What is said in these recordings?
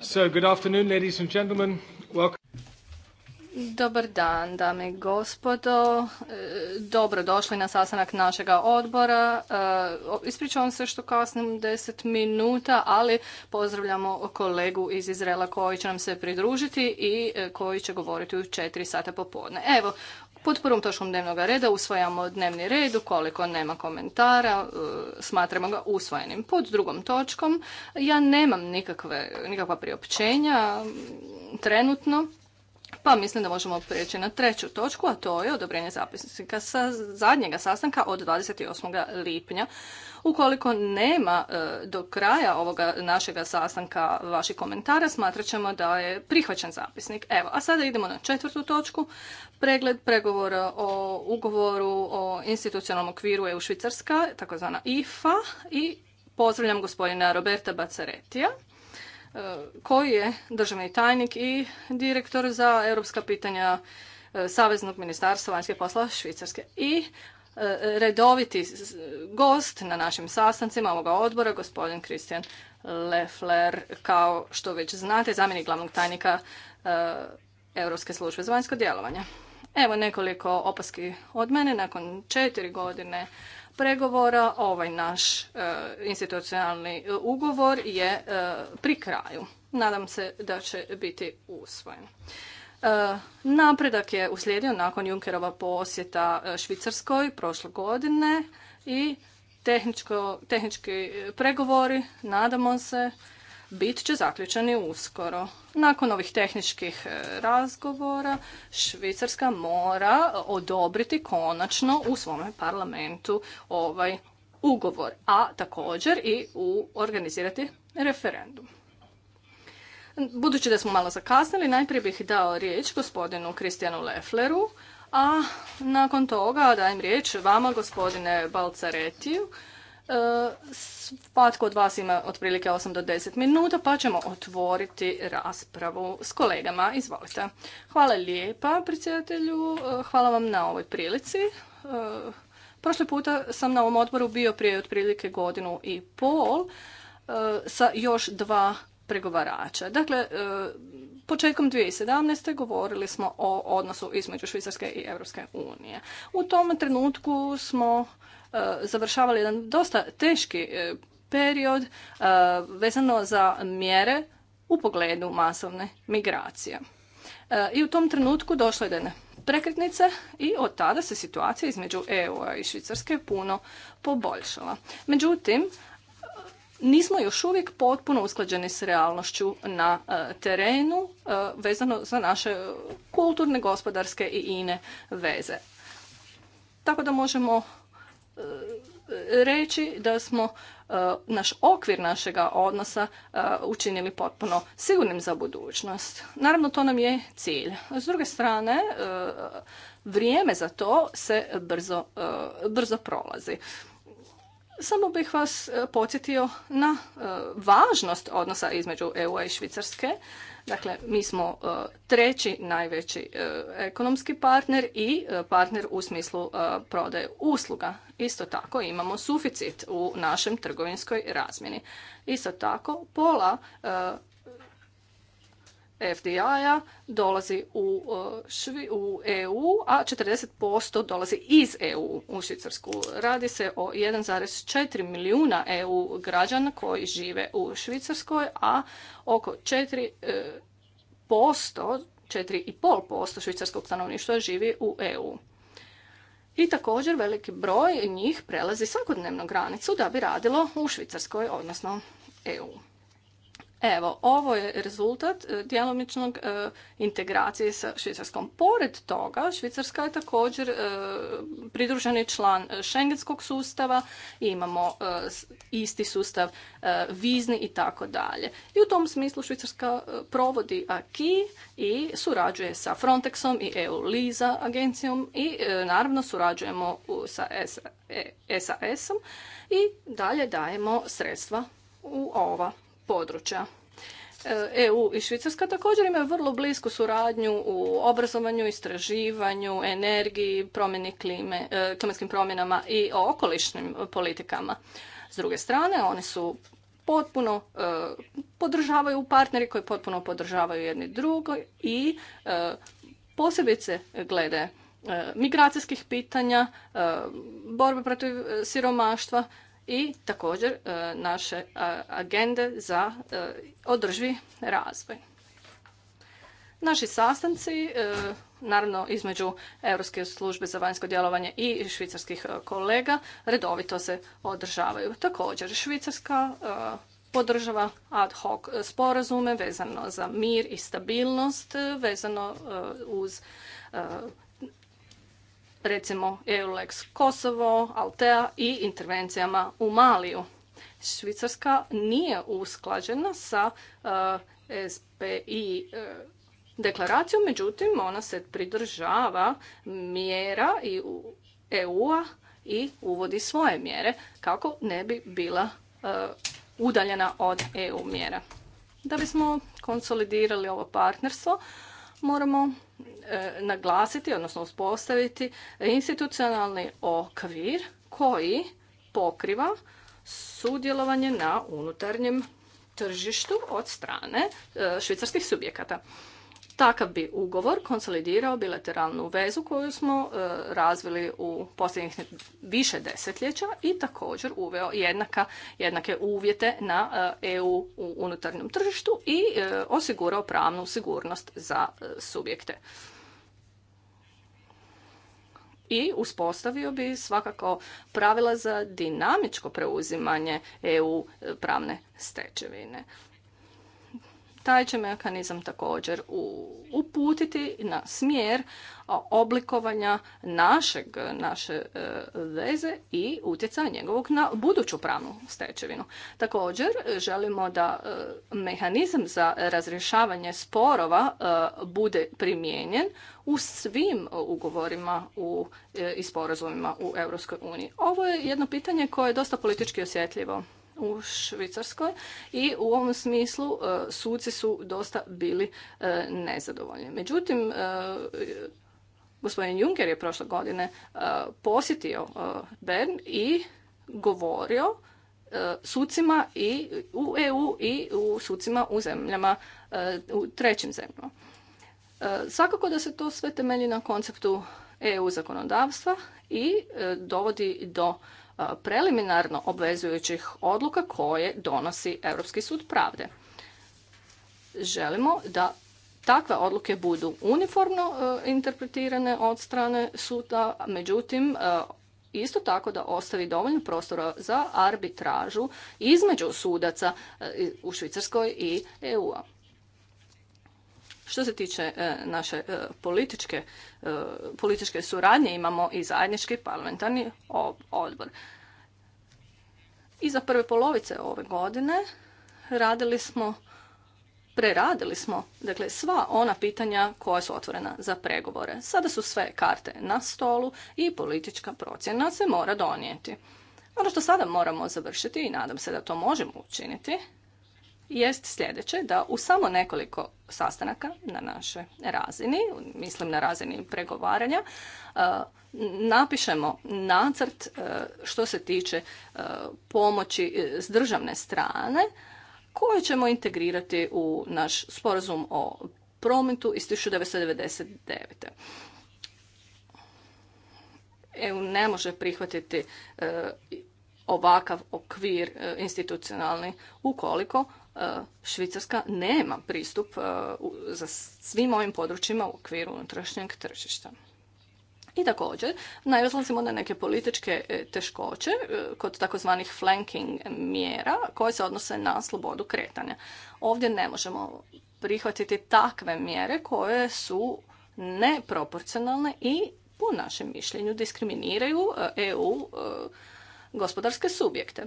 So, good afternoon, ladies and gentlemen. Welcome. Dobar dan, dame i gospodo. E, Dobro došli na sastanak našega odbora. E, ispričavam se što kasnim deset minuta, ali pozdravljamo kolegu iz Izraela koji će nam se pridružiti i e, koji će govoriti u četiri sata popodne. Evo, pod prvom točkom dnevnog reda usvajamo dnevni red, ukoliko nema komentara, e, smatramo ga usvojenim. Pod drugom točkom ja nemam nikakva priopćenja mm, trenutno, pa mislim da možemo prijeći na treću točku, a to je odobrenje zapisnika sa zadnjega sastanka od 28. lipnja Ukoliko nema e, do kraja ovoga našega sastanka vaših komentara, smatrat ćemo da je prihvaćen zapisnik. Evo, a sada idemo na četvrtu točku, pregled pregovora o ugovoru o institucionalnom okviru EU Švicarska, takozvana IFA, i pozdravljam gospodina Roberta Bacaretija e, koji je državni tajnik i direktor za europska pitanja e, Saveznog ministarstva vanjske poslova Švicarske. I redoviti gost na našim sastancima ovoga odbora, gospodin Kristijan Lefler, kao što već znate, zamjenik glavnog tajnika e, Europske službe za vanjsko djelovanje. Evo nekoliko opaski od mene. Nakon četiri godine pregovora ovaj naš e, institucionalni ugovor je e, pri kraju. Nadam se da će biti usvojen. E, napredak je uslijedio nakon Junkerova posjeta e, Švicarskoj prošle godine i tehnički pregovori, nadamo se, bit će zaključeni uskoro. Nakon ovih tehničkih e, razgovora Švicarska mora odobriti konačno u svome parlamentu ovaj ugovor, a također i organizirati referendum. Budući da smo malo zakasnili, najprije bih dao riječ gospodinu Kristijanu Lefleru, a nakon toga dajem riječ vama, gospodine Balcaretiju. E, svatko od vas ima otprilike 8 do 10 minuta, pa ćemo otvoriti raspravu s kolegama. Izvolite. Hvala lijepa, predsjedatelju. E, hvala vam na ovoj prilici. E, prošli puta sam na ovom odboru bio prije otprilike godinu i pol sa još dva pregovarača. Dakle, e, početkom 2017. govorili smo o odnosu između Švicarske i Europske unije. U tom trenutku smo e, završavali jedan dosta teški e, period vezano za mjere u pogledu masovne migracije. I u tom trenutku došlo je do prekretnice i od tada se situacija između EU i Švicarske puno poboljšala. Međutim, nismo još uvijek potpuno usklađeni s realnošću na e, terenu e, vezano za naše kulturne, gospodarske i ine veze. Tako da možemo e, reći da smo naš okvir našega odnosa učinili potpuno sigurnim za budućnost. Naravno, to nam je cilj. S druge strane, vrijeme za to se brzo, brzo prolazi. Samo bih vas e, podsjetio na e, važnost odnosa između eu i Švicarske. Dakle, mi smo e, treći najveći ekonomski partner i partner u smislu prodaje usluga. Isto tako imamo suficit u našem trgovinskoj razmjeni. Isto tako, pola FDI-a dolazi u, e, u EU, a 40% dolazi iz EU u Švicarsku. Radi se o 1,4 milijuna EU građana koji žive u Švicarskoj, a oko 4%, 4,5% e, švicarskog stanovništva živi u EU. I također veliki broj njih prelazi svakodnevno granicu da bi radilo u Švicarskoj, odnosno EU. Evo, ovo je rezultat e, djelomičnog e, integracije sa Švicarskom. Pored toga, Švicarska je također e, pridruženi član šengenskog sustava, imamo isti sustav vizni i tako dalje. I u tom smislu Švicarska provodi AKI i surađuje sa Frontexom i eu liza agencijom i naravno surađujemo sa SAS-om i dalje dajemo sredstva u ova područja. EU e i Švicarska također imaju vrlo blisku suradnju u obrazovanju, istraživanju, energiji, promjeni klime, e, klimatskim promjenama i okolišnim politikama. S druge strane, oni su potpuno e, podržavaju partneri koji potpuno podržavaju jedni drugo i posebice glede migracijskih pitanja, borbe protiv siromaštva, i također e, naše agende za e, održivi razvoj. Naši sastanci, e, naravno između Europske službe za vanjsko djelovanje i švicarskih kolega, redovito se održavaju. Također, Švicarska podržava ad hoc sporazume vezano za mir i stabilnost, vezano uz recimo EULEX Kosovo, Altea i intervencijama u Maliju. Švicarska nije usklađena sa eh, SPI eh, deklaracijom, međutim ona se pridržava mjera i EU-a i uvodi svoje mjere kako ne bi bila eh, udaljena od EU mjera. Da bismo konsolidirali ovo partnerstvo, moramo e, naglasiti, odnosno uspostaviti institucionalni okvir koji pokriva sudjelovanje na unutarnjem tržištu od strane e, švicarskih subjekata. Takav bi ugovor konsolidirao bilateralnu vezu koju smo e, razvili u posljednjih više desetljeća i također uveo jednaka, jednake uvjete na EU e u unutarnjem tržištu i e, osigurao pravnu sigurnost za subjekte. I uspostavio bi svakako pravila za dinamičko preuzimanje EU pravne stečevine taj će mehanizam također uputiti na smjer oblikovanja našeg, naše e, veze i utjecaja njegovog na buduću pravnu stečevinu. Također e, želimo da e, mehanizam za razrješavanje sporova bude primijenjen u svim ugovorima u, i sporazumima u EU. Ovo je jedno pitanje koje je dosta politički osjetljivo u Švicarskoj i u ovom smislu e, suci su dosta bili e, nezadovoljni. Međutim, e, gospodin Juncker je prošle godine posjetio Bern i govorio sucima i u EU i u sucima u zemljama, u trećim zemljama. Svakako da se to sve temelji na konceptu EU zakonodavstva i dovodi do preliminarno obvezujućih odluka koje donosi Europski sud pravde. Želimo da takve odluke budu uniformno e, interpretirane od strane suda, međutim e, isto tako da ostavi dovoljno prostora za arbitražu između sudaca e, u Švicarskoj i EU-a. Što se tiče e, naše e, političke, e, političke suradnje, imamo i zajednički parlamentarni odbor. I za prve polovice ove godine radili smo preradili smo dakle sva ona pitanja koja su otvorena za pregovore. Sada su sve karte na stolu i politička procjena se mora donijeti. Ono što sada moramo završiti i nadam se da to možemo učiniti jest sljedeće da u samo nekoliko sastanaka na našoj razini, mislim na razini pregovaranja, e, napišemo nacrt e, što se tiče e, pomoći s državne strane koje ćemo integrirati u naš sporazum o prometu iz 1999. EU ne može prihvatiti ovakav okvir institucionalni ukoliko E, Švicarska nema pristup e, za svim ovim područjima u okviru unutrašnjeg tržišta. I također, nailazimo na neke političke e, teškoće kod takozvanih flanking mjera koje se odnose na slobodu kretanja. Ovdje ne možemo prihvatiti takve mjere koje su neproporcionalne i po našem mišljenju diskriminiraju EU gospodarske subjekte.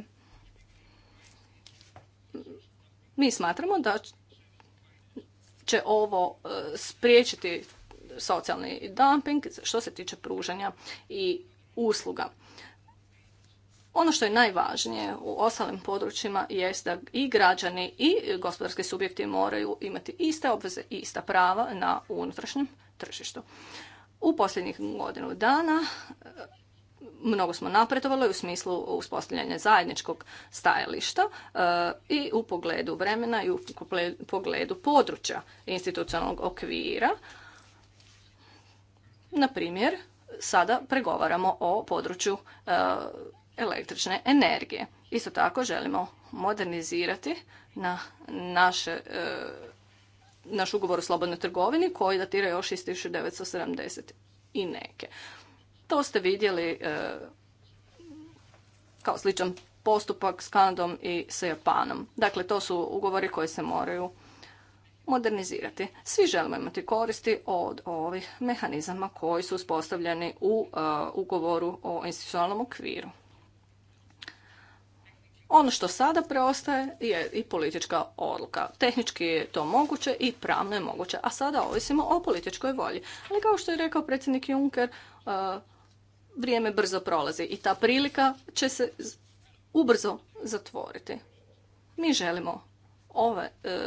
Mi smatramo da će ovo e, spriječiti socijalni dumping što se tiče pružanja i usluga. Ono što je najvažnije u ostalim područjima jest da i građani i gospodarski subjekti moraju imati iste obveze i ista prava na unutrašnjem tržištu. U posljednjih godinu dana mnogo smo napredovali u smislu uspostavljanja zajedničkog stajališta e, i u pogledu vremena i u pogledu područja institucionalnog okvira. Na primjer, sada pregovaramo o području e, električne energije. Isto tako želimo modernizirati na naše e, naš ugovor o slobodnoj trgovini koji datira još iz 1970 i neke. To ste vidjeli e, kao sličan postupak s Kanadom i s Japanom. Dakle, to su ugovori koji se moraju modernizirati. Svi želimo imati koristi od ovih mehanizama koji su uspostavljeni u e, ugovoru o institucionalnom okviru. Ono što sada preostaje je i politička odluka. Tehnički je to moguće i pravno je moguće, a sada ovisimo o političkoj volji. Ali kao što je rekao predsjednik Juncker, e, vrijeme brzo prolazi i ta prilika će se ubrzo zatvoriti. Mi želimo ove e,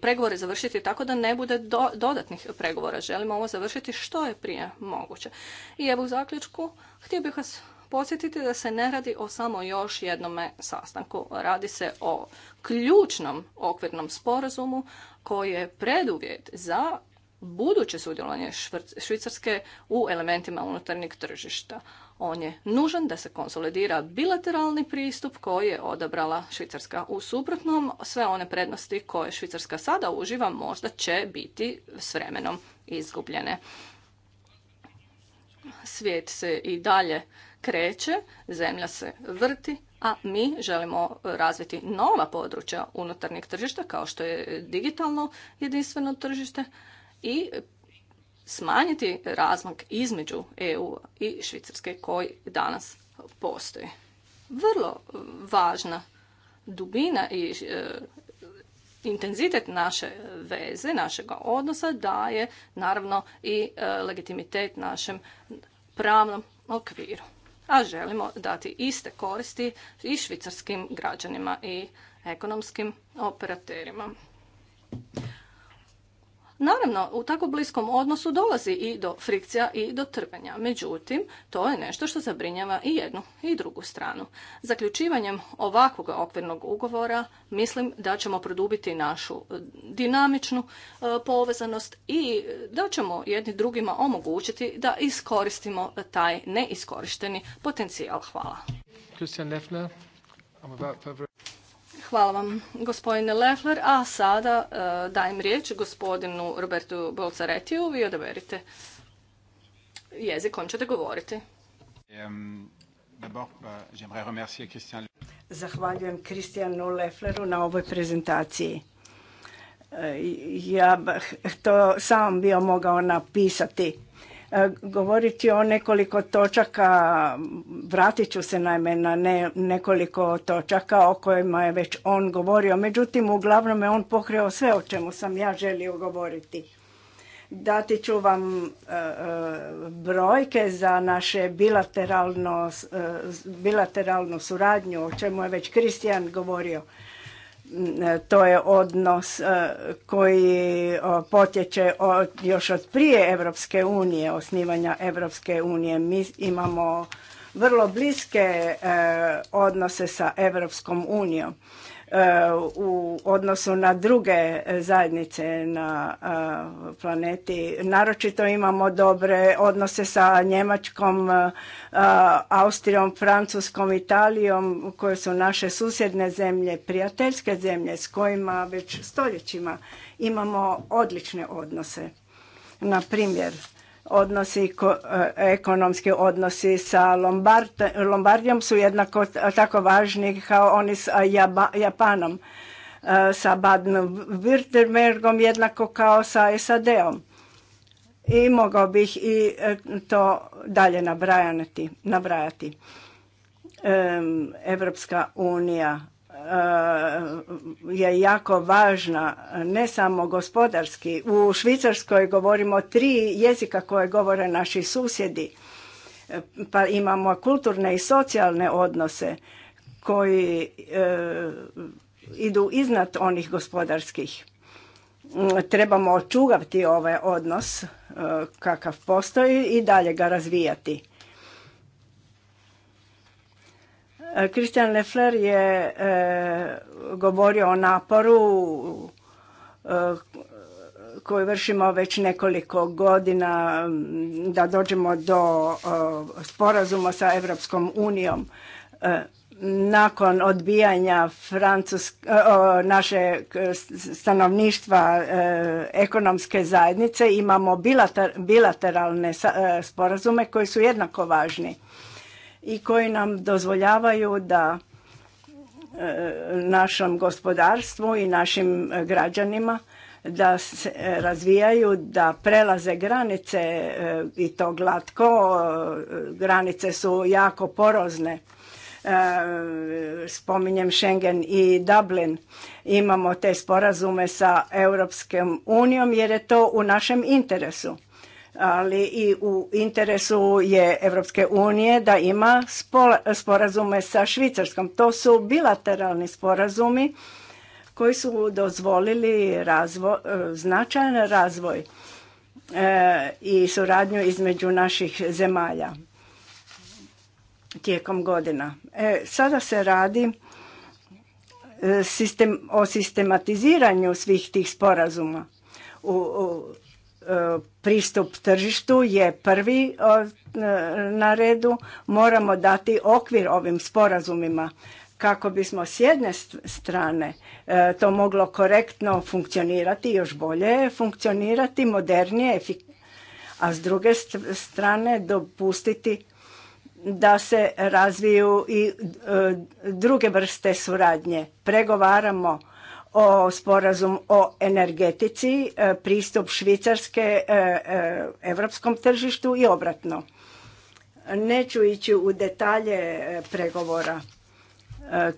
pregovore završiti tako da ne bude dodatnih pregovora. Želimo ovo završiti što je prije moguće. I evo u zaključku htio bih vas podsjetiti da se ne radi o samo još jednome sastanku. Radi se o ključnom okvirnom sporazumu koji je preduvjet za buduće sudjelovanje Švicarske u elementima unutarnjeg tržišta. On je nužan da se konsolidira bilateralni pristup koji je odabrala Švicarska. U suprotnom, sve one prednosti koje Švicarska sada uživa možda će biti s vremenom izgubljene. Svijet se i dalje kreće, zemlja se vrti, a mi želimo razviti nova područja unutarnjeg tržišta kao što je digitalno jedinstveno tržište, i smanjiti razmak između EU i Švicarske koji danas postoji. Vrlo važna dubina i e, intenzitet naše veze, našega odnosa daje naravno i e, legitimitet našem pravnom okviru. A želimo dati iste koristi i švicarskim građanima i ekonomskim operaterima. Naravno, u tako bliskom odnosu dolazi i do frikcija i do trvenja. Međutim, to je nešto što zabrinjava i jednu i drugu stranu. Zaključivanjem ovakvog okvirnog ugovora mislim da ćemo produbiti našu e, dinamičnu e, povezanost i da ćemo jedni drugima omogućiti da iskoristimo taj neiskorišteni potencijal. Hvala. Hvala vam, gospodine Leffler. A sada e, dajem riječ gospodinu Robertu Bolcaretiju. Vi odaberite jezik kojim ćete govoriti. E, Zahvaljujem Kristijanu Leffleru na ovoj prezentaciji. E, ja to sam bio mogao napisati E, govoriti o nekoliko točaka, vratit ću se naime na nekoliko točaka o kojima je već on govorio. Međutim, uglavnom je on pokreo sve o čemu sam ja želio govoriti. Dati ću vam e, e, brojke za naše bilateralno, bilateralnu suradnju, o čemu je već Kristijan govorio. E, to je odnos e, koji potječe još od prije Europske unije, osnivanja Europske unije. Mi imamo vrlo bliske e, odnose sa Europskom unijom. E, u odnosu na druge zajednice na e, planeti. Naročito imamo dobre odnose sa Njemačkom, e, Austrijom, Francuskom, Italijom koje su naše susjedne zemlje, prijateljske zemlje s kojima već stoljećima imamo odlične odnose. Na primjer, odnosi, e, ekonomski odnosi sa Lombardijom su jednako tako važni kao oni e, sa Japanom, sa Baden-Württembergom jednako kao sa SAD-om. I mogao bih i e, to dalje nabrajati. nabrajati. Evropska unija je jako važna, ne samo gospodarski. U Švicarskoj govorimo tri jezika koje govore naši susjedi, pa imamo kulturne i socijalne odnose koji e, idu iznad onih gospodarskih. Trebamo očugavati ovaj odnos e, kakav postoji i dalje ga razvijati. Christian Leffler je e, govorio o naporu e, koju vršimo već nekoliko godina da dođemo do e, sporazuma sa Europskom unijom nakon odbijanja Francusk, naše stanovništva ekonomske zajednice imamo bilateralne sporazume koji su jednako važni i koji nam dozvoljavaju da e, našom gospodarstvu i našim građanima da se razvijaju, da prelaze granice e, i to glatko. E, granice su jako porozne. Spominjem Schengen i Dublin. Imamo te sporazume sa Europskom unijom jer je to u našem interesu ali i u interesu je Europske unije da ima sporazume sa Švicarskom. To su bilateralni sporazumi koji su dozvolili e, značajan razvoj e, i suradnju između naših zemalja tijekom godina. E, sada se radi o sistematiziranju svih tih sporazuma. u pristup tržištu je prvi na redu. Moramo dati okvir ovim sporazumima kako bismo s jedne strane e, to moglo korektno funkcionirati, još bolje funkcionirati, modernije, a s druge strane dopustiti da se razviju i e, druge vrste suradnje. Pregovaramo o sporazum o energetici, e, pristup Švicarske europskom e, tržištu i obratno. Neću ići u detalje e, pregovora.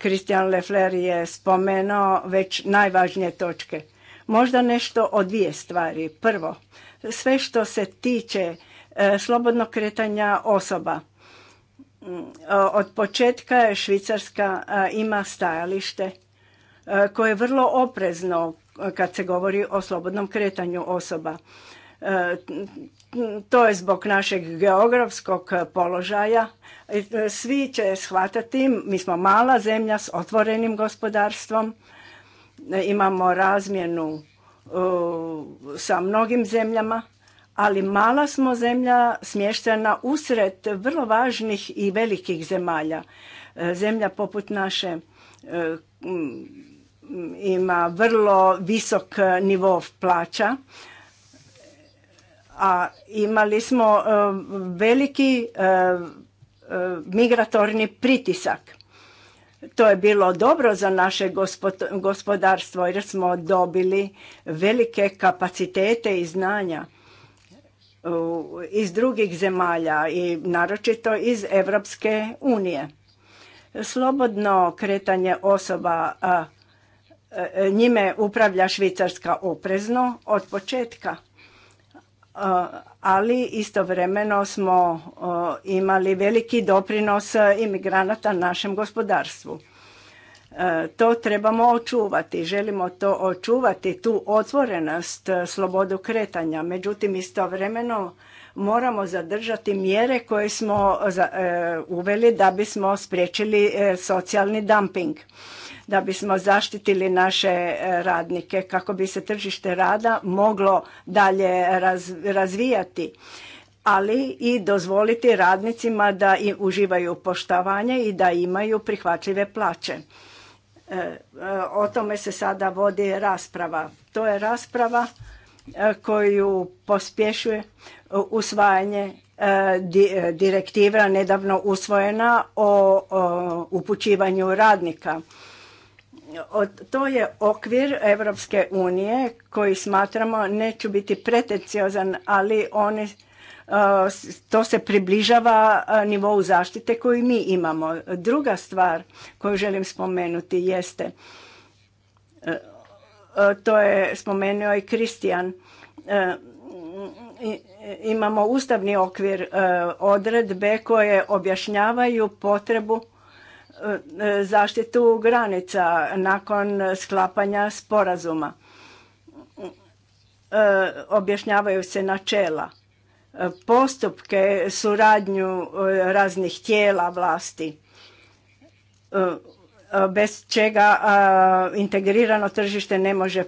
Christian Lefler je spomenuo već najvažnije točke. Možda nešto o dvije stvari. Prvo, sve što se tiče slobodnog kretanja osoba. Mm, od početka Švicarska ima stajalište koje je vrlo oprezno e, kad se govori o slobodnom kretanju osoba. E, to je zbog našeg geografskog položaja. E, svi će shvatati, mi smo mala zemlja s otvorenim gospodarstvom, imamo razmjenu sa mnogim zemljama, ali mala smo zemlja smještena usred vrlo važnih i velikih zemalja. Zemlja poput naše ima vrlo visok nivo plaća, a imali smo e, veliki e, e, migratorni pritisak. To je bilo dobro za naše gospodarstvo jer smo dobili velike kapacitete i znanja iz drugih zemalja i naročito iz Europske unije. Slobodno kretanje osoba E, njime upravlja švicarska oprezno od početka e, ali istovremeno smo e, imali veliki doprinos imigranata našem gospodarstvu. To trebamo očuvati, želimo to očuvati, tu otvorenost, slobodu kretanja. Međutim, istovremeno moramo zadržati mjere koje smo uveli da bismo spriječili socijalni dumping da bismo zaštitili naše e, radnike kako bi se tržište rada moglo dalje razvijati ali i dozvoliti radnicima da i uživaju poštovanje i da imaju prihvatljive plaće. E, e, o tome se sada vodi rasprava. To je rasprava koju pospješuje usvajanje direktiva nedavno usvojena o upućivanju radnika to je okvir Europske unije koji smatramo, neću biti pretenciozan, ali oni, e, to se približava e, nivou zaštite koju mi imamo. Druga stvar koju želim spomenuti jeste, e, to je spomenuo i Kristijan, imamo ustavni okvir odredbe koje objašnjavaju potrebu E, zaštitu granica nakon sklapanja sporazuma. E, objašnjavaju se načela, e, postupke, suradnju raznih tijela vlasti, bez čega integrirano tržište ne može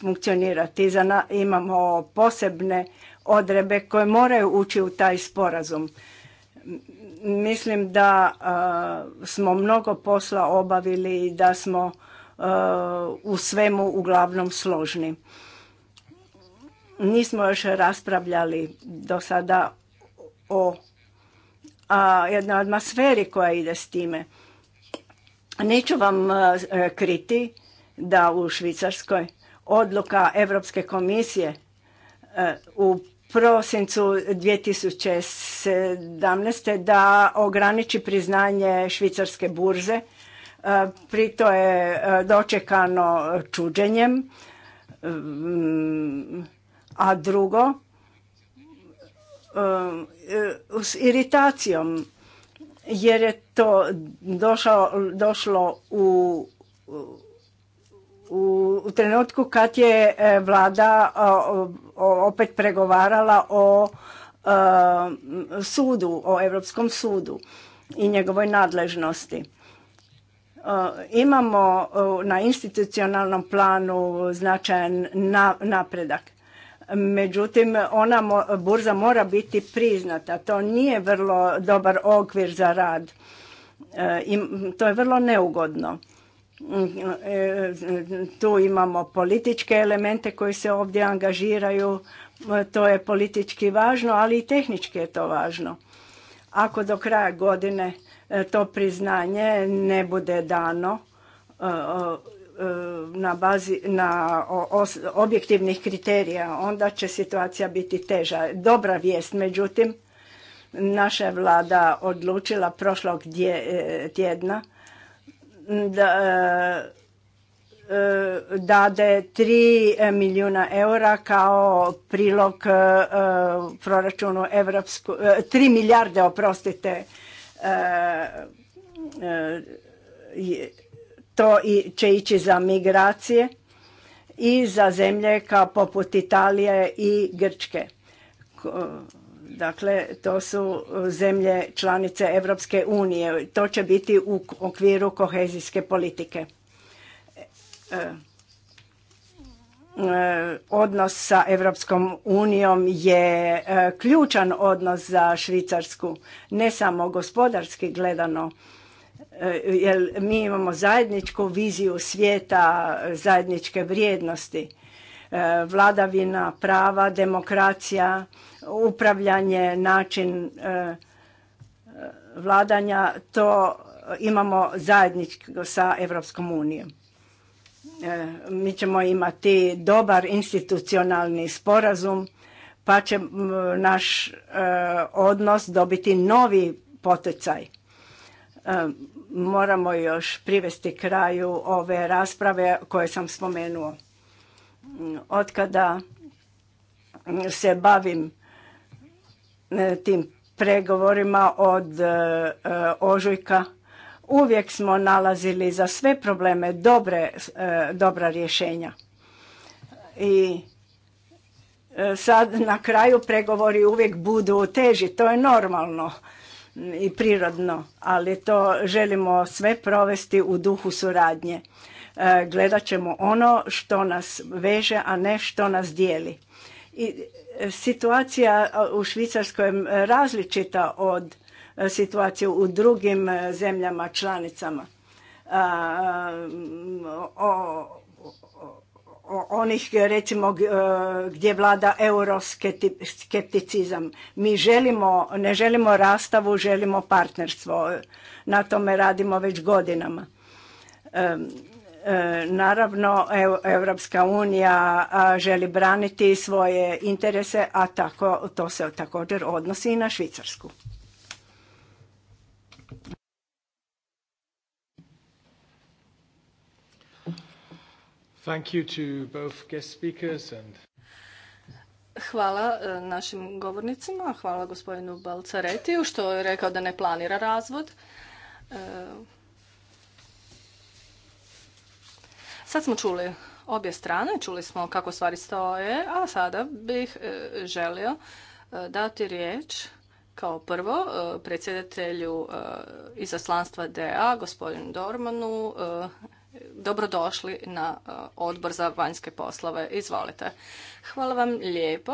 funkcionirati. Imamo posebne odrebe koje moraju ući u taj sporazum Mislim da smo mnogo posla obavili i da smo u svemu uglavnom složni. Nismo još raspravljali do sada o jednoj atmosferi koja ide s time. Neću vam kriti da u Švicarskoj odluka Europske komisije u prosincu 2017. da ograniči priznanje švicarske burze. E, pri to je e, dočekano čuđenjem. E, a drugo, s iritacijom, jer je to došlo, došlo u, u trenutku kad je vlada opet pregovarala o e, sudu, o Europskom sudu i njegovoj nadležnosti. E, imamo e, na institucionalnom planu značajan napredak. Međutim, ona burza mora biti priznata. To nije vrlo dobar okvir za rad. to je vrlo neugodno. Mm, e, e, tu imamo političke elemente koji se ovdje angažiraju, e, to je politički važno, ali i tehnički je to važno. Ako do kraja godine to priznanje ne bude dano na bazi na objektivnih kriterija, onda će situacija biti teža. Dobra vijest, međutim, naša je vlada odlučila prošlog tjedna E, e, dade 3 milijuna eura kao prilog e, proračunu Evropsku, 3 milijarde, oprostite, to će ići za migracije i za zemlje kao poput Italije i Grčke Dakle, to su e, zemlje članice Europske unije. To će biti u okviru kohezijske politike. E, e, odnos sa Europskom unijom je ključan odnos za Švicarsku, ne samo gospodarski gledano, jer mi imamo zajedničku viziju svijeta, zajedničke vrijednosti E, vladavina prava, demokracija, upravljanje, način e, vladanja, to imamo zajedničko sa Europskom unijom. E, mi ćemo imati dobar institucionalni sporazum, pa će naš odnos dobiti novi poticaj. Moramo još privesti kraju ove rasprave koje sam spomenuo otkada se bavim e, tim pregovorima od e, ožujka, uvijek smo nalazili za sve probleme dobre, e, dobra rješenja. I sad na kraju pregovori uvijek budu teži, to je normalno i prirodno, ali to želimo sve provesti u duhu suradnje. E, gledat ćemo ono što nas veže, a ne što nas dijeli. I e, situacija u Švicarskoj je različita od e, situacije u drugim zemljama članicama. O, onih recimo gdje vlada euroskepticizam. Mi želimo, ne želimo rastavu, želimo partnerstvo. Na tome radimo već godinama. E, naravno, Europska unija želi braniti svoje interese, a tako, to se također odnosi i na Švicarsku. Hvala e, našim govornicima, hvala gospodinu Balcaretiju što je rekao da ne planira razvod. E, Sad smo čuli obje strane, čuli smo kako stvari stoje, a sada bih e, želio e, dati riječ kao prvo e, predsjedatelju izaslanstva DA, gospodinu Dormanu. Dobrodošli na odbor za vanjske poslove. Izvolite. Hvala vam lijepo.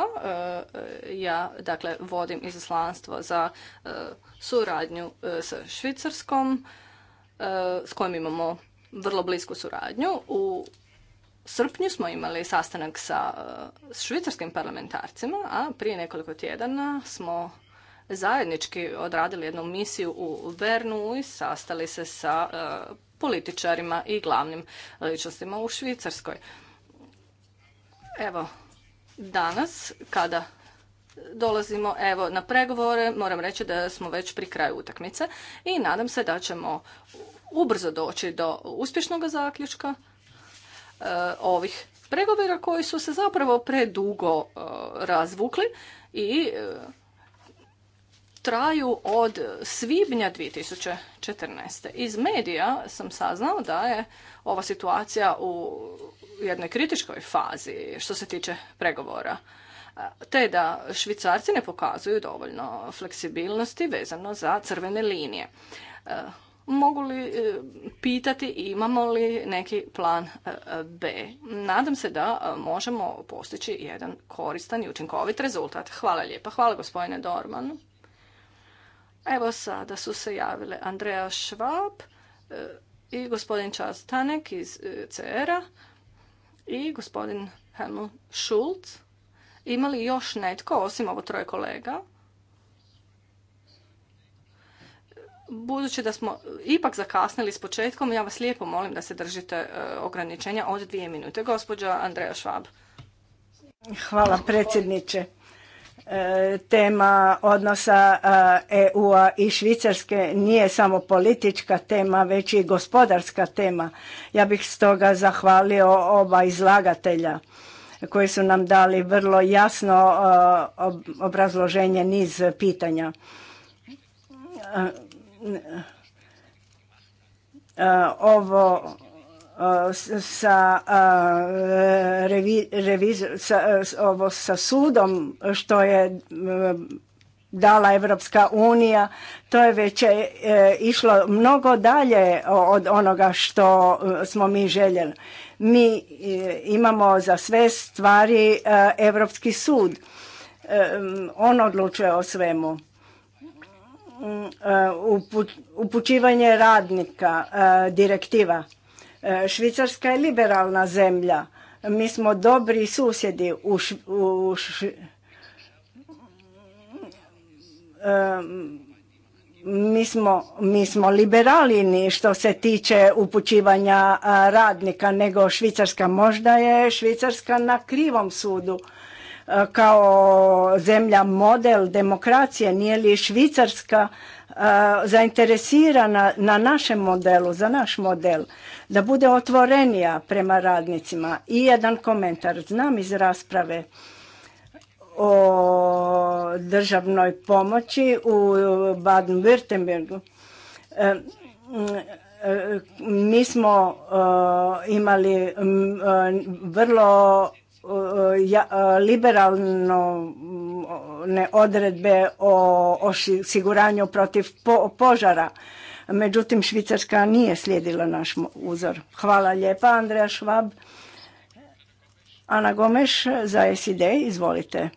Ja, dakle, vodim izaslanstvo za suradnju sa Švicarskom s kojim imamo vrlo blisku suradnju. U srpnju smo imali sastanak sa e, švicarskim parlamentarcima, a prije nekoliko tjedana smo zajednički odradili jednu misiju u Vernu i sastali se sa e, političarima i glavnim ličnostima u Švicarskoj. Evo, danas kada dolazimo evo na pregovore, moram reći da smo već pri kraju utakmice i nadam se da ćemo ubrzo doći do uspješnog zaključka e, ovih pregovora koji su se zapravo predugo e, razvukli i e, traju od svibnja 2014. Iz medija sam saznao da je ova situacija u jednoj kritičkoj fazi što se tiče pregovora, te da Švicarci ne pokazuju dovoljno fleksibilnosti vezano za crvene linije mogu li e, pitati imamo li neki plan e, B. Nadam se da e, možemo postići jedan koristan i učinkovit rezultat. Hvala lijepa. Hvala gospodine Dorman. Evo sada su se javile Andreja Švab i gospodin Charles Tanek iz CR-a i gospodin Helmut Schultz. Ima li još netko, osim ovo troje kolega? Budući da smo ipak zakasnili s početkom, ja vas lijepo molim da se držite e, ograničenja od dvije minute. Gospođa Andreja Švab. Hvala predsjedniče. E, tema odnosa e, EU-a i Švicarske nije samo politička tema, već i gospodarska tema. Ja bih stoga zahvalio oba izlagatelja koji su nam dali vrlo jasno obrazloženje niz pitanja E, ovo e, sa, e, ovo sa sudom što je dala Evropska unija, to je već išlo mnogo dalje od onoga što smo mi željeli. Mi imamo za sve stvari Europski Evropski sud. On odlučuje o svemu. Mm, e, upućivanje radnika, e, direktiva. E, Švicarska je liberalna zemlja. Mi smo dobri susjedi u, mi smo, mi smo liberalini što se tiče upućivanja radnika nego Švicarska. Možda je Švicarska na krivom sudu E, kao zemlja model demokracije, nije li Švicarska e, zainteresirana na našem modelu, za naš model, da bude otvorenija prema radnicima. I jedan komentar, znam iz rasprave o državnoj pomoći u Baden-Württembergu. E, mi smo imali vrlo liberalno mm, ne odredbe o osiguranju protiv požara. Međutim, Švicarska nije slijedila naš uzor. Hvala lijepa, Andreja Švab. Ana Gomeš za SID, izvolite.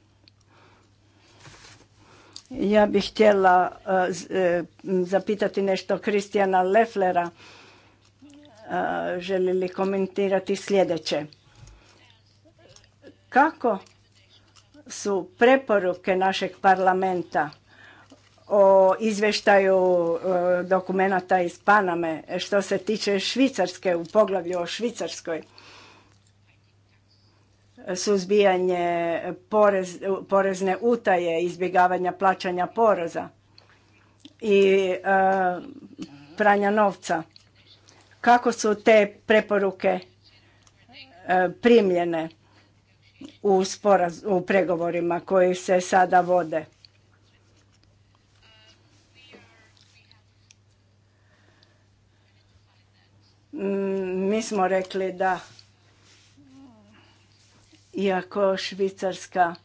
Ja bih htjela e, e, zapitati nešto Kristijana Leflera. E, želi li komentirati sljedeće? kako su preporuke našeg parlamenta o izvještaju e, dokumenata iz Paname što se tiče Švicarske u poglavlju o Švicarskoj suzbijanje porezne utaje, izbjegavanja plaćanja poreza i e, pranja novca. Kako su te preporuke e, primljene? u, u pregovorima koji se sada vode. Mm, mi smo rekli da iako Švicarska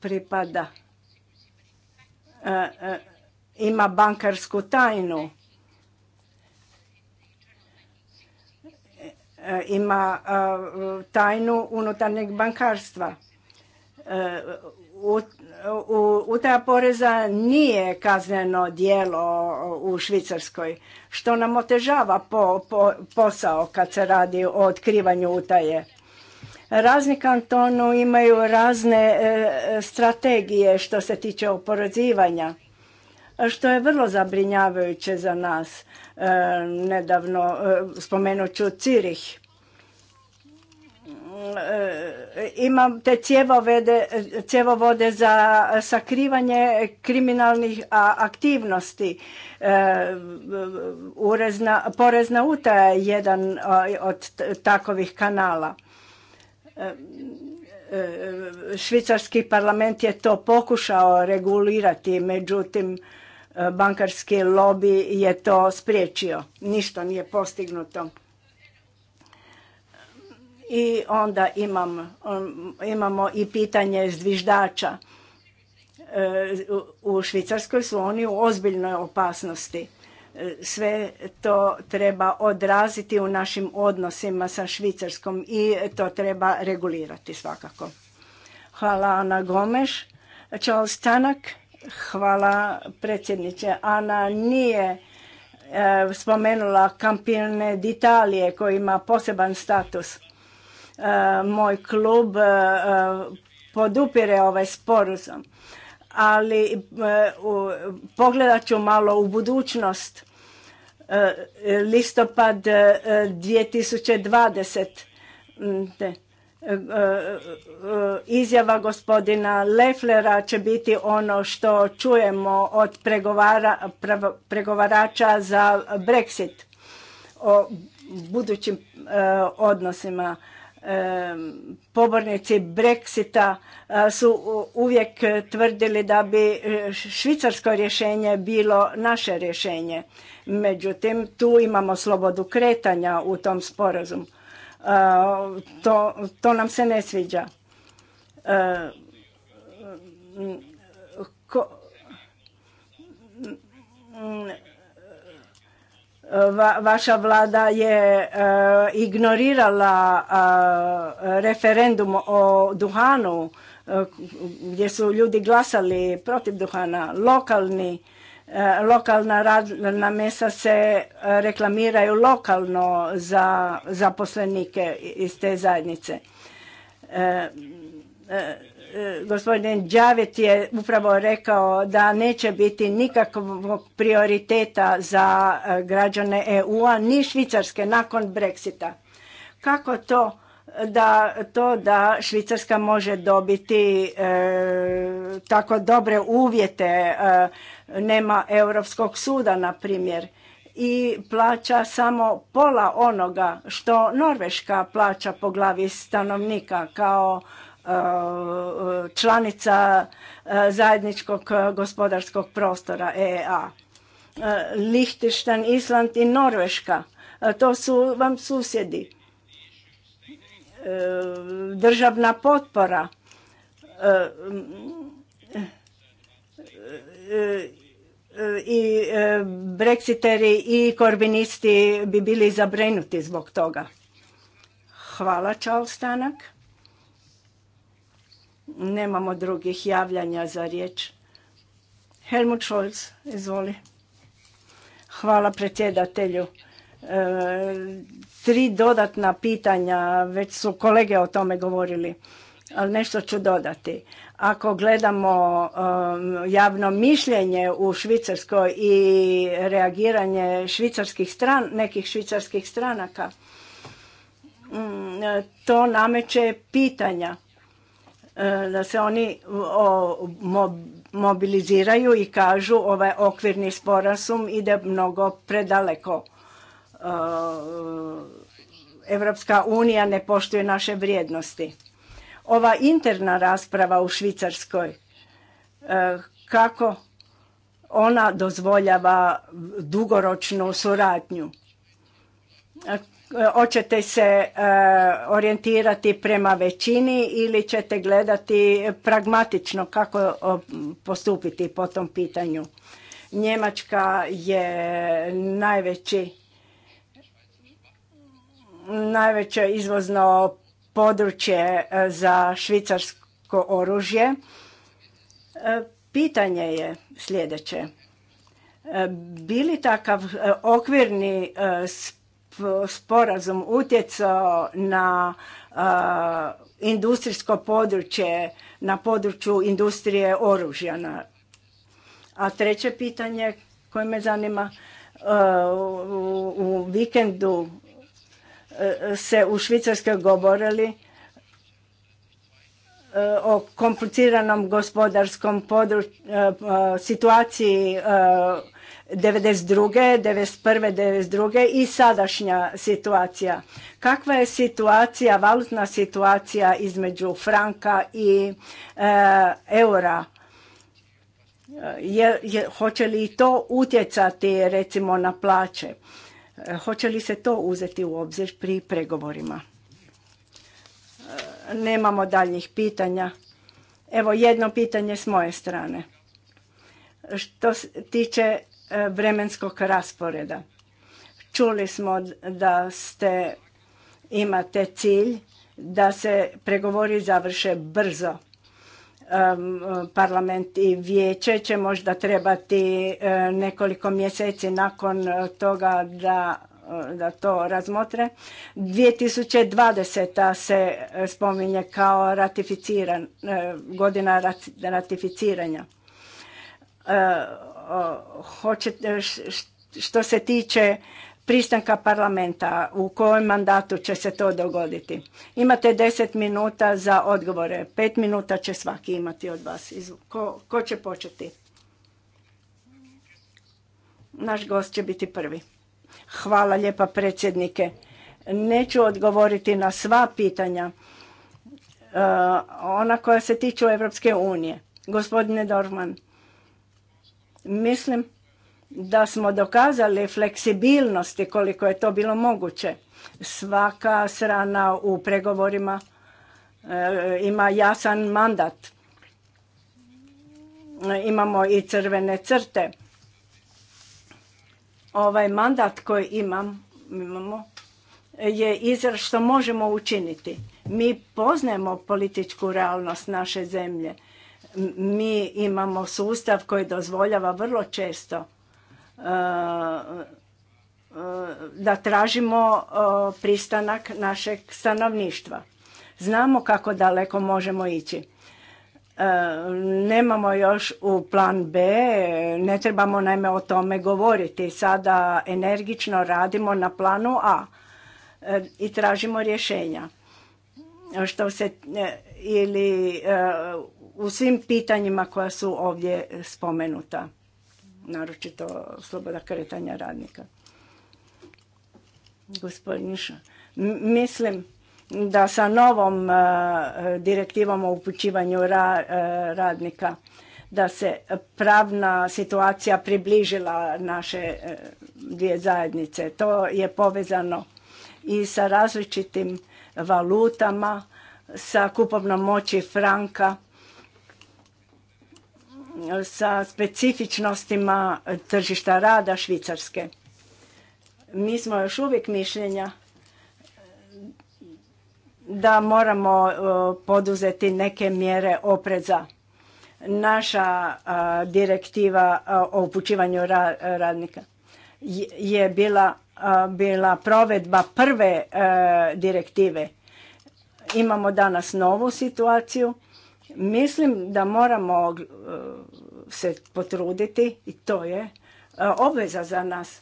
pripada, e, e, ima bankarsku tajnu, E, ima e, tajnu unutarnjeg bankarstva. E, utaja poreza nije kazneno dijelo u Švicarskoj, što nam otežava posao kad se radi o otkrivanju utaje. Razni kantonu imaju razne strategije što se tiče oporezivanja, što je vrlo zabrinjavajuće za nas. E, nedavno e, spomenut ću Cirih. E, imam te cjevovode, za sakrivanje kriminalnih aktivnosti. porezna UTA je jedan od takovih kanala. Švicarski parlament je to pokušao regulirati, međutim E, bankarski lobby je to spriječio. Ništa nije postignuto. I onda imam, um, imamo i pitanje zviždača. E, u Švicarskoj su oni u ozbiljnoj opasnosti. E, sve to treba odraziti u našim odnosima sa Švicarskom i to treba regulirati svakako. Hvala Ana Gomeš. Charles Tanak Hvala predsjedniče. Ana nije e, spomenula kampione d'Italije koji ima poseban status. E, moj klub e, podupire ovaj sporozum, ali pogledat ću malo u budućnost. Listopad 2020. E, e, e, izjava gospodina Leflera će biti ono što čujemo od pregovarača za Brexit o budućim odnosima. Pobornici Brexita su uvijek tvrdili da bi švicarsko rješenje bilo naše rješenje. Međutim, tu imamo slobodu kretanja u tom sporazumu to, to nam se ne sviđa. E, vaša vlada je e, ignorirala e, referendum o duhanu gdje su ljudi glasali protiv duhana. Lokalni Eh, lokalna radna mesa se eh, reklamiraju lokalno za zaposlenike iz te zajednice. Eh, gospodin Đavet je upravo rekao da neće biti nikakvog prioriteta za građane EU-a ni Švicarske nakon Brexita. Kako to da to da Švicarska može dobiti tako dobre uvjete nema Europskog suda, na primjer, i plaća samo pola onoga što Norveška plaća po glavi stanovnika kao e, članica e, zajedničkog gospodarskog prostora EEA. Lihtištan, Island i Norveška, e, to su vam susjedi. Državna potpora i e, breksiteri i korbinisti bi bili zabrinuti zbog toga. Hvala Charles Nemamo drugih javljanja za riječ. Helmut Scholz, izvoli. Hvala predsjedatelju. E, tri dodatna pitanja, već su kolege o tome govorili. Nešto ću dodati. Ako gledamo um, javno mišljenje u Švicarskoj i reagiranje švicarskih nekih švicarskih stranaka, um, to nameće pitanja uh, da se oni mobiliziraju i kažu ovaj okvirni sporazum ide mnogo predaleko. Uh, Evropska unija ne poštuje naše vrijednosti ova interna rasprava u Švicarskoj, e, kako ona dozvoljava dugoročnu suradnju. E, hoćete se e, orijentirati prema većini ili ćete gledati pragmatično kako postupiti po tom pitanju. Njemačka je najveći najveće izvozno područje e, za švicarsko oružje. E, pitanje je sljedeće. E, bili takav okvirni sporazum utjecao na industrijsko područje, na području industrije oružja? A treće pitanje koje me zanima, u vikendu se u Švicarskoj govorili e, o kompliciranom gospodarskom e, e, situaciji 92., 91., i sadašnja situacija. Kakva je situacija, valutna situacija između franka i eura? hoće li to utjecati recimo na plaće? E, hoće li se to uzeti u obzir pri pregovorima? E, nemamo daljih pitanja. Evo jedno pitanje s moje strane. Što se tiče e, vremenskog rasporeda. Čuli smo da ste imate cilj da se pregovori završe brzo parlament i vijeće će možda trebati e, nekoliko mjeseci nakon e, toga da, e, da to razmotre. 2020. se spominje kao ratificiran, godina ratificiranja. što se tiče pristanka parlamenta u kojem mandatu će se to dogoditi. Imate deset minuta za odgovore. Pet minuta će svaki imati od vas. Ko, ko će početi? Naš gost će biti prvi. Hvala lijepa predsjednike. Neću odgovoriti na sva pitanja. E, ona koja se tiču Europske unije. Gospodine Dorman, mislim da smo dokazali fleksibilnosti koliko je to bilo moguće. Svaka strana u pregovorima eh, ima jasan mandat. Eh, imamo i crvene crte. Ovaj mandat koji imam, imamo je izraz što možemo učiniti. Mi poznajemo političku realnost naše zemlje. Mi imamo sustav koji dozvoljava vrlo često Eh, eh, da tražimo eh, pristanak našeg stanovništva. Znamo kako daleko možemo ići. Nemamo još u plan B, ne trebamo naime o tome govoriti. Sada energično radimo na planu A i tražimo rješenja. Što se ili u svim pitanjima koja su ovdje spomenuta naročito sloboda kretanja radnika. Gospodin mislim da sa novom e, direktivom o upućivanju e, radnika da se pravna situacija približila naše e, dvije zajednice. To je povezano i sa različitim valutama, sa kupovnom moći franka sa specifičnostima tržišta rada Švicarske. Mi smo još uvijek mišljenja da moramo poduzeti neke mjere opreza. Naša direktiva o upućivanju radnika je bila, bila provedba prve e, direktive. Imamo danas novu situaciju Mislim da moramo e, se potruditi i to je e, obveza za nas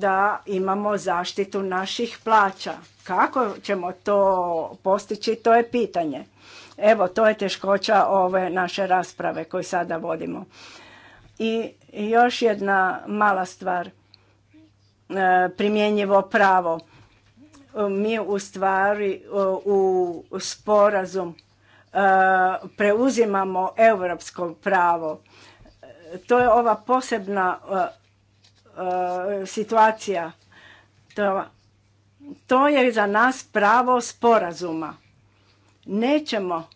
da imamo zaštitu naših plaća. Kako ćemo to postići, to je pitanje. Evo, to je teškoća ove naše rasprave koje sada vodimo. I još jedna mala stvar, e, primjenjivo pravo. Mi u stvari u sporazum preuzimamo europsko pravo. To je ova posebna e, e, situacija. To je za nas pravo sporazuma. Nećemo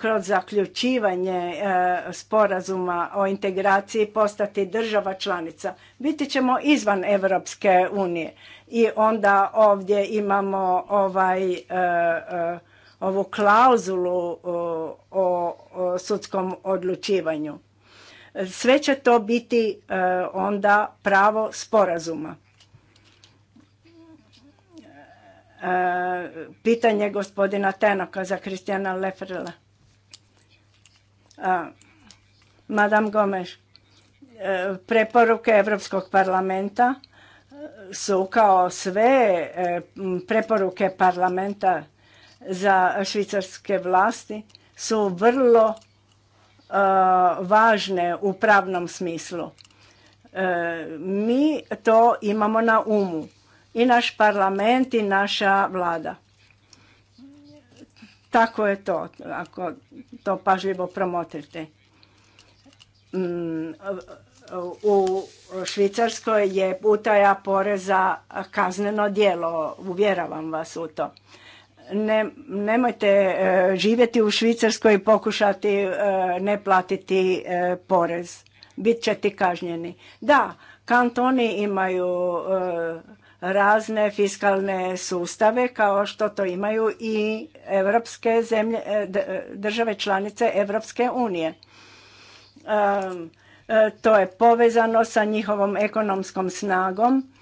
kroz zaključivanje e, sporazuma o integraciji postati država članica. Biti ćemo izvan Evropske unije i onda ovdje imamo ovaj ovu klauzulu o, sudskom odlučivanju. Sve će to biti e, onda pravo sporazuma. E, pitanje gospodina Tenoka za Kristijana Lefrela. Madam e, Madame Gomes, preporuke Europskog parlamenta su kao sve preporuke parlamenta za švicarske vlasti su vrlo e, važne u pravnom smislu. E, mi to imamo na umu. I naš parlament i naša vlada. Tako je to, ako to pažljivo promotrite. Mm, u Švicarskoj je utaja poreza kazneno djelo, uvjeravam vas u to. Ne, nemojte e, živjeti u Švicarskoj i pokušati e, ne platiti e, porez. Bit ćete kažnjeni. Da, kantoni imaju razne fiskalne sustave kao što to imaju i evropske zemlje, države članice Evropske unije. To je povezano sa njihovom ekonomskom snagom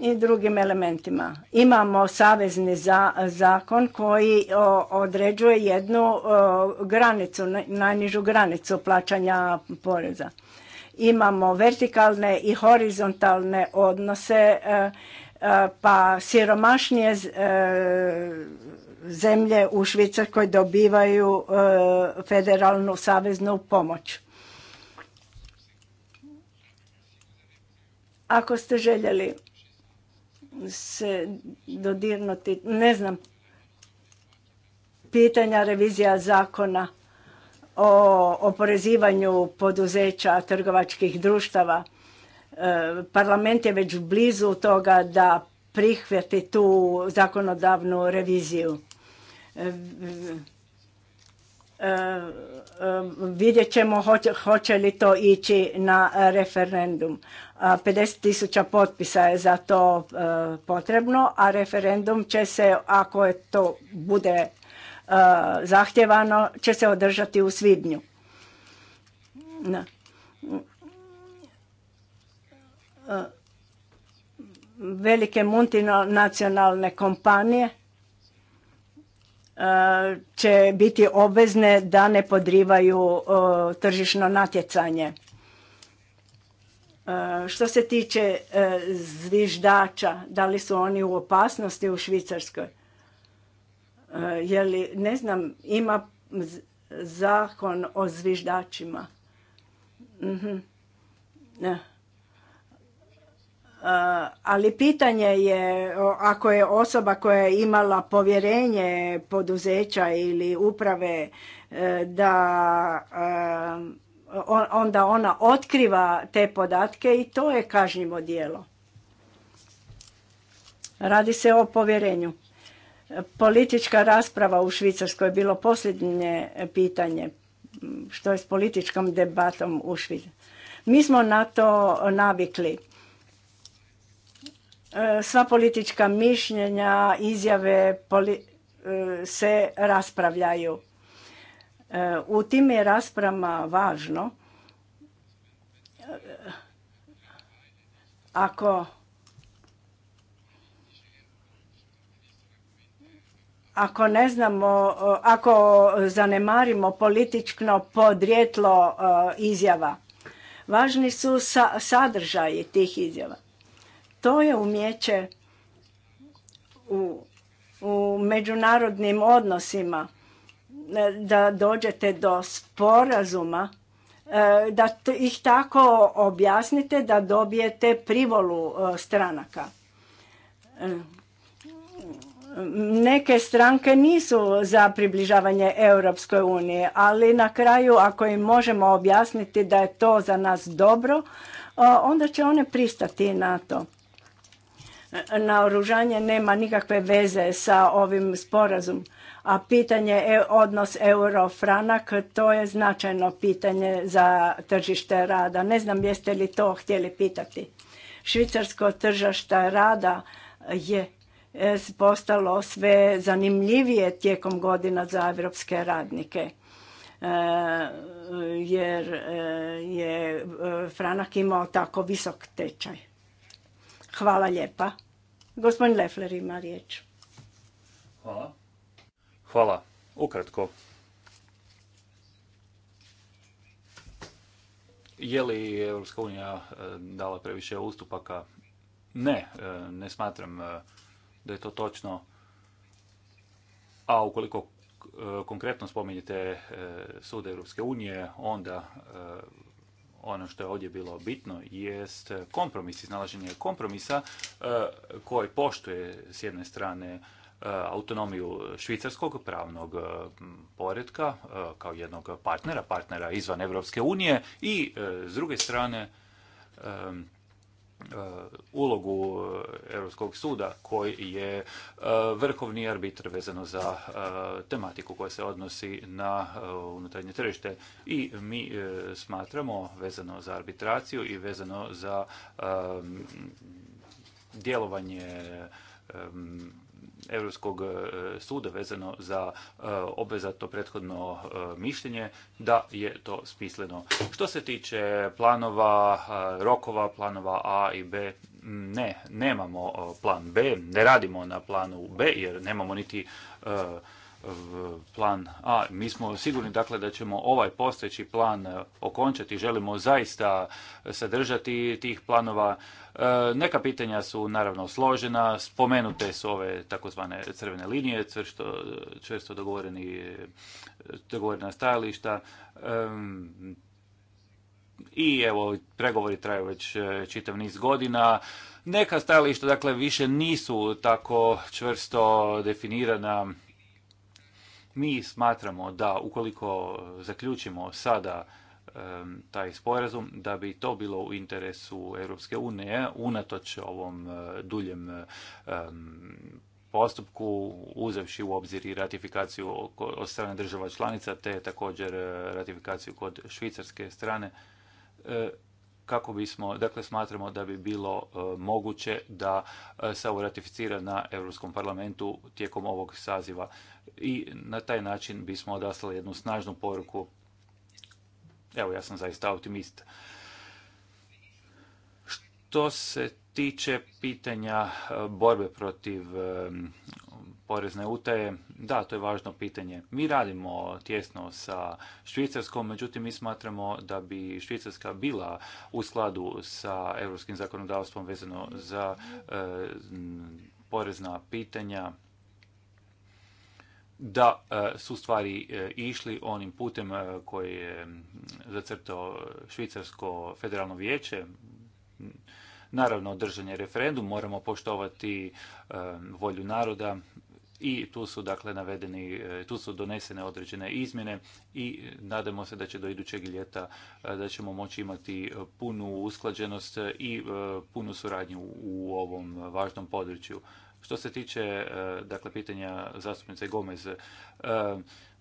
i drugim elementima. Imamo savezni za, zakon koji određuje jednu granicu, najnižu granicu plaćanja poreza. Imamo vertikalne i horizontalne odnose, e, e, pa siromašnije e, zemlje u Švicarskoj dobivaju federalnu saveznu pomoć. Ako ste željeli se dodirnuti, ne znam, pitanja revizija zakona o oporezivanju poduzeća trgovačkih društava. E, parlament je već blizu toga da prihvati tu zakonodavnu reviziju. E, E, e, vidjet ćemo hoće, li to ići na referendum. 50 potpisa je za to e, potrebno, a referendum će se, ako je to bude zahtjevano, će se održati u svibnju. Velike multinacionalne kompanije E, će biti obvezne da ne podrivaju e, tržišno natjecanje. E, što se tiče zviždača, da li su oni u opasnosti u Švicarskoj? Je ne znam, ima zakon o zviždačima. Mhm. Ne. Eh, ali pitanje je ako je osoba koja je imala povjerenje poduzeća ili uprave eh, da eh, onda ona otkriva te podatke i to je kažnjivo djelo. Radi se o povjerenju. Politička rasprava u Švicarskoj je bilo posljednje pitanje što je s političkom debatom u Švicarskoj. Mi smo na to navikli E, sva politička mišljenja, izjave e, se raspravljaju. E, u tim je rasprama važno ako ako ne znamo, ako zanemarimo politično podrijetlo izjava, važni su sadržaji tih izjava. To je umjeće u, u međunarodnim odnosima e, da dođete do sporazuma, e, da ih tako objasnite da dobijete privolu e, stranaka. Neke stranke nisu za približavanje Europskoj uniji, ali na kraju ako im možemo objasniti da je to za nas dobro, onda će one pristati na to naoružanje nema nikakve veze sa ovim sporazum. A pitanje e, odnos euro-franak, to je značajno pitanje za tržište rada. Ne znam jeste li to htjeli pitati. Švicarsko tržište rada je e, postalo sve zanimljivije tijekom godina za evropske radnike. E, jer je franak imao tako visok tečaj. Hvala lijepa. Gospodin Leffler ima riječ. Hvala. Hvala. Ukratko. Je li EU e, dala previše ustupaka? Ne, e, ne smatram e, da je to točno. A ukoliko konkretno spominjete sud EU, unije, onda ono što je ovdje bilo bitno jest kompromis, iznalaženje kompromisa e, koji poštuje s jedne strane e, autonomiju švicarskog pravnog e, poretka kao jednog partnera, partnera izvan Europske unije i s druge strane E, ulogu e, Europskog suda koji je e, vrhovni arbitr vezano za tematiku koja se odnosi na unutarnje tržište i mi smatramo vezano za arbitraciju i vezano za djelovanje Europskog e, suda vezano za e, obvezato prethodno e, mišljenje da je to smisleno. Što se tiče planova, rokova, planova A i B, ne, nemamo plan B, ne radimo na planu B jer nemamo niti plan A. Mi smo sigurni dakle da ćemo ovaj postojeći plan e, okončati, želimo zaista sadržati tih planova. E, neka pitanja su naravno složena, spomenute su ove takozvane crvene linije, čvrsto, čvrsto dogovoreni, dogovorena stajališta. I evo, pregovori traju već e, čitav niz godina. Neka stajališta, dakle, više nisu tako čvrsto definirana mi smatramo da ukoliko zaključimo sada taj sporazum da bi to bilo u interesu Europske unije unatoč ovom e, duljem postupku uzevši u obzir i ratifikaciju od strane država članica te također e, ratifikaciju kod švicarske strane e, kako bismo, dakle smatramo da bi bilo e, moguće da e, se ovo ratificira na Europskom parlamentu tijekom ovog saziva i na taj način bismo odaslali jednu snažnu poruku. Evo, ja sam zaista optimist. Što se tiče pitanja e, borbe protiv porezne utaje, da, to je važno pitanje. Mi radimo tjesno sa Švicarskom, međutim mi smatramo da bi Švicarska bila u skladu sa europskim zakonodavstvom vezano za e, porezna pitanja da e, su stvari e, išli onim putem koji je zacrtao Švicarsko federalno vijeće. Naravno, držanje referendum, moramo poštovati volju naroda i tu su dakle navedeni, e, tu su donesene određene izmjene i nadamo se da će do idućeg ljeta e, da ćemo moći imati e, punu usklađenost i punu suradnju u ovom važnom području. Što se tiče dakle pitanja zastupnice Gomez,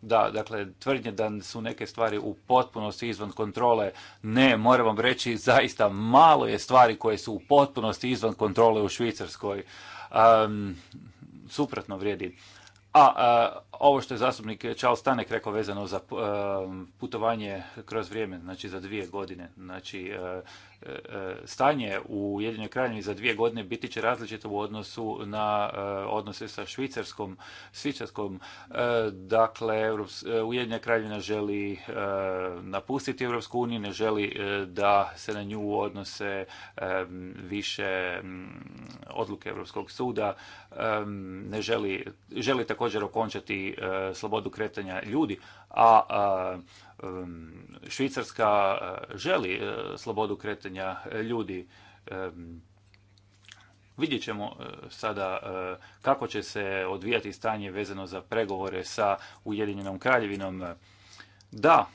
da, dakle, tvrdnje da su neke stvari u potpunosti izvan kontrole. Ne, moram vam reći, zaista malo je stvari koje su u potpunosti izvan kontrole u Švicarskoj suprotno vrijedi. A, ovo što je zastupnik Charles Stanek rekao vezano za e, putovanje kroz vrijeme, znači za dvije godine, znači e, E, e, stanje u Jedinoj kraljevini za dvije godine biti će različito u odnosu na e, odnose sa Švicarskom. Švicarskom. Dakle, Ujedinja kraljevina želi napustiti Europsku uniju, ne želi da se na nju odnose više odluke Europskog suda, ne želi, želi također okončati slobodu kretanja ljudi, a Švicarska eh, želi eh, slobodu kretanja eh, ljudi. Vidjet ćemo sada kako će se odvijati stanje vezano za pregovore sa Ujedinjenom kraljevinom. Da,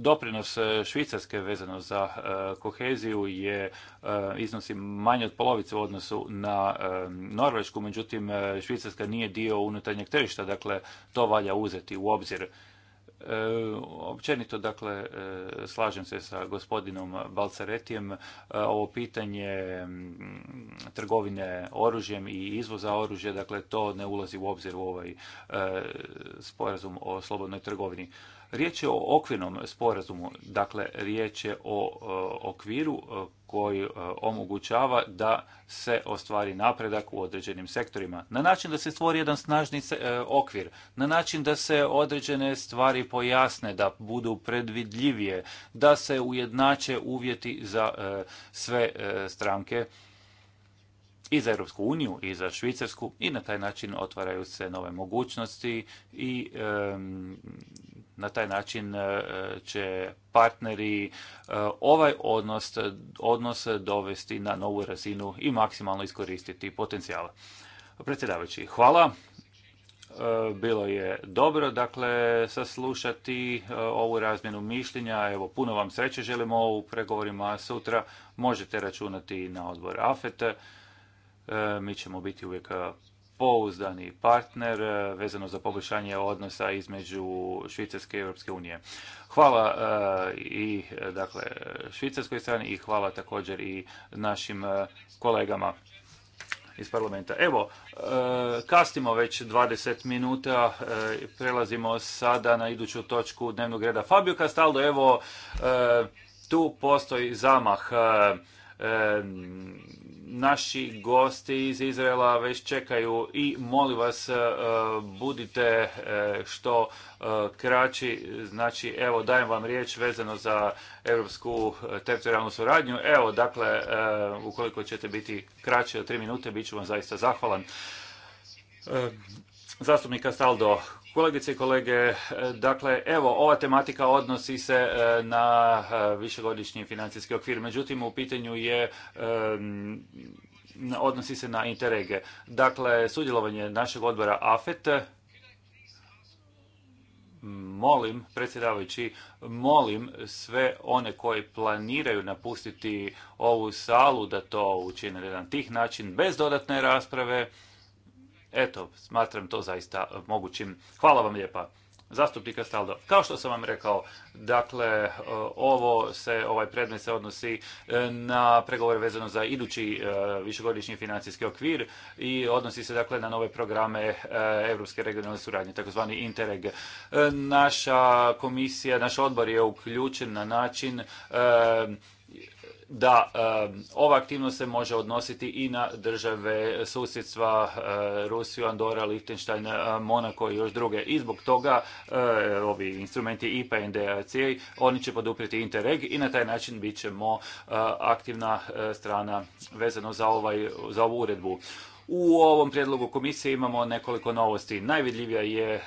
Doprinos e, Švicarske vezano za e, koheziju je e, iznosi manje od polovice u odnosu na Norvešku, međutim Švicarska nije dio unutarnjeg tržišta, dakle to valja uzeti u obzir. Općenito, dakle, slažem se sa gospodinom Balcaretijem. Ovo pitanje trgovine oružjem i izvoza oružja, dakle, to ne ulazi u obzir u ovaj sporazum o slobodnoj trgovini. Riječ je o okvirnom sporazumu, dakle riječ je o e, okviru e, koji e, omogućava da se ostvari napredak u određenim sektorima. Na način da se stvori jedan snažni okvir, na način da se određene stvari pojasne, da budu predvidljivije, da se ujednače uvjeti za sve stranke i za Europsku uniju i za Švicarsku i na taj način otvaraju se nove mogućnosti i na taj način e, će partneri e, ovaj odnos, dovesti na novu razinu i maksimalno iskoristiti potencijal. Predsjedavajući, hvala. E, bilo je dobro, dakle, saslušati ovu razmjenu mišljenja. Evo, puno vam sreće želimo u pregovorima sutra. Možete računati na odbor AFET. Mi ćemo biti uvijek pouzdani partner e, vezano za poboljšanje odnosa između Švicarske i Europske unije. Hvala e, i dakle švicarskoj strani i hvala također i našim e, kolegama iz parlamenta. Evo, kastimo već 20 minuta, prelazimo sada na iduću točku dnevnog reda. Fabio Castaldo, evo, tu postoji zamah naši gosti iz Izraela već čekaju i molim vas e, budite e, što e, kraći. Znači, evo dajem vam riječ vezano za europsku teritorijalnu suradnju. Evo, dakle, ukoliko ćete biti kraći od tri minute, bit ću vam zaista zahvalan. Zastupnik Castaldo, Kolegice i kolege, e, dakle, evo, ova tematika odnosi se e, na e, višegodišnji financijski okvir, međutim, u pitanju je odnosi se na interege. Dakle, sudjelovanje našeg odbora AFET, molim, predsjedavajući, molim sve one koji planiraju napustiti ovu salu da to učine na tih način bez dodatne rasprave. Eto, smatram to zaista mogućim. Hvala vam lijepa. Zastupnika Staldo, kao što sam vam rekao, dakle, ovo se, ovaj predmet se odnosi e, na pregovore vezano za idući e, višegodišnji financijski okvir i odnosi se dakle na nove programe Europske regionalne suradnje, takozvani Interreg. E, naša komisija, naš odbor je uključen na način da eh, ova aktivnost se može odnositi i na države susjedstva eh, Rusiju, Andora, Liechtenstein, eh, Monako i još druge. I zbog toga ovi instrumenti IPA oni će poduprijeti Interreg i na taj način bit ćemo aktivna strana vezano za, ovaj, za ovu uredbu. U ovom prijedlogu komisije imamo nekoliko novosti. Najvidljivija je e,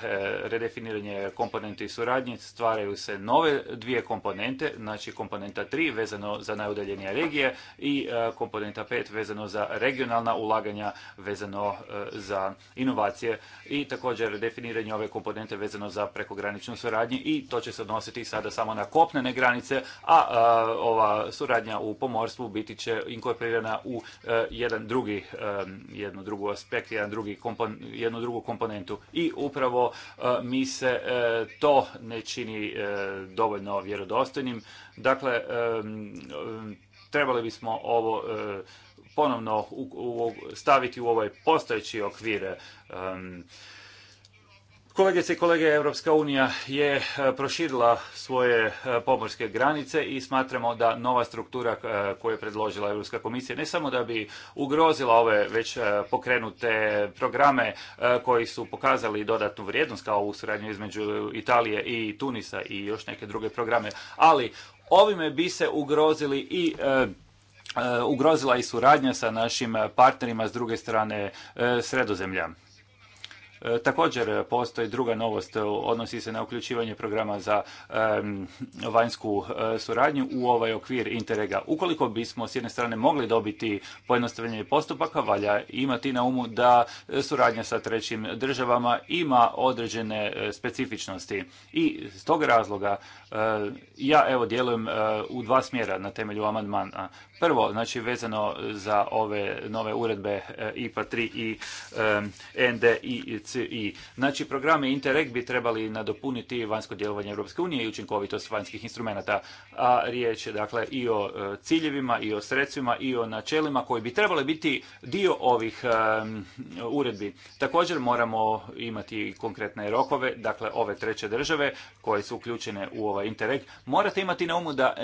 redefiniranje komponente i suradnje. Stvaraju se nove dvije komponente, znači komponenta 3 vezano za najudaljenije regije i e, komponenta 5 vezano za regionalna ulaganja vezano e, za inovacije i također redefiniranje ove komponente vezano za prekograničnu suradnju i to će se odnositi sada samo na kopnene granice, a ova suradnja u pomorstvu biti će inkorporirana u jedan drugi jednu drugu aspekt, jedan drugi jednu drugu komponentu i upravo e, mi se e, to ne čini e, dovoljno vjerodostojnim. Dakle, trebali bismo ovo ponovno staviti u ovaj postojeći okvir Kolegice i kolege, Europska unija je e, proširila svoje e, pomorske granice i smatramo da nova struktura e, koju je predložila Europska komisija ne samo da bi ugrozila ove već pokrenute programe koji su pokazali dodatnu vrijednost kao u suradnju između Italije i Tunisa i još neke druge programe, ali ovime bi se ugrozili i ugrozila i suradnja sa našim partnerima s druge strane sredozemlja. E, također e, postoji druga novost, e, odnosi se na uključivanje programa za vanjsku suradnju u ovaj okvir Interrega. Ukoliko bismo s jedne strane mogli dobiti pojednostavljanje postupaka, valja imati na umu da suradnja sa trećim državama ima određene specifičnosti. I s tog razloga ja evo djelujem u dva smjera na temelju amandmana. Prvo, znači vezano za ove nove uredbe eh, IPA 3 i ND i CI. Znači programe Interreg bi trebali nadopuniti vanjsko djelovanje Europske unije i učinkovitost vanjskih instrumenata. A riječ je dakle i o eh, ciljevima i o sredstvima i o načelima koji bi trebali biti dio ovih uredbi. Također moramo imati konkretne rokove, dakle ove treće države koje su uključene u ovaj Interreg. Morate imati na umu da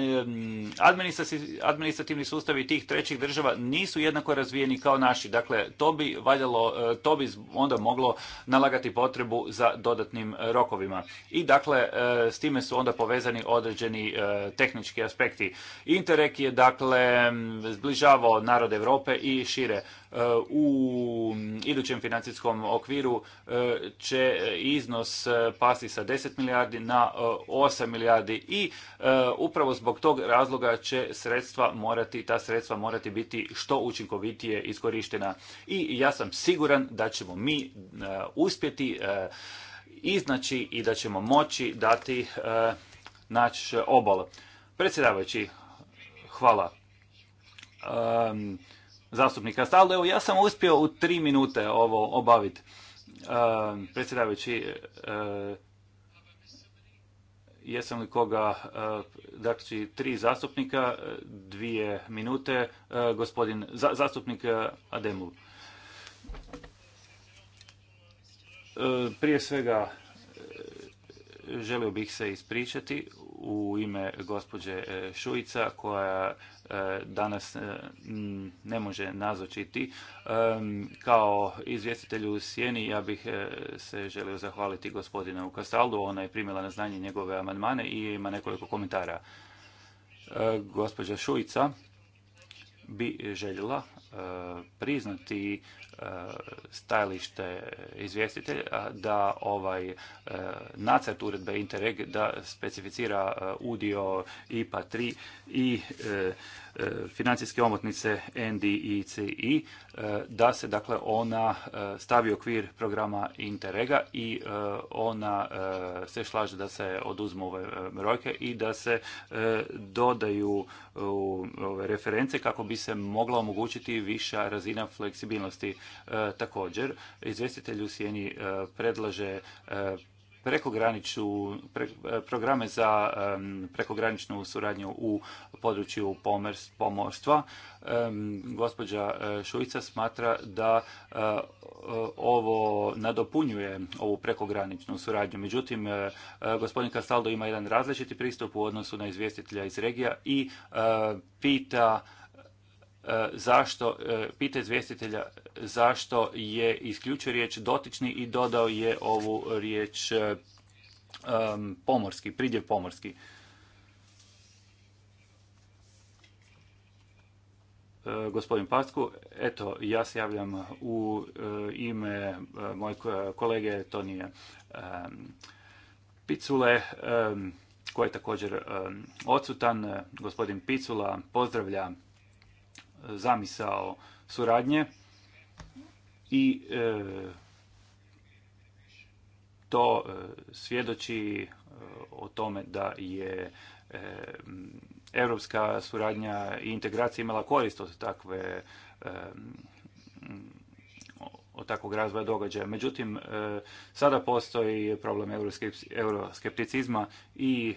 administrativni sustavi tih trećih država nisu jednako razvijeni kao naši. Dakle, to bi valjalo, e, to bi onda moglo nalagati potrebu za dodatnim e, rokovima. I dakle, e, s time su onda povezani određeni tehnički aspekti. Interek je dakle zbližavao narod Europe i šire. U idućem financijskom okviru e, će iznos e, pasti sa 10 milijardi na 8 e, milijardi i upravo zbog tog razloga će sredstva morati, ta sredstva morati biti što učinkovitije iskorištena. I ja sam siguran da ćemo mi uspjeti iznaći i da ćemo moći dati naš obal. Predsjedavajući, hvala zastupnika stalo. Evo, ja sam uspio u tri minute ovo obaviti. E, predsjedavajući, e, jesam li koga, e, dakle, tri zastupnika, dvije minute, e, gospodin, za, zastupnik Ademov. Prije svega, želio bih se ispričati u ime gospođe e, Šujica koja e, danas e, ne može nazočiti. Kao izvjestitelju u Sjeni ja bih se želio zahvaliti gospodinu Kastaldu. Ona je primila na znanje njegove amandmane i ima nekoliko komentara. Gospođa Šujica bi željela E, priznati e, stajalište izvjestitelja da ovaj e, nacrt uredbe Interreg da specificira udio IPA 3 i financijske omotnice NDICI e e, eh, da se dakle ona eh, stavi okvir programa Interrega i eh, ona se slaže da se oduzmu ove brojke i da se dodaju ove reference kako bi se mogla omogućiti viša razina fleksibilnosti. Također, izvjestitelj u sjeni predlaže prekograničnu eh, programe za prekograničnu suradnju u području pomorstva. gospođa eh, Šujica smatra da eh, ovo nadopunjuje ovu prekograničnu suradnju. Međutim, gospodin Kastaldo ima jedan različiti pristup u odnosu na izvjestitelja iz regija i pita E, zašto, e, pita izvjestitelja zašto je isključio riječ dotični i dodao je ovu riječ e, pomorski, pridjev pomorski. gospodin Pasku, eto, ja se javljam u ime moje kolege Tonije Picule, koji je također odsutan. Gospodin Picula pozdravlja zamisao suradnje i e, to e, svjedoči e, o tome da je europska suradnja i integracija imala korist od takve od takvog razvoja događaja. Međutim, sada postoji problem euroskepticizma i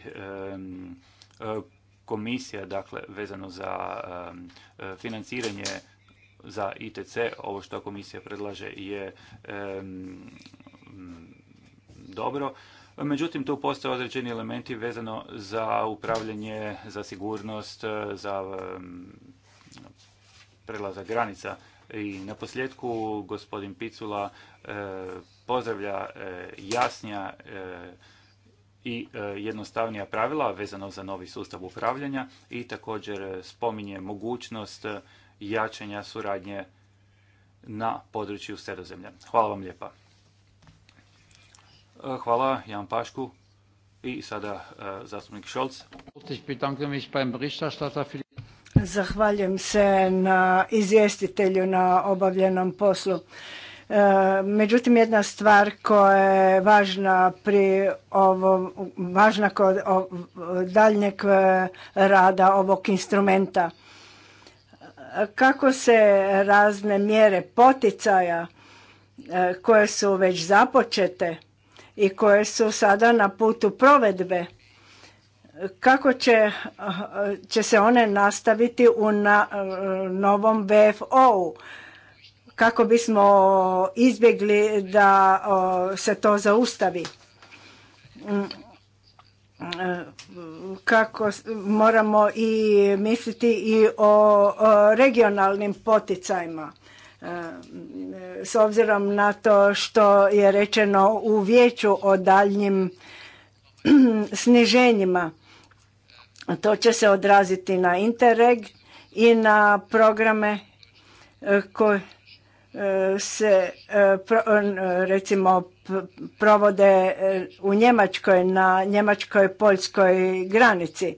komisija, dakle, vezano za financiranje za ITC, ovo što komisija predlaže je dobro. Međutim, tu postoje određeni elementi vezano za upravljanje, za sigurnost, za prelazak granica. I na posljedku gospodin Picula eh, pozdravlja eh, jasnija eh, i e, jednostavnija pravila vezano za novi sustav upravljanja i također e, spominje mogućnost e, jačanja suradnje na području sredozemlja. Hvala vam lijepa. Hvala Jan Pašku i sada zastupnik Šolc. Zahvaljujem se na izvjestitelju na obavljenom poslu. Međutim, jedna stvar koja je važna pri ovom, važna kod daljnjeg e, rada ovog instrumenta. Kako se razne mjere poticaja e, koje su već započete i koje su sada na putu provedbe, kako će, e, će se one nastaviti u na, novom VFO-u kako bismo izbjegli da se to zaustavi mm, mm, e, kako moramo i misliti i o regionalnim poticajima e, s obzirom na to što je rečeno u vijeću o daljnjim sniženjima. To će se odraziti na Interreg i na programe e, koje E, se e, e, recimo provode u Njemačkoj na njemačkoj poljskoj granici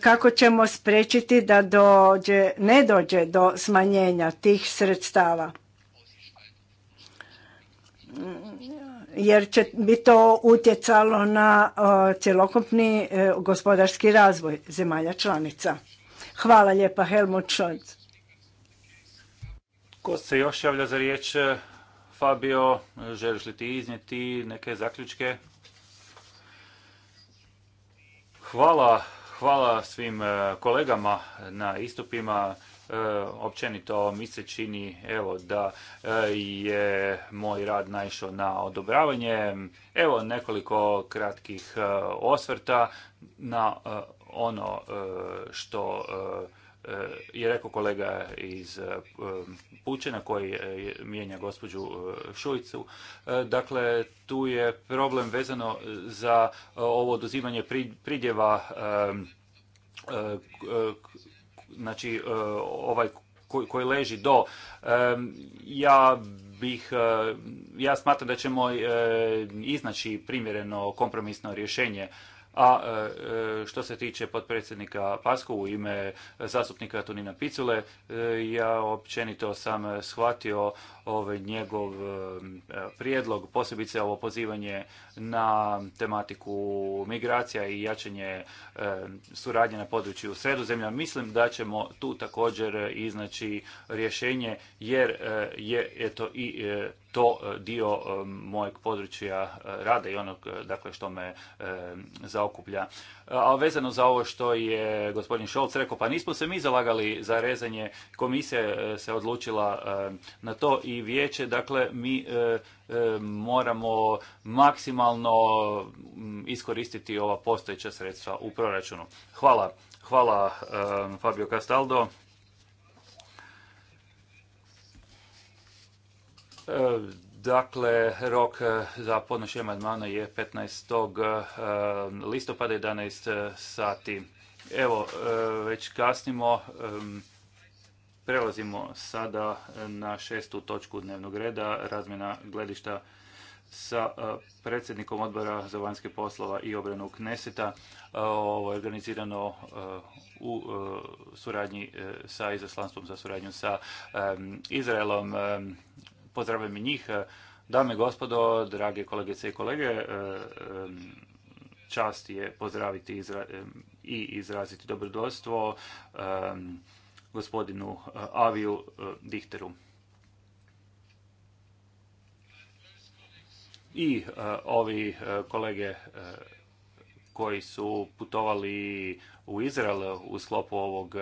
kako ćemo spriječiti da dođe ne dođe do smanjenja tih sredstava jer će bi to utjecalo na cjelokupni gospodarski razvoj zemalja članica. Hvala lijepa Helmut Scholz. Ko se još javlja za riječ? E, Fabio, želiš li ti iznijeti neke zaključke? Hvala, hvala svim e, kolegama na istupima. E, općenito mi se čini evo, da je moj rad naišao na odobravanje. Evo nekoliko kratkih osvrta na ono što je rekao kolega iz e, Pučena koji e, mijenja gospođu e, Šuicu. Dakle, tu je problem vezano za ovo oduzimanje pridjeva znači ovaj koji leži do. Ja bih, ja smatram da ćemo iznaći primjereno kompromisno rješenje a e, e, što se tiče potpredsjednika Pasku u ime zastupnika Tonina Picule, e, ja općenito sam shvatio ovaj njegov prijedlog, posebice ovo pozivanje na tematiku migracija i jačanje suradnje na području sredozemlja. Mislim da ćemo tu također iznaći rješenje jer je eto i to e, dio e, mojeg područja e, rada i onog dakle, što me zaokuplja. A vezano za ovo što je gospodin Šolc rekao, pa nismo se mi zalagali za rezanje, komisija se odlučila na to i vijeće, dakle mi moramo maksimalno iskoristiti ova postojeća sredstva u proračunu. Hvala, hvala Fabio Castaldo. Dakle, rok e, za podnošenje amandmana je 15. E, listopada 11 e, sati. Evo, već kasnimo. Prelazimo sada na šestu točku dnevnog reda, razmjena gledišta sa predsjednikom odbora za vanjske poslova i obranu Kneseta. Ovo je organizirano u suradnji sa Izaslanstvom za suradnju sa Izraelom. Pozdravljam i njih. Dame i gospodo, drage kolegice i kolege, e, e, čast je pozdraviti e, i izraziti dobrodostvo gospodinu Aviju Dihteru. I ovi kolege koji su putovali u Izrael u sklopu ovog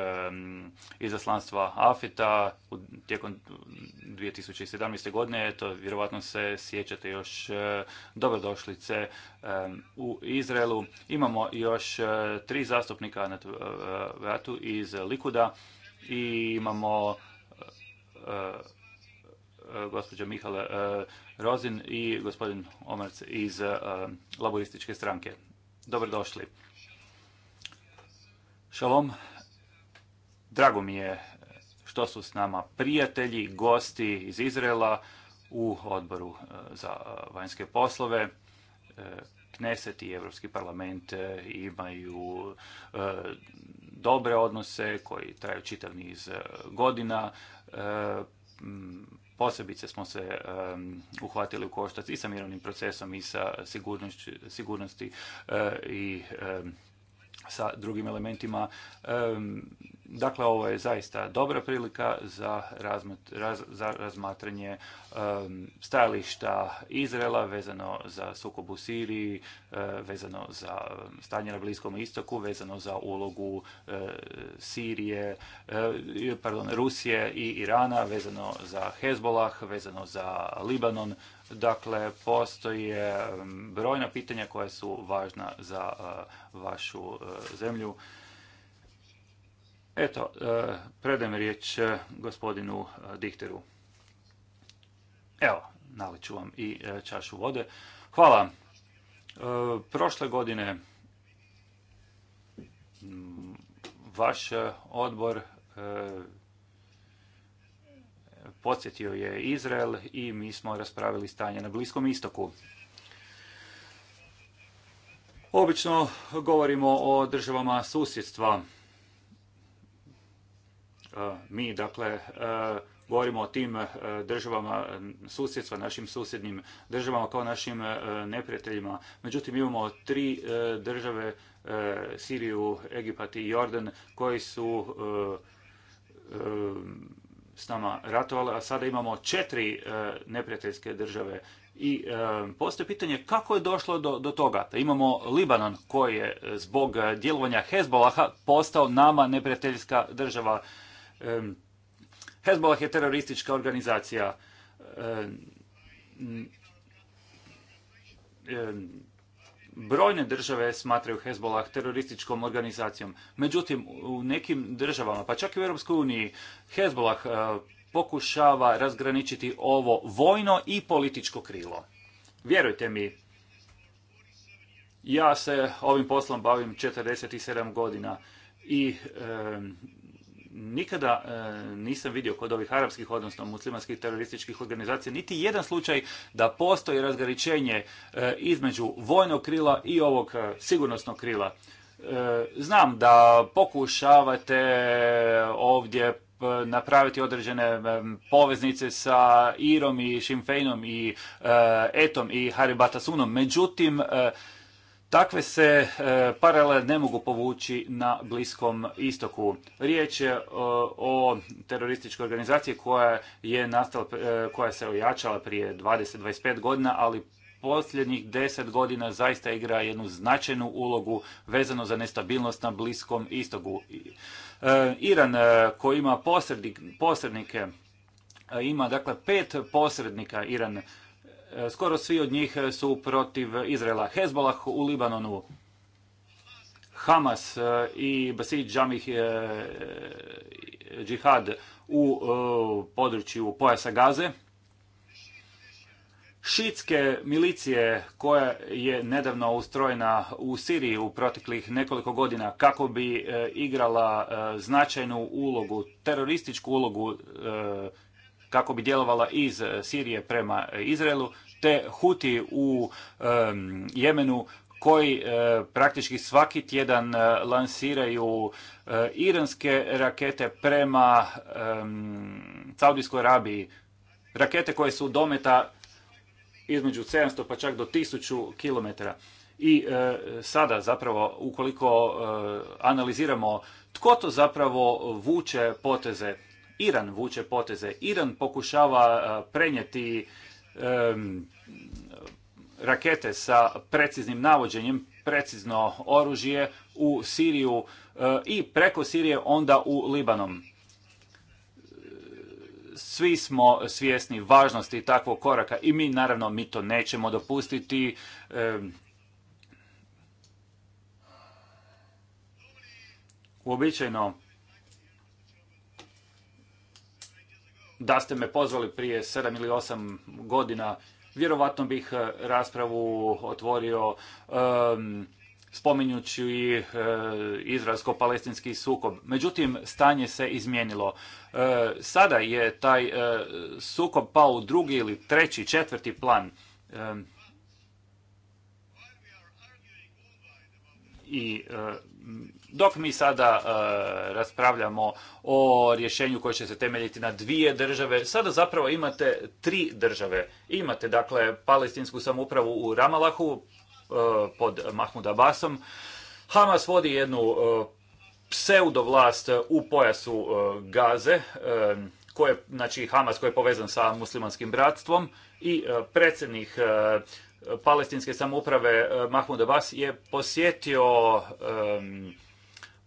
izaslanstva AFITA tijekom 2017. godine. Eto, vjerovatno se sjećate još e, dobrodošlice u Izraelu. Imamo još e, tri zastupnika na e, vratu iz Likuda i imamo gospođa Mihala Rozin i gospodin Omerc iz laborističke stranke. Dobrodošli. Šalom. Drago mi je što su s nama prijatelji, gosti iz Izraela u odboru e, za e, vanjske poslove. E, Kneset i Europski parlament imaju dobre odnose koji traju čitav niz godina. Posebice smo se uhvatili u koštac i sa mirovnim procesom i sa sigurnosti, e, i sa drugim elementima Dakle, ovo je zaista dobra prilika za, za razmatranje um, stajališta Izrela vezano za sukob u Siriji, uh, vezano za stanje na Bliskom istoku, vezano za ulogu uh, Sirije, uh, pardon, Rusije i Irana, vezano za Hezbolah, vezano za Libanon. Dakle, postoje um, brojna pitanja koja su važna za vašu zemlju. Eto, e, predajem riječ e, gospodinu e, Dihteru. Evo, naliču vam i čašu vode. Hvala. Prošle godine vaš odbor podsjetio je Izrael i mi smo raspravili stanje na Bliskom istoku. Obično govorimo o državama susjedstva mi, dakle, e, govorimo o tim e, državama susjedstva, našim susjednim državama kao našim e, neprijateljima. Međutim, imamo tri države, Siriju, Egipat i Jordan, koji su s nama ratovali, a sada imamo četiri neprijateljske države. I postoje pitanje kako je došlo do, do toga. Pa imamo Libanon koji je zbog djelovanja Hezbolaha postao nama neprijateljska država. Hezbollah je teroristička organizacija. Brojne države smatraju Hezbollah terorističkom organizacijom. Međutim, u nekim državama, pa čak i u Europskoj uniji, Hezbollah e, pokušava razgraničiti ovo vojno i političko krilo. Vjerujte mi, ja se ovim poslom bavim 47 godina i nikada e, nisam vidio kod ovih arapskih, odnosno muslimanskih terorističkih organizacija, niti jedan slučaj da postoji razgaričenje e, između vojnog krila i ovog e, sigurnosnog krila. Znam da pokušavate ovdje napraviti određene poveznice sa Irom i Šimfejnom i Etom i Haribatasunom, Međutim, Takve se e, paralele ne mogu povući na Bliskom istoku. Riječ je e, o terorističkoj organizaciji koja je nastala, e, koja se ojačala prije 20-25 godina, ali posljednjih 10 godina zaista igra jednu značajnu ulogu vezano za nestabilnost na Bliskom istoku. Iran koji ima posrednike, ima dakle pet posrednika Iran E, skoro svi od njih su protiv Izraela. Hezbolah u Libanonu, Hamas e, i Basid Džamih e, džihad u području pojasa Gaze. Šitske milicije koja je nedavno ustrojena u Siriji u proteklih nekoliko godina kako bi igrala značajnu ulogu, terorističku ulogu kako bi djelovala iz Sirije prema Izraelu te Huti u Jemenu koji e, praktički svaki tjedan e, lansiraju e, iranske rakete prema Saudijskoj Arabiji. Rakete koje su dometa između 700 pa čak do 1000 km. I sada zapravo ukoliko analiziramo tko to zapravo vuče poteze, Iran vuče poteze, Iran pokušava prenijeti rakete sa preciznim navođenjem, precizno oružje u Siriju e, i preko Sirije onda u Libanom. E, svi smo svjesni važnosti takvog koraka i mi naravno mi to nećemo dopustiti. E, uobičajno da ste me pozvali prije 7 ili 8 godina Vjerovatno bih e, raspravu otvorio um, spominjući e, izraelsko-palestinski sukob. Međutim, stanje se izmijenilo. E, sada je taj sukob pao u drugi ili treći, četvrti plan. I dok mi sada e, raspravljamo o rješenju koje će se temeljiti na dvije države, sada zapravo imate tri države. Imate dakle palestinsku samoupravu u Ramalahu e, pod Mahmud Abbasom. Hamas vodi jednu e, pseudo pseudovlast u pojasu Gaze, koje, znači Hamas koji je povezan sa muslimanskim bratstvom i predsjednik palestinske samouprave e, Mahmoud Abbas je posjetio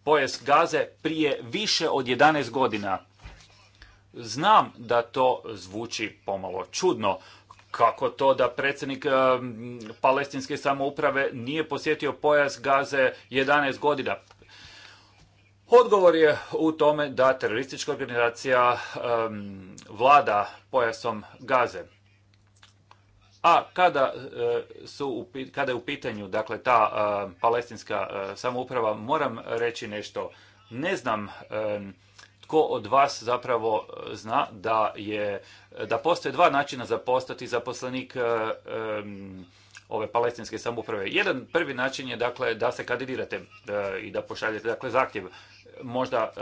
pojas Gaze prije više od 11 godina. Znam da to zvuči pomalo čudno. Kako to da predsjednik palestinske samouprave nije posjetio pojas Gaze 11 godina? Odgovor je u tome da teroristička organizacija vlada pojasom Gaze a kada, e, su, kada je u pitanju dakle, ta e, palestinska e, samouprava, moram reći nešto. Ne znam tko od vas zapravo zna da, je, da postoje dva načina za postati zaposlenik ove palestinske samouprave. Jedan prvi način je dakle da se kandidirate i da pošaljete dakle zahtjev možda e,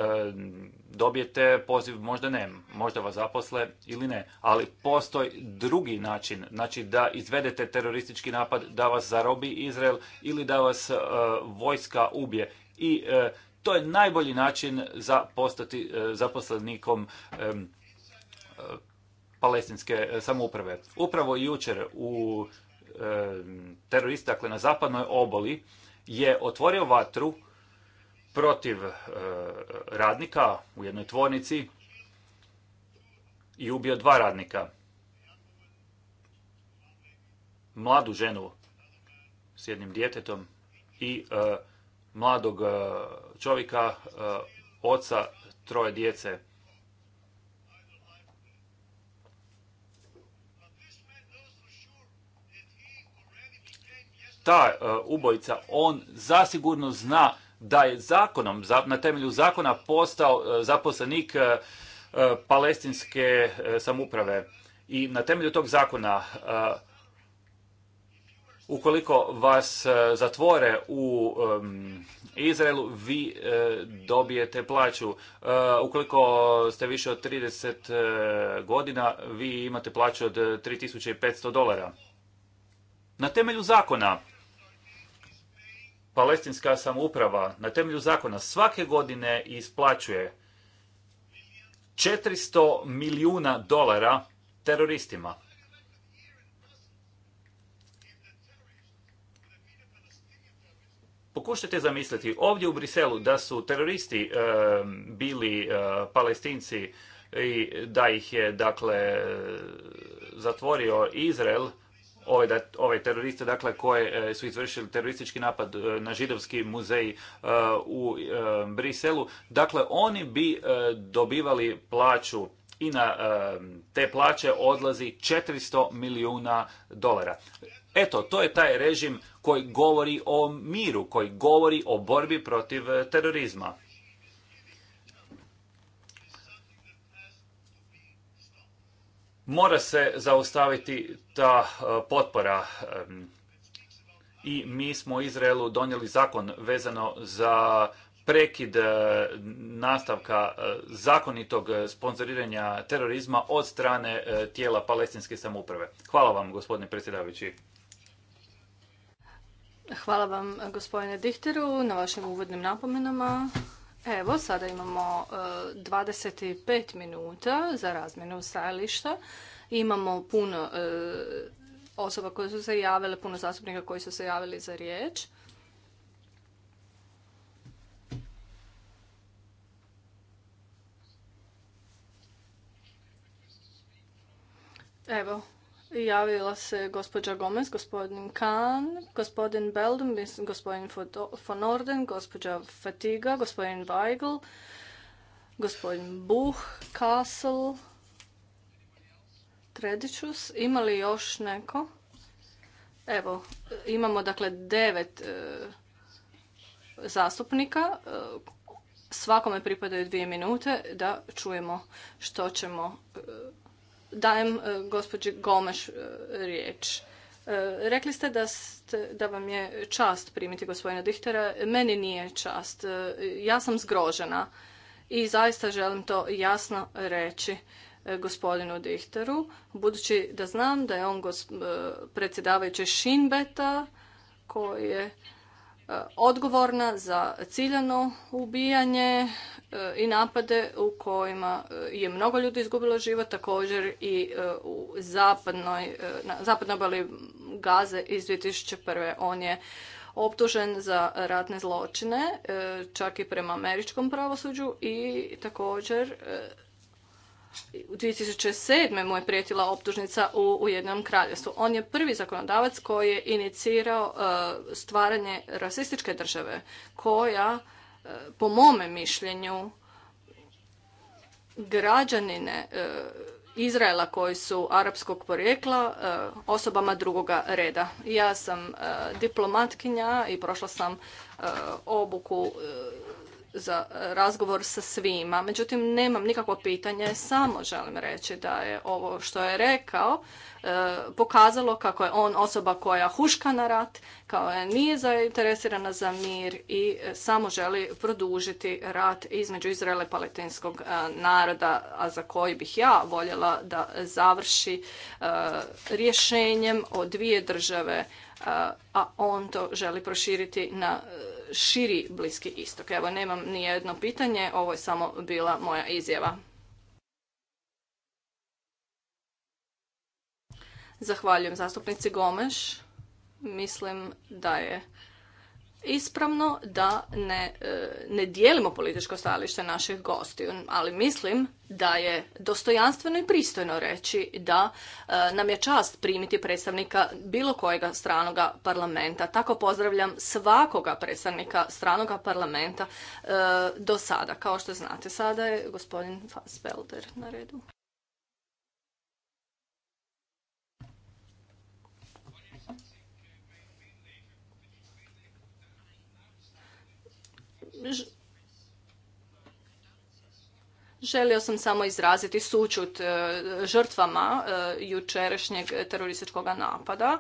dobijete poziv, možda ne, možda vas zaposle ili ne, ali postoji drugi način, znači da izvedete teroristički napad, da vas zarobi Izrael ili da vas e, vojska ubije i e, to je najbolji način za postati zaposlenikom palestinske samouprave. Upravo jučer u terorista dakle na zapadnoj oboli, je otvorio vatru protiv e, radnika u jednoj tvornici i ubio dva radnika. Mladu ženu s jednim djetetom i e, mladog e, čovjeka, oca troje djece. Ta ubojica, on zasigurno zna da je zakonom, na temelju zakona postao e, zaposlenik e, e, palestinske samuprave. I na temelju tog zakona, ukoliko vas zatvore u Izraelu, vi dobijete plaću. Ukoliko ste više od 30 godina, vi imate plaću od 3500 dolara. Na temelju zakona, palestinska samouprava na temelju zakona svake godine isplaćuje 400 milijuna dolara teroristima. Pokušajte zamisliti ovdje u Briselu da su teroristi e, bili e, palestinci i da ih je dakle zatvorio Izrael ove, teroriste dakle, koje e, su izvršili teroristički napad e, na židovski muzej e, u Briselu. Dakle, oni bi dobivali plaću i na te plaće odlazi 400 milijuna dolara. Eto, to je taj režim koji govori o miru, koji govori o borbi protiv terorizma. Mora se zaustaviti ta e, potpora i mi smo u Izraelu donijeli zakon vezano za prekid e, nastavka e, zakonitog sponzoriranja terorizma od strane tijela palestinske samouprave. Hvala vam, gospodine predsjedavajući. Hvala vam, gospodine Dihteru na vašim uvodnim napomenama. Evo, sada imamo 25 e, minuta za razmjenu stajališta. Imamo puno e, osoba koje su se javile, puno zastupnika koji su se javili za riječ. Evo, Javila se gospođa Gomez, gospodin Kahn, gospodin Beldum, gospodin von Orden, gospođa Fatiga, gospodin Weigl, gospodin Buh, Kassel, Tredičus. Ima li još neko? Evo, imamo dakle devet e, zastupnika. E, svakome pripadaju dvije minute da čujemo što ćemo e, dajem e, gospođi Gomeš e, riječ. E, rekli ste da, da vam je čast primiti gospodina Dihtera. Meni nije čast. Ja sam zgrožena i zaista želim to jasno reći gospodinu Dichteru, budući da znam da je on predsjedavajući Šinbeta, koji je E, odgovorna za ciljano ubijanje e, i napade u kojima e, je mnogo ljudi izgubilo život, također i u zapadnoj, na zapadnoj obali Gaze iz 2001. On je optužen za ratne zločine, čak i prema američkom pravosuđu i također 2007. mu je prijetila optužnica u Ujednom kraljevstvu. On je prvi zakonodavac koji je inicirao e, stvaranje rasističke države koja, e, po mome mišljenju, građanine e, Izraela koji su arapskog porijekla osobama drugoga reda. Ja sam diplomatkinja i prošla sam obuku za e, razgovor sa svima. Međutim, nemam nikakvo pitanje, samo želim reći da je ovo što je rekao e, pokazalo kako je on osoba koja huška na rat, kao je nije zainteresirana za mir i e, samo želi produžiti rat između Izraela i palestinskog naroda, a za koji bih ja voljela da završi rješenjem o dvije države, a on to želi proširiti na širi Bliski istok. Evo, nemam jedno pitanje, ovo je samo bila moja izjava. Zahvaljujem zastupnici Gomeš. Mislim da je ispravno da ne, e, ne dijelimo političko stajalište naših gostiju, ali mislim da je dostojanstveno i pristojno reći da e, nam je čast primiti predstavnika bilo kojega stranoga parlamenta. Tako pozdravljam svakoga predstavnika stranoga parlamenta e, do sada. Kao što znate, sada je gospodin Fassbelder na redu. Želio sam samo izraziti sučut e, žrtvama e, jučerašnjeg terorističkog napada.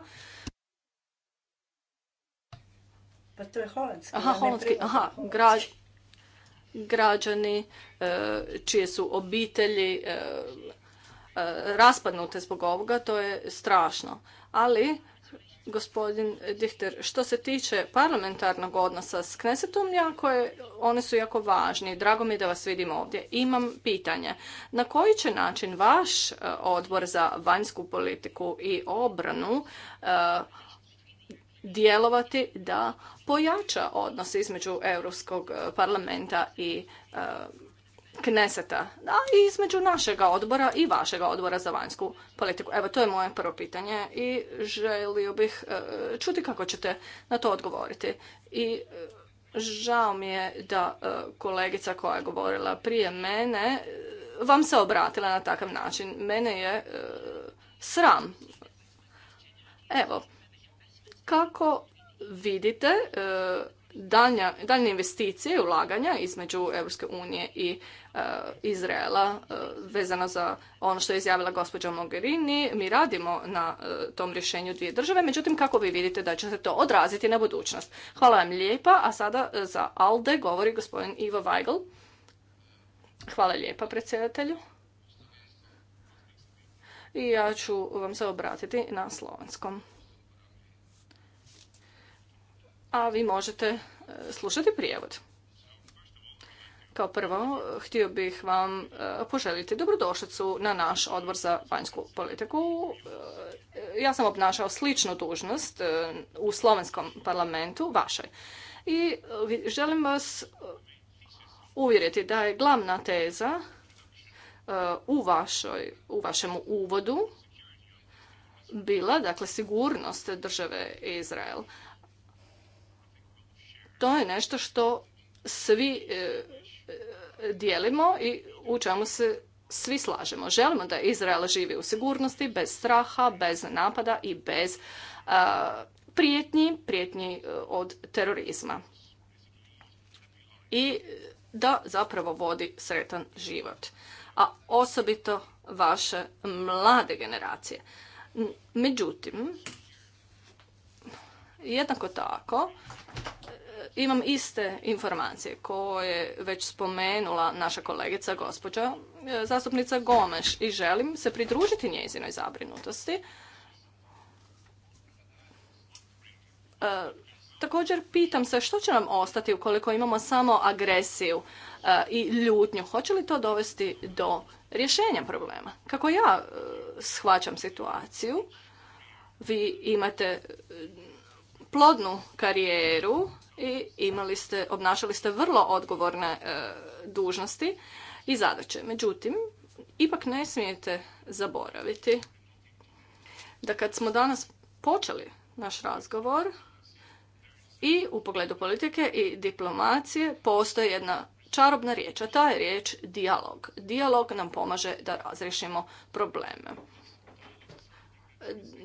Pa to Aha, holandski. građani e, čije su obitelji raspadnute zbog ovoga, to je strašno. Ali gospodin Dihter, što se tiče parlamentarnog odnosa s Knesetom, jako je, one su jako važni. Drago mi je da vas vidim ovdje. Imam pitanje. Na koji će način vaš e, odbor za vanjsku politiku i obranu e, djelovati da pojača odnos između Europskog e, parlamenta i Kneseta, da, i između našega odbora i vašega odbora za vanjsku politiku. Evo, to je moje prvo pitanje i želio bih e, čuti kako ćete na to odgovoriti. I e, žao mi je da e, kolegica koja je govorila prije mene vam se obratila na takav način. Mene je sram. Evo, kako vidite daljnje investicije i ulaganja između Europske unije i e, Izraela e, vezano za ono što je izjavila gospođa Mogherini. Mi radimo na e, tom rješenju dvije države, međutim kako vi vidite da će se to odraziti na budućnost. Hvala vam lijepa, a sada za ALDE govori gospodin Ivo Weigl. Hvala lijepa predsjedatelju. I ja ću vam se obratiti na slovenskom a vi možete e, slušati prijevod. Kao prvo, htio bih vam e, poželiti dobrodošlicu na naš odbor za vanjsku politiku. E, ja sam obnašao sličnu dužnost u slovenskom parlamentu, vašoj. I želim vas uvjeriti da je glavna teza u, vašoj, u vašem uvodu bila, dakle, sigurnost države Izrael. To je nešto što svi e, e, dijelimo i u čemu se svi slažemo. Želimo da Izrael živi u sigurnosti, bez straha, bez napada i bez prijetnji, prijetnji e, od terorizma. I da zapravo vodi sretan život. A osobito vaše mlade generacije. Međutim, jednako tako, imam iste informacije koje je već spomenula naša kolegica gospođa e, zastupnica Gomeš i želim se pridružiti njezinoj zabrinutosti. E, također pitam se što će nam ostati ukoliko imamo samo agresiju e, i ljutnju. Hoće li to dovesti do rješenja problema? Kako ja shvaćam situaciju, vi imate plodnu karijeru i imali ste, obnašali ste vrlo odgovorne e, dužnosti i zadaće. Međutim, ipak ne smijete zaboraviti da kad smo danas počeli naš razgovor i u pogledu politike i diplomacije postoji jedna čarobna riječ, a ta je riječ dijalog. Dijalog nam pomaže da razriješimo probleme.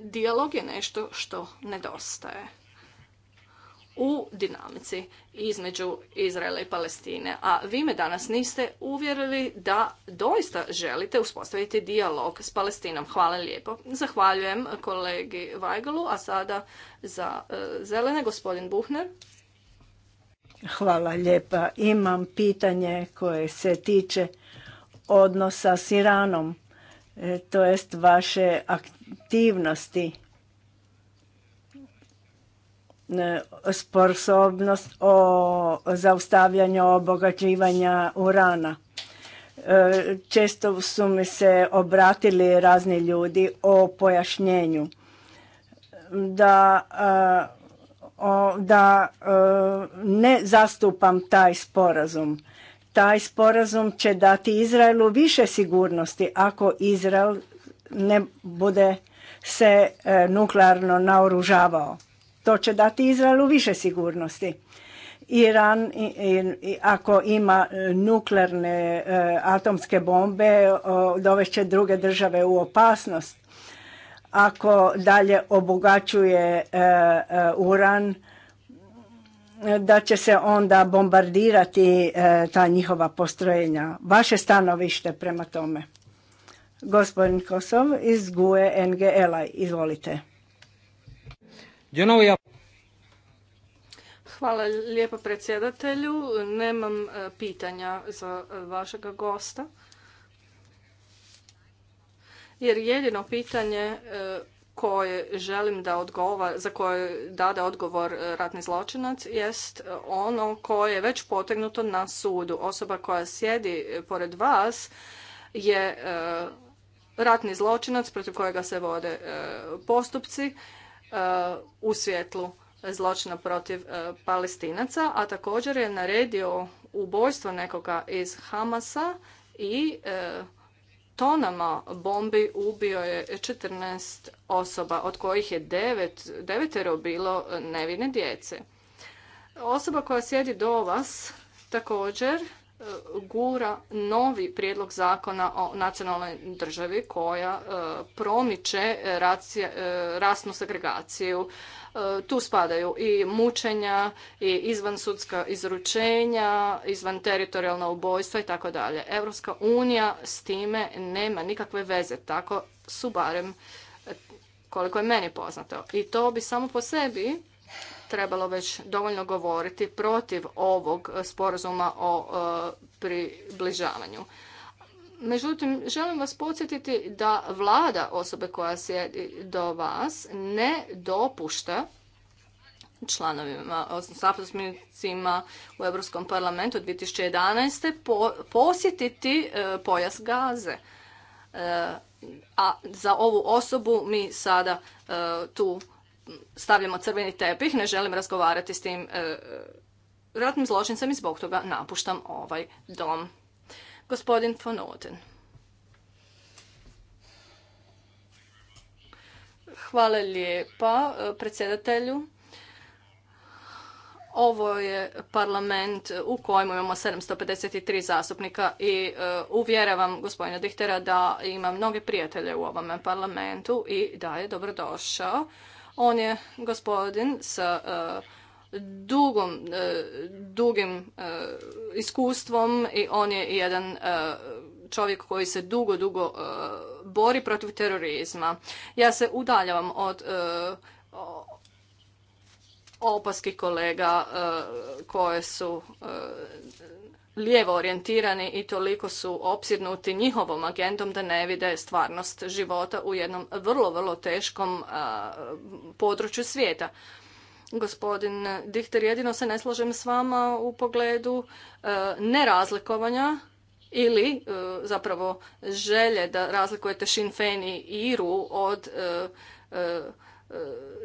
Dijalog je nešto što nedostaje u dinamici između Izraela i Palestine. A vi me danas niste uvjerili da doista želite uspostaviti dijalog s Palestinom. Hvala lijepo. Zahvaljujem kolegi Vajgalu, a sada za e, zelene gospodin Buhner. Hvala lijepa. Imam pitanje koje se tiče odnosa s Iranom, e, to jest vaše aktivnosti E, sposobnost o zaustavljanju obogaćivanja urana. E, često su mi se obratili razni ljudi o pojašnjenju da, e, da ne zastupam taj sporazum. Taj sporazum će dati Izraelu više sigurnosti ako Izrael ne bude se nuklearno naoružavao. To će dati Izraelu više sigurnosti. Iran ako ima e, nuklearne e, atomske bombe e, dovešće druge države u opasnost. Ako dalje obogaćuje uran da će se onda bombardirati ta njihova postrojenja. Vaše stanovište prema tome. Gospodin Kosov iz GUE NGL-a, izvolite. Hvala lijepo predsjedatelju. Nemam e, pitanja za e, vašega gosta. Jer jedino pitanje e, koje želim da odgova za koje dade odgovor ratni zločinac jest ono koje je već potegnuto na sudu. Osoba koja sjedi pored vas je ratni zločinac protiv kojega se vode postupci E, u svjetlu zločina protiv e, palestinaca, a također je naredio ubojstvo nekoga iz Hamasa i e, tonama bombi ubio je 14 osoba, od kojih je devet, devetero bilo nevine djece. Osoba koja sjedi do vas također gura novi prijedlog zakona o nacionalnoj državi koja e, promiče e, rasnu segregaciju. E, tu spadaju i mučenja, i izvansudska izručenja, izvan teritorijalna ubojstva i tako dalje. Europska unija s time nema nikakve veze, tako su barem koliko je meni poznato. I to bi samo po sebi trebalo već dovoljno govoriti protiv ovog sporazuma o e, približavanju. Međutim, želim vas podsjetiti da vlada osobe koja sjedi do vas ne dopušta članovima, odnosno zaposlenicima u Europskom parlamentu 2011. posjetiti e, pojas gaze. E, a za ovu osobu mi sada tu stavljamo crveni tepih, ne želim razgovarati s tim e, ratnim zločincem i zbog toga napuštam ovaj dom. Gospodin von Hvala lijepa e, predsjedatelju. Ovo je parlament u kojem imamo 753 zastupnika i e, uvjeravam gospodina Dihtera da ima mnoge prijatelje u ovome parlamentu i da je dobrodošao. On je gospodin sa e, dugom, e, dugim e, iskustvom i on je jedan čovjek koji se dugo, dugo bori protiv terorizma. Ja se udaljavam od opaskih kolega koje su lijevo orijentirani i toliko su opsjednuti njihovom agendom da ne vide stvarnost života u jednom vrlo, vrlo teškom području svijeta. Gospodin Dihter, jedino se ne slažem s vama u pogledu e, nerazlikovanja ili e, zapravo želje da razlikujete Sinn i Iru od e,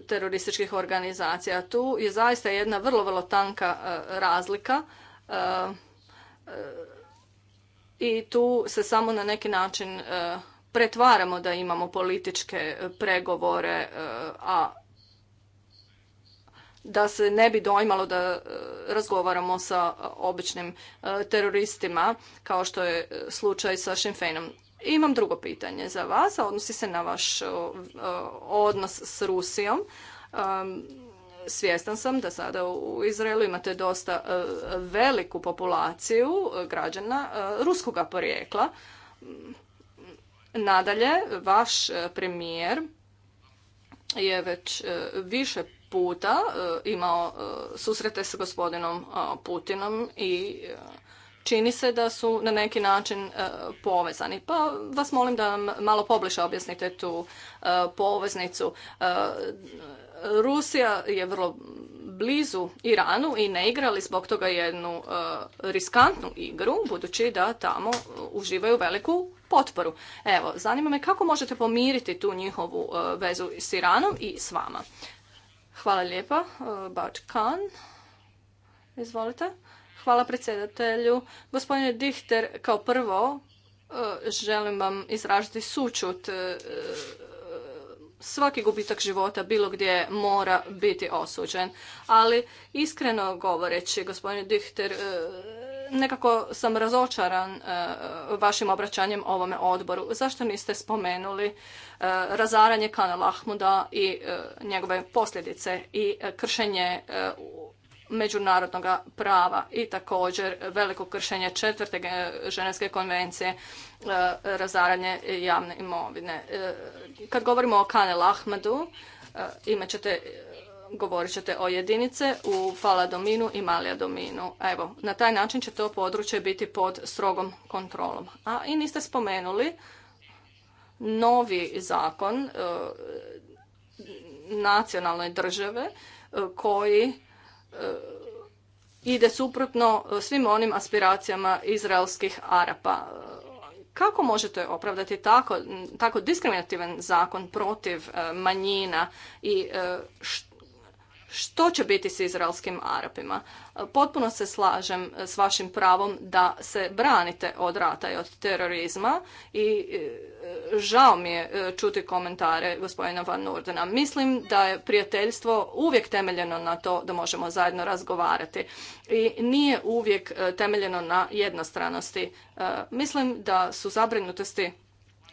terorističkih organizacija. Tu je zaista jedna vrlo, vrlo tanka razlika. E, i tu se samo na neki način e, pretvaramo da imamo političke e, pregovore, a da se ne bi dojmalo da razgovaramo sa običnim teroristima kao što je slučaj sa šimfenom Imam drugo pitanje za vas, a odnosi se na vaš odnos s Rusijom svjestan sam da sada u Izraelu imate dosta e, veliku populaciju građana e, ruskoga porijekla. Nadalje, vaš e, premijer je već više puta imao susrete s gospodinom Putinom i čini se da su na neki način povezani. Pa vas molim da nam malo pobliže objasnite tu poveznicu Rusija je vrlo blizu Iranu i ne igrali zbog toga jednu e, riskantnu igru, budući da tamo uživaju veliku potporu. Evo, zanima me kako možete pomiriti tu njihovu e, vezu s Iranom i s vama. Hvala lijepa, e, Bač Khan. Izvolite. Hvala predsjedatelju. Gospodine Dichter, kao prvo želim vam izražiti sučut svaki gubitak života bilo gdje mora biti osuđen. Ali iskreno govoreći, gospodine Dichter, e, nekako sam razočaran e, vašim obraćanjem ovome odboru. Zašto niste spomenuli e, razaranje kanala Ahmuda i njegove posljedice i kršenje međunarodnog prava i također veliko kršenje četvrte ženevske konvencije e, razaranje javne imovine. E, kad govorimo o kane Ahmadu, e, imat ćete govorit ćete o jedinice u dominu i Malijadominu. Evo, na taj način će to područje biti pod strogom kontrolom. A i niste spomenuli novi zakon nacionalne države koji E, ide suprotno e, svim onim aspiracijama izraelskih Arapa. E, kako možete opravdati tako, tako diskriminativan zakon protiv manjina i što što će biti s izraelskim Arapima? E, potpuno se slažem e, s vašim pravom da se branite od rata i od terorizma i e, žao mi je čuti komentare gospodina Van Nordena. Mislim da je prijateljstvo uvijek temeljeno na to da možemo zajedno razgovarati i nije uvijek temeljeno na jednostranosti. Mislim da su zabrinutosti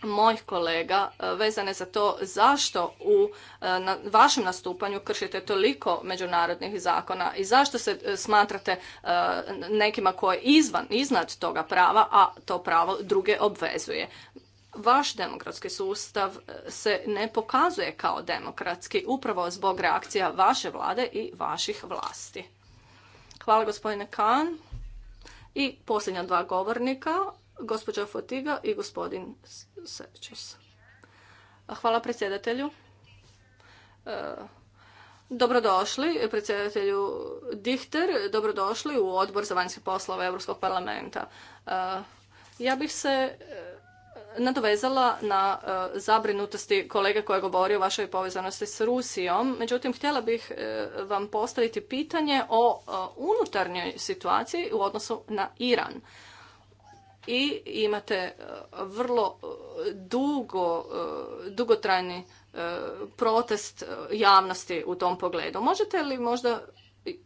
mojih kolega e, vezane za to zašto u e, vašem nastupanju kršite toliko međunarodnih zakona i zašto se e, smatrate nekima koji je izvan, iznad toga prava, a to pravo druge obvezuje. Vaš demokratski sustav se ne pokazuje kao demokratski upravo zbog reakcija vaše vlade i vaših vlasti. Hvala gospodine Kan. I posljednja dva govornika, gospođa Fotiga i gospodin Hvala predsjedatelju. E, dobrodošli predsjedatelju Dihter, dobrodošli u Odbor za vanjske poslove Europskog parlamenta. E, ja bih se e, nadovezala na zabrinutosti kolege koji je govorio o vašoj povezanosti s Rusijom. Međutim, htjela bih vam postaviti pitanje o unutarnjoj situaciji u odnosu na Iran i imate e, vrlo e, dugo, e, dugotrajni protest javnosti u tom pogledu. Možete li možda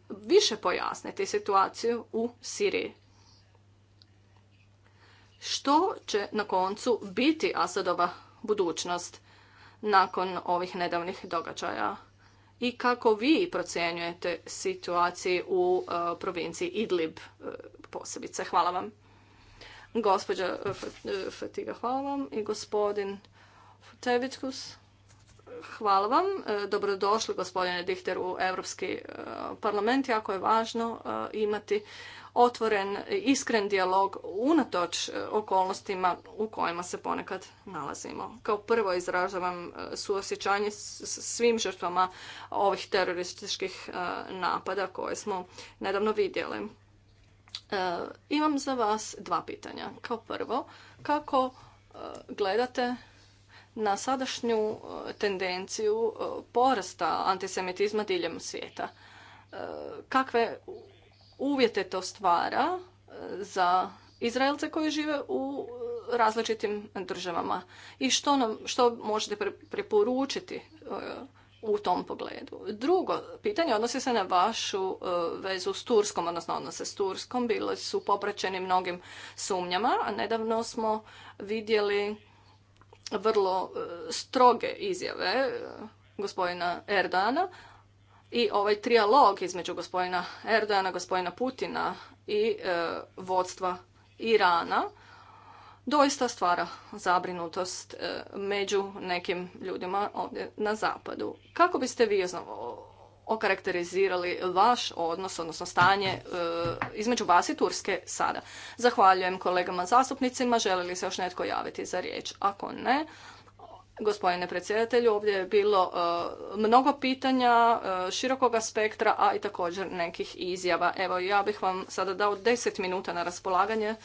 više pojasniti situaciju u Siriji? Što će na koncu biti Asadova budućnost nakon ovih nedavnih događaja? I kako vi procjenjujete situaciju u provinciji Idlib posebice? Hvala vam. Gospođa eh, eh, Fatiga, hvala vam. I gospodin Futevičkus, hvala vam. Eh, dobrodošli, gospodine Dihter, u Europski parlament. Jako je važno imati otvoren, iskren dijalog unatoč okolnostima u kojima se ponekad nalazimo. Kao prvo izražavam suosjećanje svim žrtvama ovih terorističkih napada koje smo nedavno vidjeli. E, imam za vas dva pitanja. Kao prvo, kako e, gledate na sadašnju e, tendenciju porasta antisemitizma diljem svijeta? Kakve uvjete to stvara za Izraelce koji žive u različitim državama i što nam što možete preporučiti u tom pogledu. Drugo pitanje odnosi se na vašu e, vezu s Turskom, odnosno odnose s Turskom. Bile su popraćeni mnogim sumnjama, a nedavno smo vidjeli vrlo e, stroge izjave e, gospodina Erdana i ovaj trijalog između gospodina Erdana, gospodina Putina i vodstva Irana doista stvara zabrinutost e, među nekim ljudima ovdje na zapadu. Kako biste vi okarakterizirali vaš odnos, odnosno stanje e, između vas i Turske sada? Zahvaljujem kolegama zastupnicima. Želi li se još netko javiti za riječ? Ako ne, gospodine predsjedatelju, ovdje je bilo e, mnogo pitanja širokog spektra, a i također nekih izjava. Evo, ja bih vam sada dao 10 minuta na raspolaganje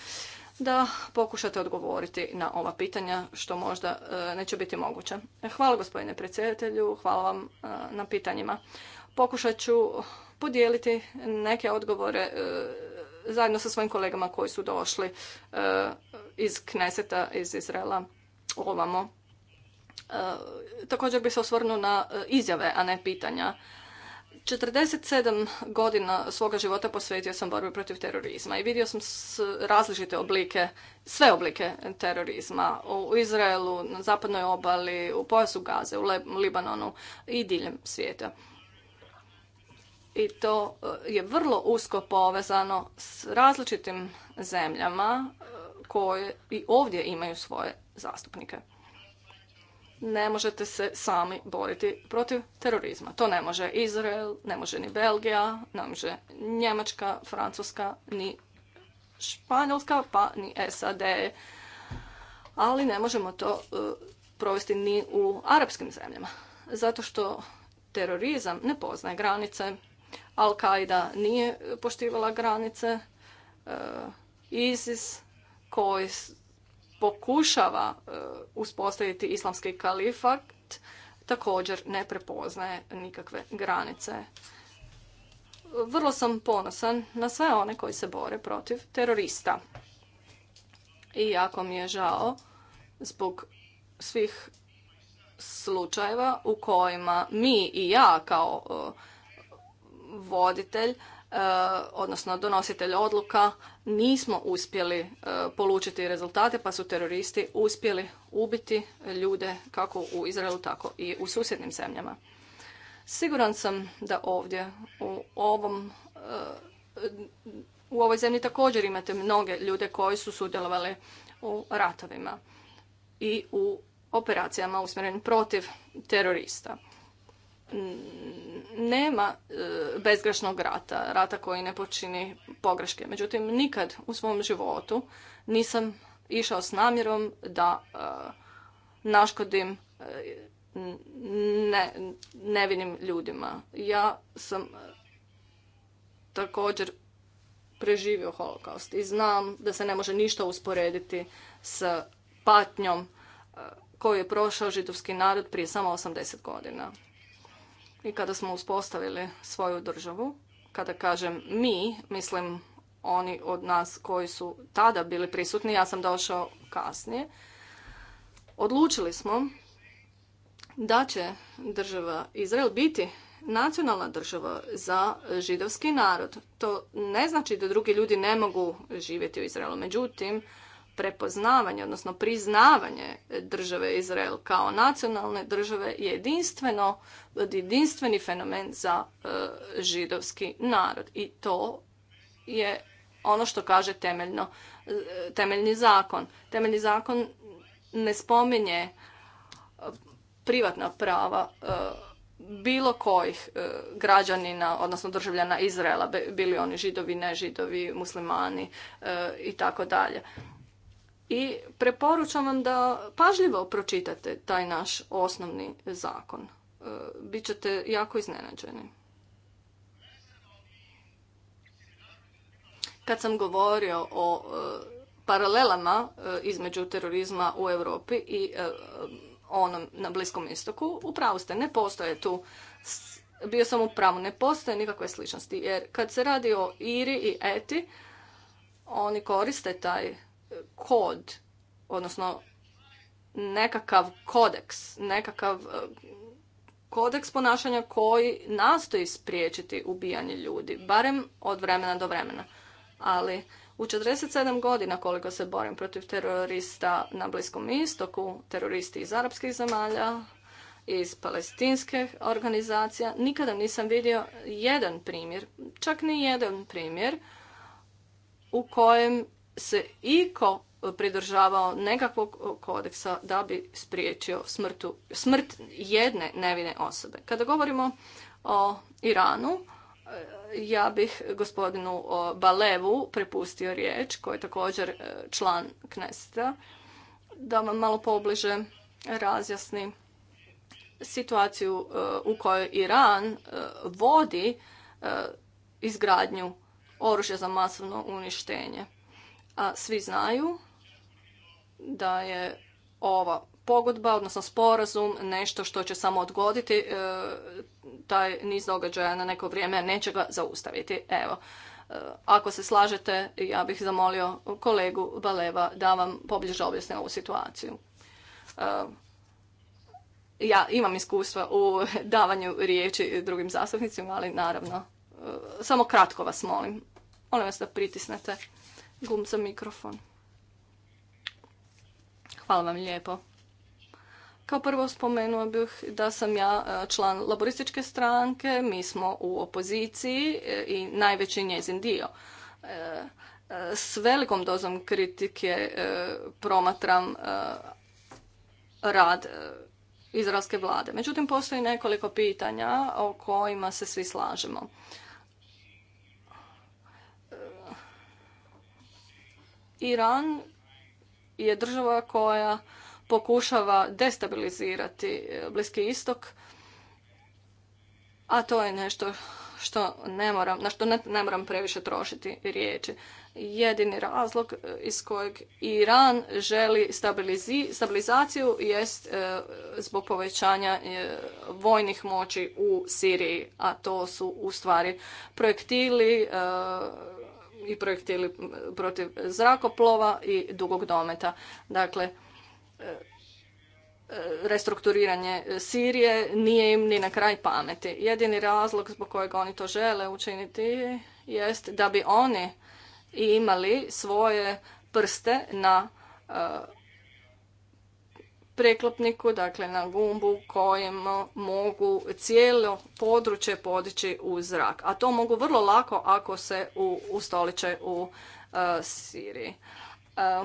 da pokušate odgovoriti na ova pitanja što možda e, neće biti moguće. Hvala gospodine predsjedatelju, hvala vam e, na pitanjima. Pokušat ću podijeliti neke odgovore e, zajedno sa svojim kolegama koji su došli iz Kneseta, iz Izraela ovamo. Također bi se osvrnuo na izjave, a ne pitanja. 47 godina svoga života posvetio sam borbi protiv terorizma i vidio sam različite oblike, sve oblike terorizma u Izraelu, na zapadnoj obali, u pojasu Gaze, u Libanonu i diljem svijeta. I to e, je vrlo usko povezano s različitim zemljama e, koje i ovdje imaju svoje zastupnike ne možete se sami boriti protiv terorizma. To ne može Izrael, ne može ni Belgija, ne može Njemačka, Francuska, ni Španjolska, pa ni SAD. Ali ne možemo to e, provesti ni u arapskim zemljama. Zato što terorizam ne poznaje granice, Al-Qaida nije poštivala granice, e, ISIS koji pokušava e, uspostaviti islamski kalifat također ne prepoznaje nikakve granice. Vrlo sam ponosan na sve one koji se bore protiv terorista. I jako mi je žao zbog svih slučajeva u kojima mi i ja kao e, voditelj E, odnosno donositelj odluka, nismo uspjeli e, polučiti rezultate pa su teroristi uspjeli ubiti ljude kako u Izraelu tako i u susjednim zemljama. Siguran sam da ovdje u ovom e, u ovoj zemlji također imate mnoge ljude koji su sudjelovali u ratovima i u operacijama usmjerenim protiv terorista nema e, bezgrešnog rata, rata koji ne počini pogreške. Međutim, nikad u svom životu nisam išao s namjerom da e, naškodim e, nevinim ljudima. Ja sam također preživio holokaust i znam da se ne može ništa usporediti s patnjom koju je prošao židovski narod prije samo 80 godina i kada smo uspostavili svoju državu, kada kažem mi, mislim oni od nas koji su tada bili prisutni, ja sam došao kasnije, odlučili smo da će država Izrael biti nacionalna država za židovski narod. To ne znači da drugi ljudi ne mogu živjeti u Izraelu. Međutim, prepoznavanje, odnosno priznavanje države Izrael kao nacionalne države je jedinstveno, jedinstveni fenomen za e, židovski narod. I to je ono što kaže temeljno, e, temeljni zakon. Temeljni zakon ne spominje e, privatna prava bilo kojih građanina, odnosno državljana Izraela, bili oni židovi, ne židovi, muslimani i tako dalje i preporučam vam da pažljivo pročitate taj naš osnovni zakon. E, Bićete jako iznenađeni. Kad sam govorio o e, paralelama e, između terorizma u Europi i onom na Bliskom istoku, upravo ste, ne postoje tu bio sam u pravu, ne postoje nikakve sličnosti. Jer kad se radi o Iri i Eti, oni koriste taj kod, odnosno nekakav kodeks, nekakav e, kodeks ponašanja koji nastoji spriječiti ubijanje ljudi, barem od vremena do vremena. Ali u 47 godina koliko se borim protiv terorista na Bliskom istoku, teroristi iz arapskih zemalja, iz palestinskih organizacija, nikada nisam vidio jedan primjer, čak ni jedan primjer u kojem se iko pridržavao nekakvog kodeksa da bi spriječio smrtu, smrt jedne nevine osobe. Kada govorimo o Iranu, eh, ja bih gospodinu Balevu prepustio riječ, koji je također eh, član knesta, da vam malo pobliže razjasni situaciju eh, u kojoj Iran vodi izgradnju oružja za masovno uništenje. A svi znaju da je ova pogodba, odnosno sporazum, nešto što će samo odgoditi e, taj niz događaja na neko vrijeme, neće ga zaustaviti. Evo, e, ako se slažete, ja bih zamolio kolegu Baleva da vam pobliže objasni ovu situaciju. E, ja imam iskustva u davanju riječi drugim zastupnicima, ali naravno, samo kratko vas molim. Molim vas da pritisnete gum za mikrofon. Hvala vam lijepo. Kao prvo spomenuo bih da sam ja e, član laborističke stranke, mi smo u opoziciji e, i najveći njezin dio. E, s velikom dozom kritike promatram rad izraelske vlade. Međutim, postoji nekoliko pitanja o kojima se svi slažemo. Iran je država koja pokušava destabilizirati e, Bliski istok, a to je nešto što ne moram, na što ne, moram previše trošiti riječi. Jedini razlog e, iz kojeg Iran želi stabilizaciju jest e, zbog povećanja vojnih moći u Siriji, a to su u stvari projektili i projektili protiv zrakoplova i dugog dometa. Dakle, e, e, restrukturiranje Sirije nije im ni na kraj pameti. Jedini razlog zbog kojeg oni to žele učiniti jest da bi oni imali svoje prste na e, preklopniku, dakle na gumbu kojem mogu cijelo područje podići u zrak. A to mogu vrlo lako ako se u, ustoliče u e, Siriji. E,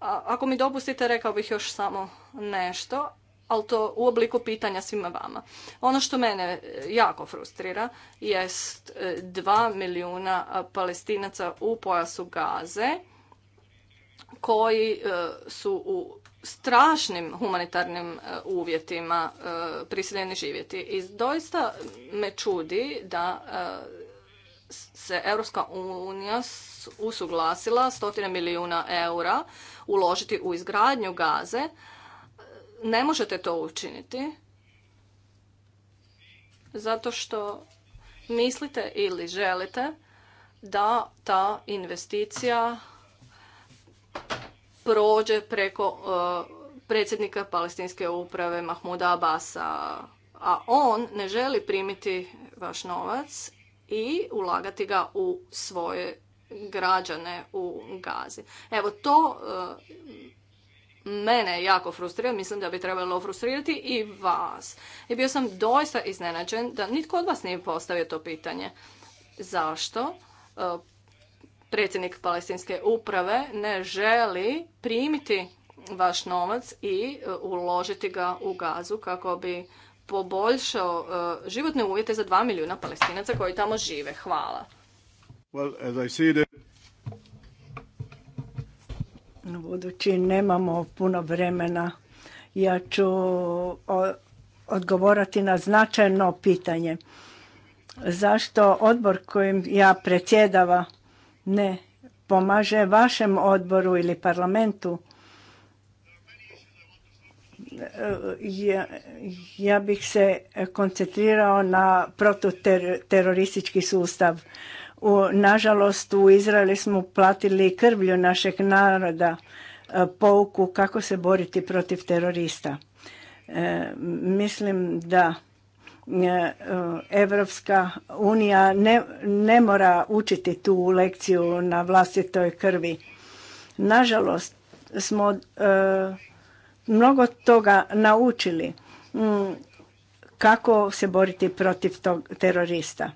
ako mi dopustite, rekao bih još samo nešto, ali to u obliku pitanja svima vama. Ono što mene jako frustrira jest e, dva milijuna palestinaca u pojasu Gaze koji su u strašnim humanitarnim e, uvjetima e, prisiljeni živjeti. I doista me čudi da e, se Europska unija usuglasila stotine milijuna eura uložiti u izgradnju gaze. Ne možete to učiniti zato što mislite ili želite da ta investicija prođe preko e, predsjednika palestinske uprave Mahmuda Abasa, a on ne želi primiti vaš novac i ulagati ga u svoje građane u Gazi. Evo to e, mene jako frustrira, mislim da bi trebalo frustrirati i vas. I bio sam doista iznenađen da nitko od vas nije postavio to pitanje. Zašto? E, predsjednik palestinske uprave ne želi primiti vaš novac i e, uložiti ga u gazu kako bi poboljšao e, životne uvjete za dva milijuna palestinaca koji tamo žive. Hvala. Budući nemamo puno vremena, ja ću odgovorati na značajno pitanje. Zašto odbor kojim ja predsjedava ne pomaže vašem odboru ili parlamentu. Ja, bih se koncentrirao na prototeroristički sustav. U, nažalost, u Izraeli smo platili krvlju našeg naroda e, pouku kako se boriti protiv terorista. E, mislim da E, Evropska unija ne, mora učiti tu lekciju na vlastitoj krvi. Nažalost smo e, mnogo toga naučili kako se boriti protiv tog terorista.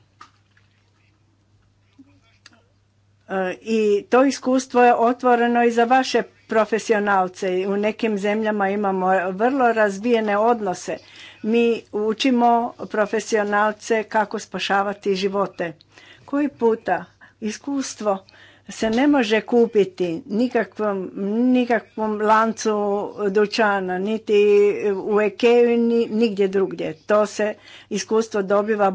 E, I to iskustvo je otvoreno i za vaše profesionalce. U nekim zemljama imamo vrlo razvijene odnose mi učimo profesionalce kako spašavati živote. Koji puta iskustvo se ne može kupiti nikakvom, nikakvom lancu dućana, niti u Ekeju, ni, nigdje drugdje. To se iskustvo dobiva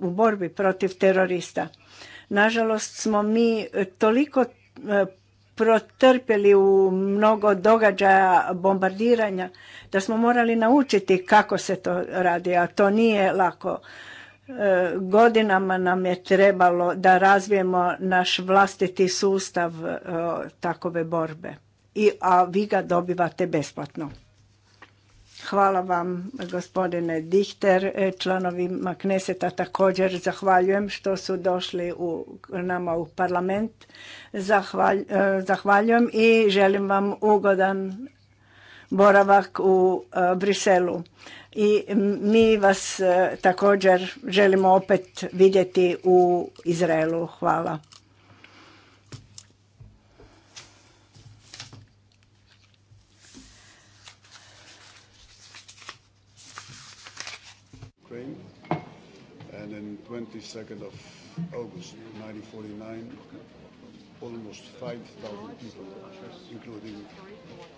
u borbi protiv terorista. Nažalost smo mi toliko eh, protrpjeli u mnogo događaja bombardiranja da smo morali naučiti kako se to radi, a to nije lako. E, godinama nam je trebalo da razvijemo naš vlastiti sustav e, takove borbe, I, a vi ga dobivate besplatno. Hvala vam gospodine Dichter. E, članovima Kneseta također zahvaljujem što su došli u, nama u parlament. zahvaljujem i želim vam ugodan boravak u e, Briselu. I mi vas e, također želimo opet vidjeti u Izraelu. Hvala. and then 22nd of August 1949 almost 5,000 people, including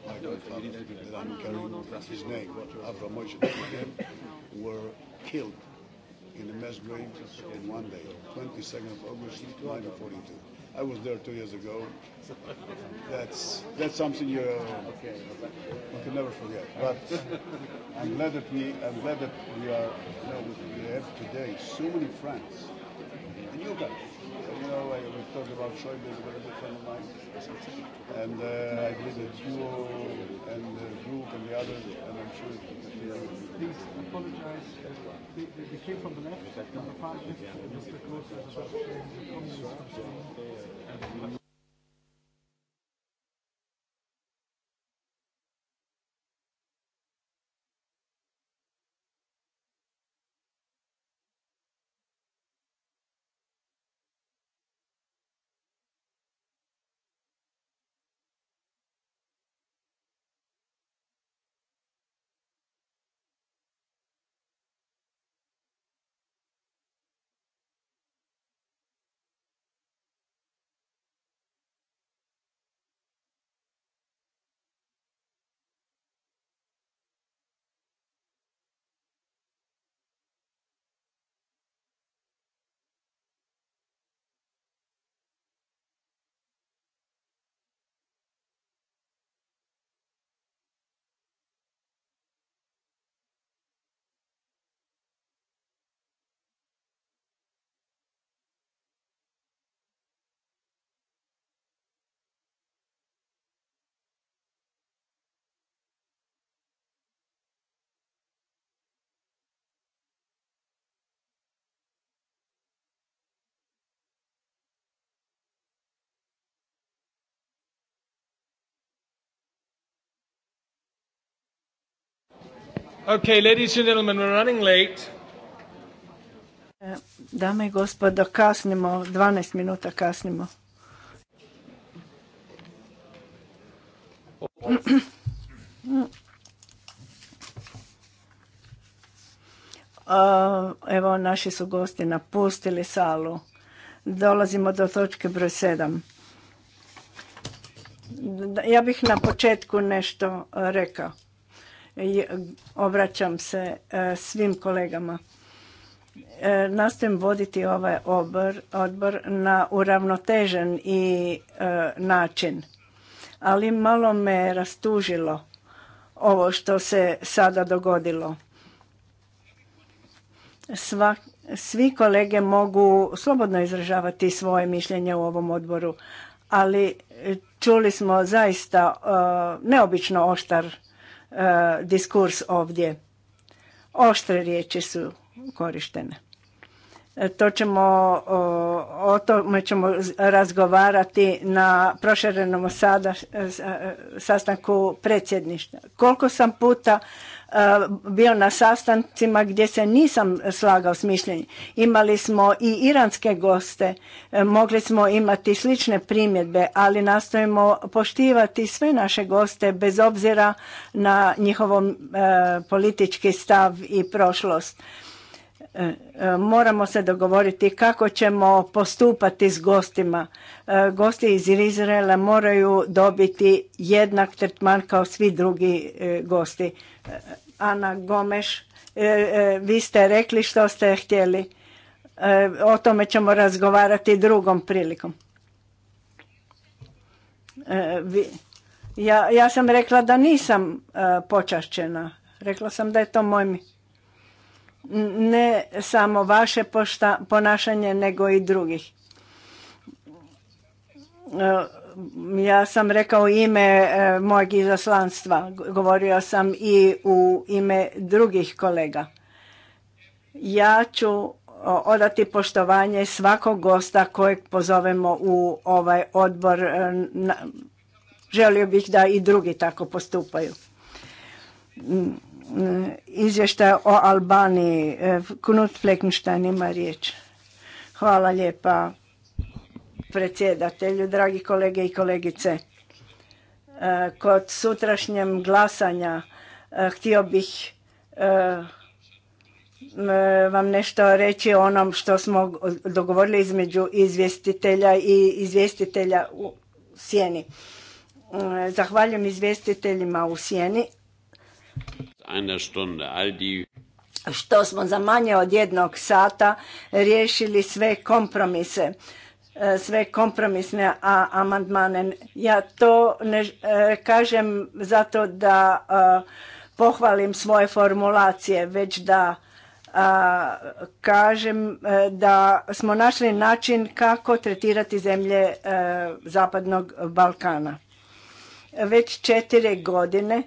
my grandfather that I'm carrying his name, Avram were killed in a mass grave in one day, 22nd of August 1942. I was there two years ago. That's that's something you, uh, you can never forget. But I'm glad that we I'm glad that we are you know, we have today so many friends. And you guys talk about Schäuble is a very good friend of mine. And uh, I believe that you and uh, Luke and the others, and I'm sure Please apologize. They, they, came from the left, number five, Mr. Gross, and the Okay, ladies and gentlemen, we're running late. Dame i gospodo, kasnimo, 12 minuta kasnimo. Evo, naši su gosti napustili salu. Dolazimo do točke broj 7. Ja bih na početku nešto rekao E, obraćam se e, svim kolegama. E, nastojim voditi ovaj odbor na uravnotežen i način. Ali malo me rastužilo ovo što se sada dogodilo. svi kolege mogu slobodno izražavati svoje mišljenje u ovom odboru, ali čuli smo zaista neobično oštar Eh, diskurs ovdje. Oštre riječi su korištene. Eh, to ćemo, o tome ćemo razgovarati na proširenom sada eh, sastanku predsjedništva. Koliko sam puta Eh, bio na sastancima gdje se nisam slagao s mišljenjem. Imali smo i iranske goste, eh, mogli smo imati slične primjedbe, ali nastojimo poštivati sve naše goste bez obzira na njihov eh, politički stav i prošlost. E, e, moramo se dogovoriti kako ćemo postupati s gostima. E, gosti iz Izraela moraju dobiti jednak tretman kao svi drugi gosti. Ana Gomeš, vi ste rekli što ste htjeli. O tome ćemo razgovarati drugom prilikom. Ja, ja sam rekla da nisam počašćena. Rekla sam da je to moj ne samo vaše ponašanje nego i drugih. E, ja sam rekao ime e, mojeg izaslanstva, govorio sam i u ime drugih kolega. Ja ću odati poštovanje svakog gosta kojeg pozovemo u ovaj odbor. E, želio bih da i drugi tako postupaju. E, Izvještaj o Albaniji. E, Knut Fleckenstein ima riječ. Hvala lijepa predsjedatelju, dragi kolege i kolegice. E, kod sutrašnjem glasanja htio bih vam nešto reći o onom što smo dogovorili između izvjestitelja i izvjestitelja u sjeni. Zahvaljujem izvjestiteljima u sjeni što smo za manje od jednog sata riješili sve kompromise e, sve kompromisne amandmane. Ja to ne e, kažem zato da e, pohvalim svoje formulacije, već da kažem da smo našli način kako tretirati zemlje Zapadnog Balkana. Već četiri godine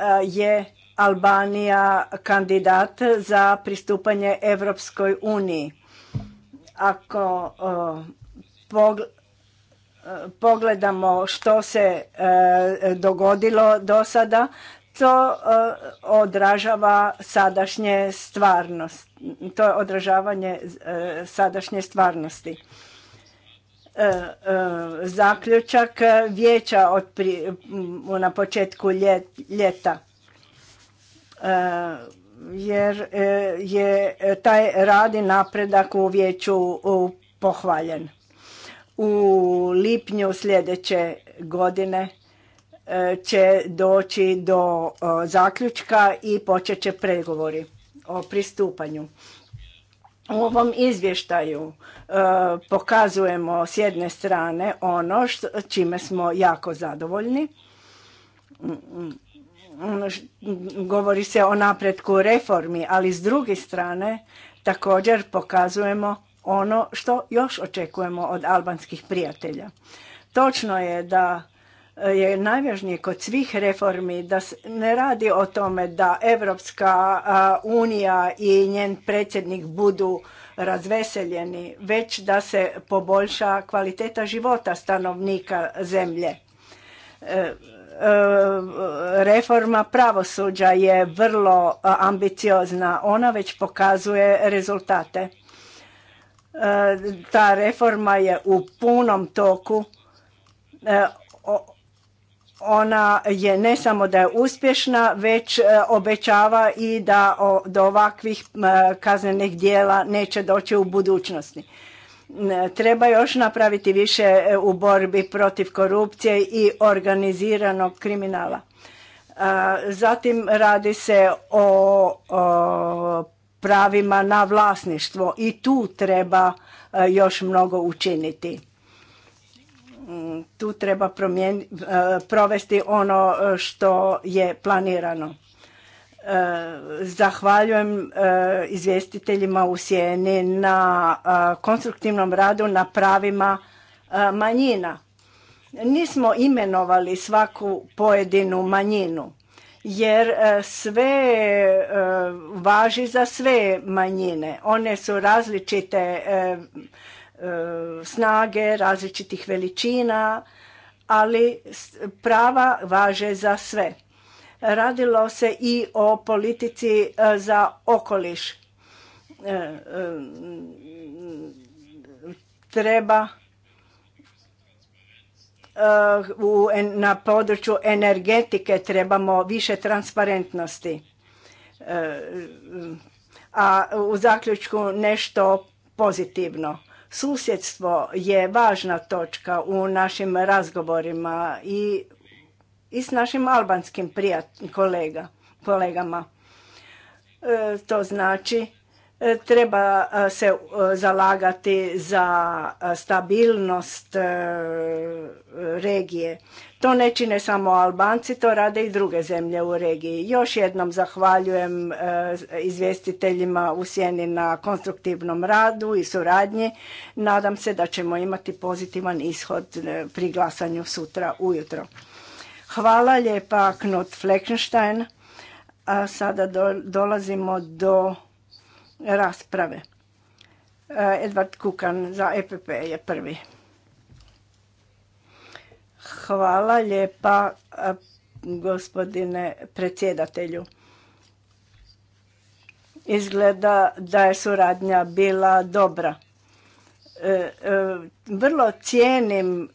Eh, je Albanija kandidat za pristupanje Evropskoj uniji. Ako eh, eh, pogledamo što se dogodilo do sada, to odražava sadašnje stvarnost. To je odražavanje sadašnje stvarnosti. E, e, zaključak vijeća na početku ljeta e, jer je taj radi napredak u vijeću pohvaljen. U lipnju sljedeće godine će doći do zaključka i počet će pregovori o pristupanju u ovom izvještaju e, pokazujemo s jedne strane ono čime smo jako zadovoljni. Ono govori se o napretku reformi, ali s druge strane također pokazujemo ono što još očekujemo od albanskih prijatelja. Točno je da je najvažnije kod svih reformi da ne radi o tome da Europska unija i njen predsjednik budu razveseljeni, već da se poboljša kvaliteta života stanovnika zemlje. E, e, reforma pravosuđa je vrlo ambiciozna, ona već pokazuje rezultate. E, ta reforma je u punom toku ona je ne samo da je uspješna, već e, obećava i da do ovakvih e, kaznenih dijela neće doći u budućnosti. E, treba još napraviti više u borbi protiv korupcije i organiziranog kriminala. Zatim radi se o, o pravima na vlasništvo i tu treba još mnogo učiniti tu treba e, provesti ono e, što je planirano. E, zahvaljujem izvjestiteljima u Sjeni na konstruktivnom radu na pravima manjina. Nismo imenovali svaku pojedinu manjinu jer sve važi za sve manjine. One su različite snage, različitih veličina, ali prava važe za sve. Radilo se i o politici e, za okoliš. E, e, treba na području energetike trebamo više transparentnosti. A u zaključku nešto pozitivno Susjedstvo je važna točka u našim razgovorima i, i s našim albanskim prijat, kolega, kolegama. E, to znači E, treba e, se e, zalagati za stabilnost regije. To ne čine samo Albanci, to rade i druge zemlje u regiji. Još jednom zahvaljujem izvjestiteljima u Sjeni na konstruktivnom radu i suradnji. Nadam se da ćemo imati pozitivan ishod pri glasanju sutra ujutro. Hvala lijepa Knut Fleckenstein. A sada dolazimo do rasprave. E, Edvard Kukan za EPP je prvi. Hvala lijepa e, gospodine predsjedatelju. Izgleda da je suradnja bila dobra. E, vrlo cijenim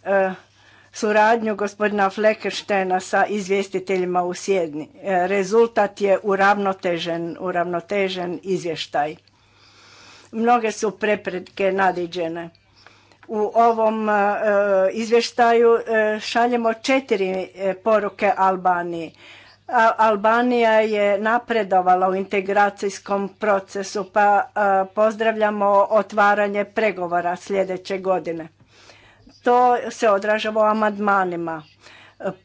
suradnju gospodina Fleckerštena sa izvjestiteljima u Sjedni. E, rezultat je uravnotežen, uravnotežen izvještaj. Mnoge su prepreke nadiđene. U ovom e, izvještaju e, šaljemo četiri poruke Albaniji. Albanija je napredovala u integracijskom procesu, pa pozdravljamo otvaranje pregovora sljedeće godine to se odražava u amandmanima.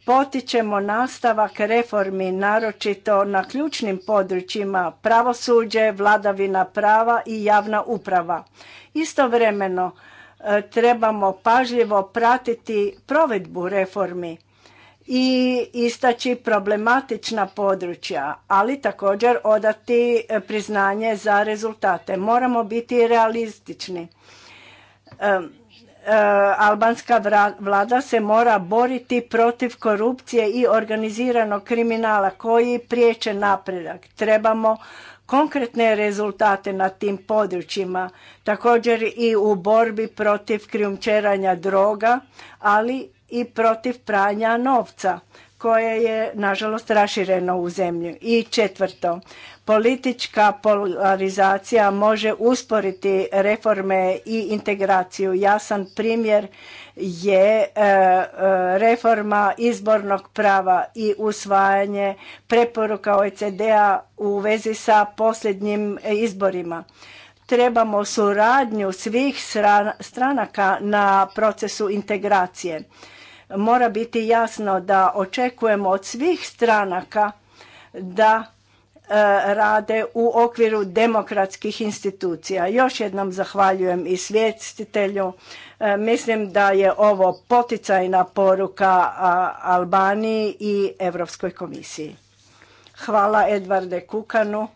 Potičemo nastavak reformi, naročito na ključnim područjima pravosuđe, vladavina prava i javna uprava. Istovremeno e, trebamo pažljivo pratiti provedbu reformi i istaći problematična područja, ali također odati e, priznanje za rezultate. Moramo biti realistični. E, E, albanska vlada se mora boriti protiv korupcije i organiziranog kriminala koji priječe napredak. Trebamo konkretne rezultate na tim područjima, također i u borbi protiv krijumčeranja droga, ali i protiv pranja novca koje je nažalost rašireno u zemlju. I četvrto, politička polarizacija može usporiti reforme i integraciju. Jasan primjer je e, e, reforma izbornog prava i usvajanje preporuka OECD-a u vezi sa posljednjim izborima. Trebamo suradnju svih stranaka na procesu integracije mora biti jasno da očekujemo od svih stranaka da e, rade u okviru demokratskih institucija. Još jednom zahvaljujem i svjestitelju. E, mislim da je ovo poticajna poruka Albaniji i Europskoj komisiji. Hvala Edvarde Kukanu.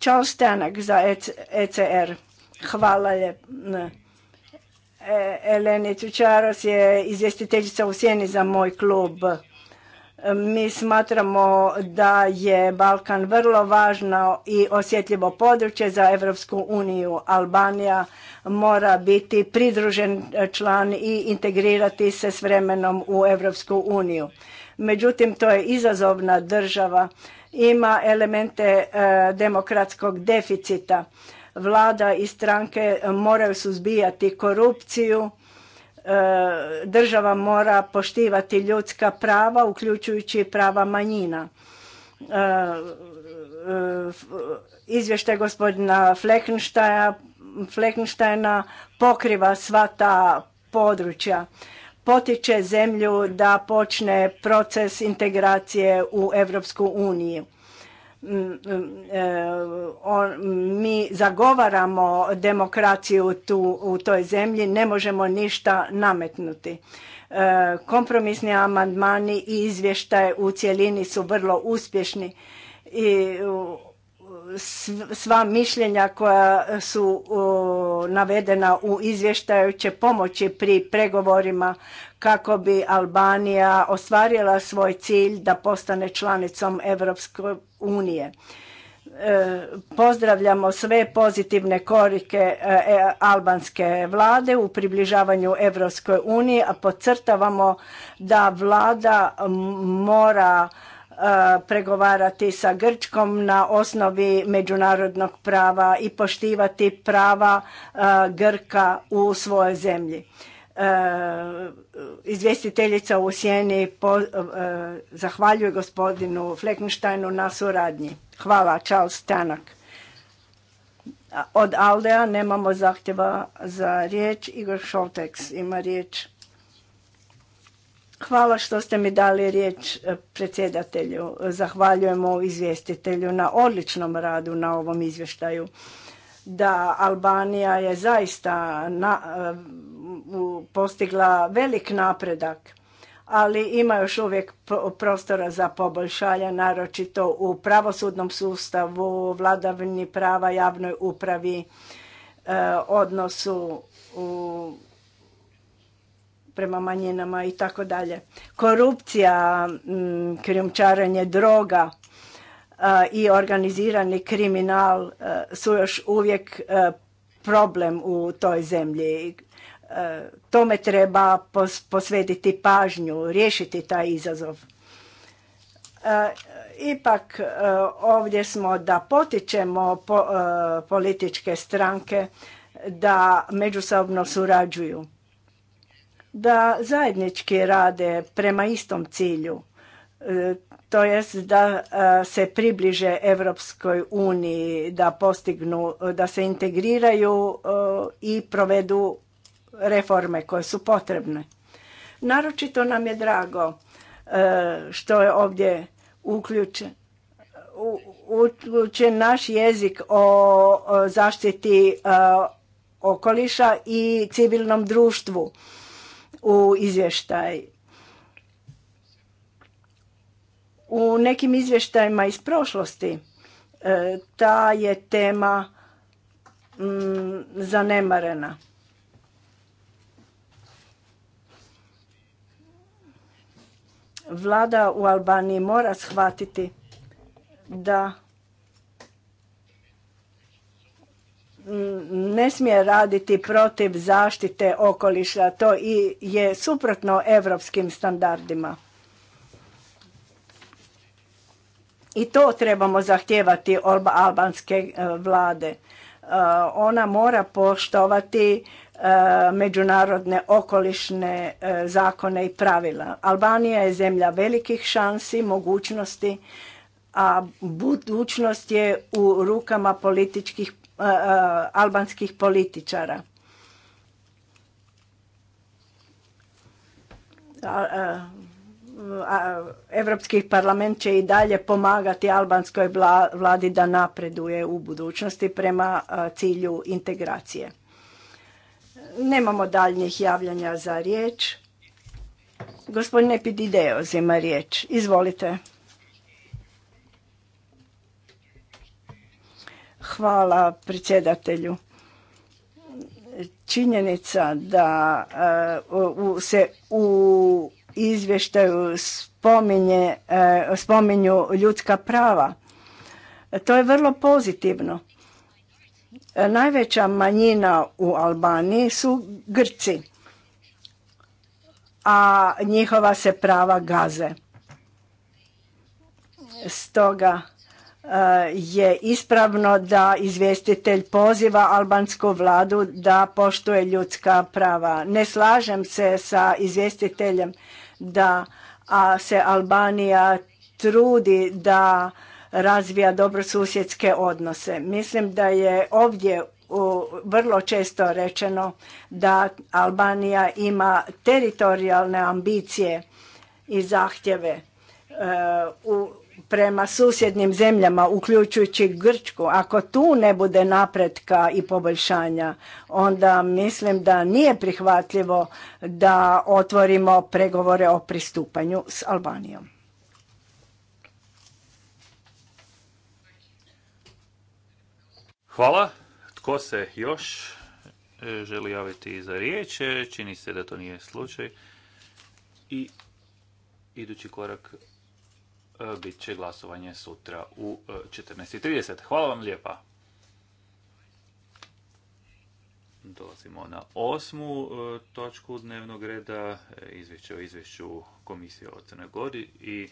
Charles Stenak za ECR. Hvala je. E, Eleni Čučaros je izvjestiteljica u sjeni za moj klub. Mi smatramo da je Balkan vrlo važno i osjetljivo područje za Europsku uniju. Albanija mora biti pridružen član i integrirati se s vremenom u Europsku uniju. Međutim, to je izazovna država. Ima elemente e, demokratskog deficita. Vlada i stranke e, moraju suzbijati korupciju, e, država mora poštivati ljudska prava, uključujući prava manjina. E, izvještaj gospodina Fleckensteina pokriva sva ta područja potiče zemlju da počne proces integracije u Europsku uniju. Mm, mm, eh, mi zagovaramo demokraciju tu, u toj zemlji, ne možemo ništa nametnuti. Eh, kompromisni amandmani i izvještaje u cjelini su vrlo uspješni i sva mišljenja koja su navedena u izvještaju će pomoći pri pregovorima kako bi Albanija ostvarila svoj cilj da postane članicom Europske unije. E, pozdravljamo sve pozitivne korike e, e, albanske vlade u približavanju Europskoj uniji, a podcrtavamo da vlada mora E, pregovarati sa Grčkom na osnovi međunarodnog prava i poštivati prava e, Grka u svojoj zemlji. E, izvjestiteljica u Sjeni zahvaljuje gospodinu Fleckensteinu na suradnji. Hvala, Charles stanak. Od Aldea nemamo zahtjeva za riječ. Igor Šolteks ima riječ. Hvala što ste mi dali riječ e, predsjedatelju. Zahvaljujemo izvjestitelju na odličnom radu na ovom izvještaju. Da, Albanija je zaista na, e, postigla velik napredak, ali ima još uvijek prostora za poboljšanja, naročito u pravosudnom sustavu, vladavini prava, javnoj upravi, e, odnosu u prema manjinama i tako dalje. Korupcija, mm, krijumčarenje droga e, i organizirani kriminal e, su još uvijek e, problem u toj zemlji. Tome treba posvetiti pažnju, riješiti taj izazov. Ipak ovdje smo da potičemo političke stranke da međusobno surađuju da zajednički rade prema istom cilju, e, to jest da e, se približe Europskoj uniji, da postignu, da se integriraju e, i provedu reforme koje su potrebne. Naročito nam je drago što je ovdje uključen uključen naš jezik o zaštiti okoliša i civilnom društvu u izvještaj. U nekim izvještajima iz prošlosti e, ta je tema mm, zanemarena. Vlada u Albaniji mora shvatiti da ne smije raditi protiv zaštite okoliša. To i je suprotno evropskim standardima. I to trebamo zahtijevati od albanske e, vlade. E, ona mora poštovati e, međunarodne okolišne zakone i pravila. Albanija je zemlja velikih šansi, mogućnosti, a budućnost je u rukama političkih E, e, albanskih političara. E, Evropski parlament će i dalje pomagati albanskoj vladi da napreduje u budućnosti prema cilju integracije. Nemamo daljnjih javljanja za riječ. Gospodine Pidideo, ima riječ. Izvolite. Hvala predsjedatelju. Činjenica da e, se u izvještaju e, spominju ljudska prava. To je vrlo pozitivno. E, najveća manjina u Albaniji su Grci, a njihova se prava gaze. Stoga Eh, je ispravno da izvjestitelj poziva albansku vladu da poštuje ljudska prava. Ne slažem se sa izvjestiteljem da a se Albanija trudi da razvija dobrosusjedske odnose. Mislim da je ovdje u, vrlo često rečeno da Albanija ima teritorijalne ambicije i zahtjeve. Eh, u, prema susjednim zemljama, uključujući Grčku, ako tu ne bude napretka i poboljšanja, onda mislim da nije prihvatljivo da otvorimo pregovore o pristupanju s Albanijom. Hvala. Tko se još e, želi javiti za riječ? E, čini se da to nije slučaj. I idući korak E, bit će glasovanje sutra u 14.30. E, hvala vam lijepa. Dolazimo na osmu e, točku dnevnog reda, izvješće o izvješću Komisije o Crnoj Gori i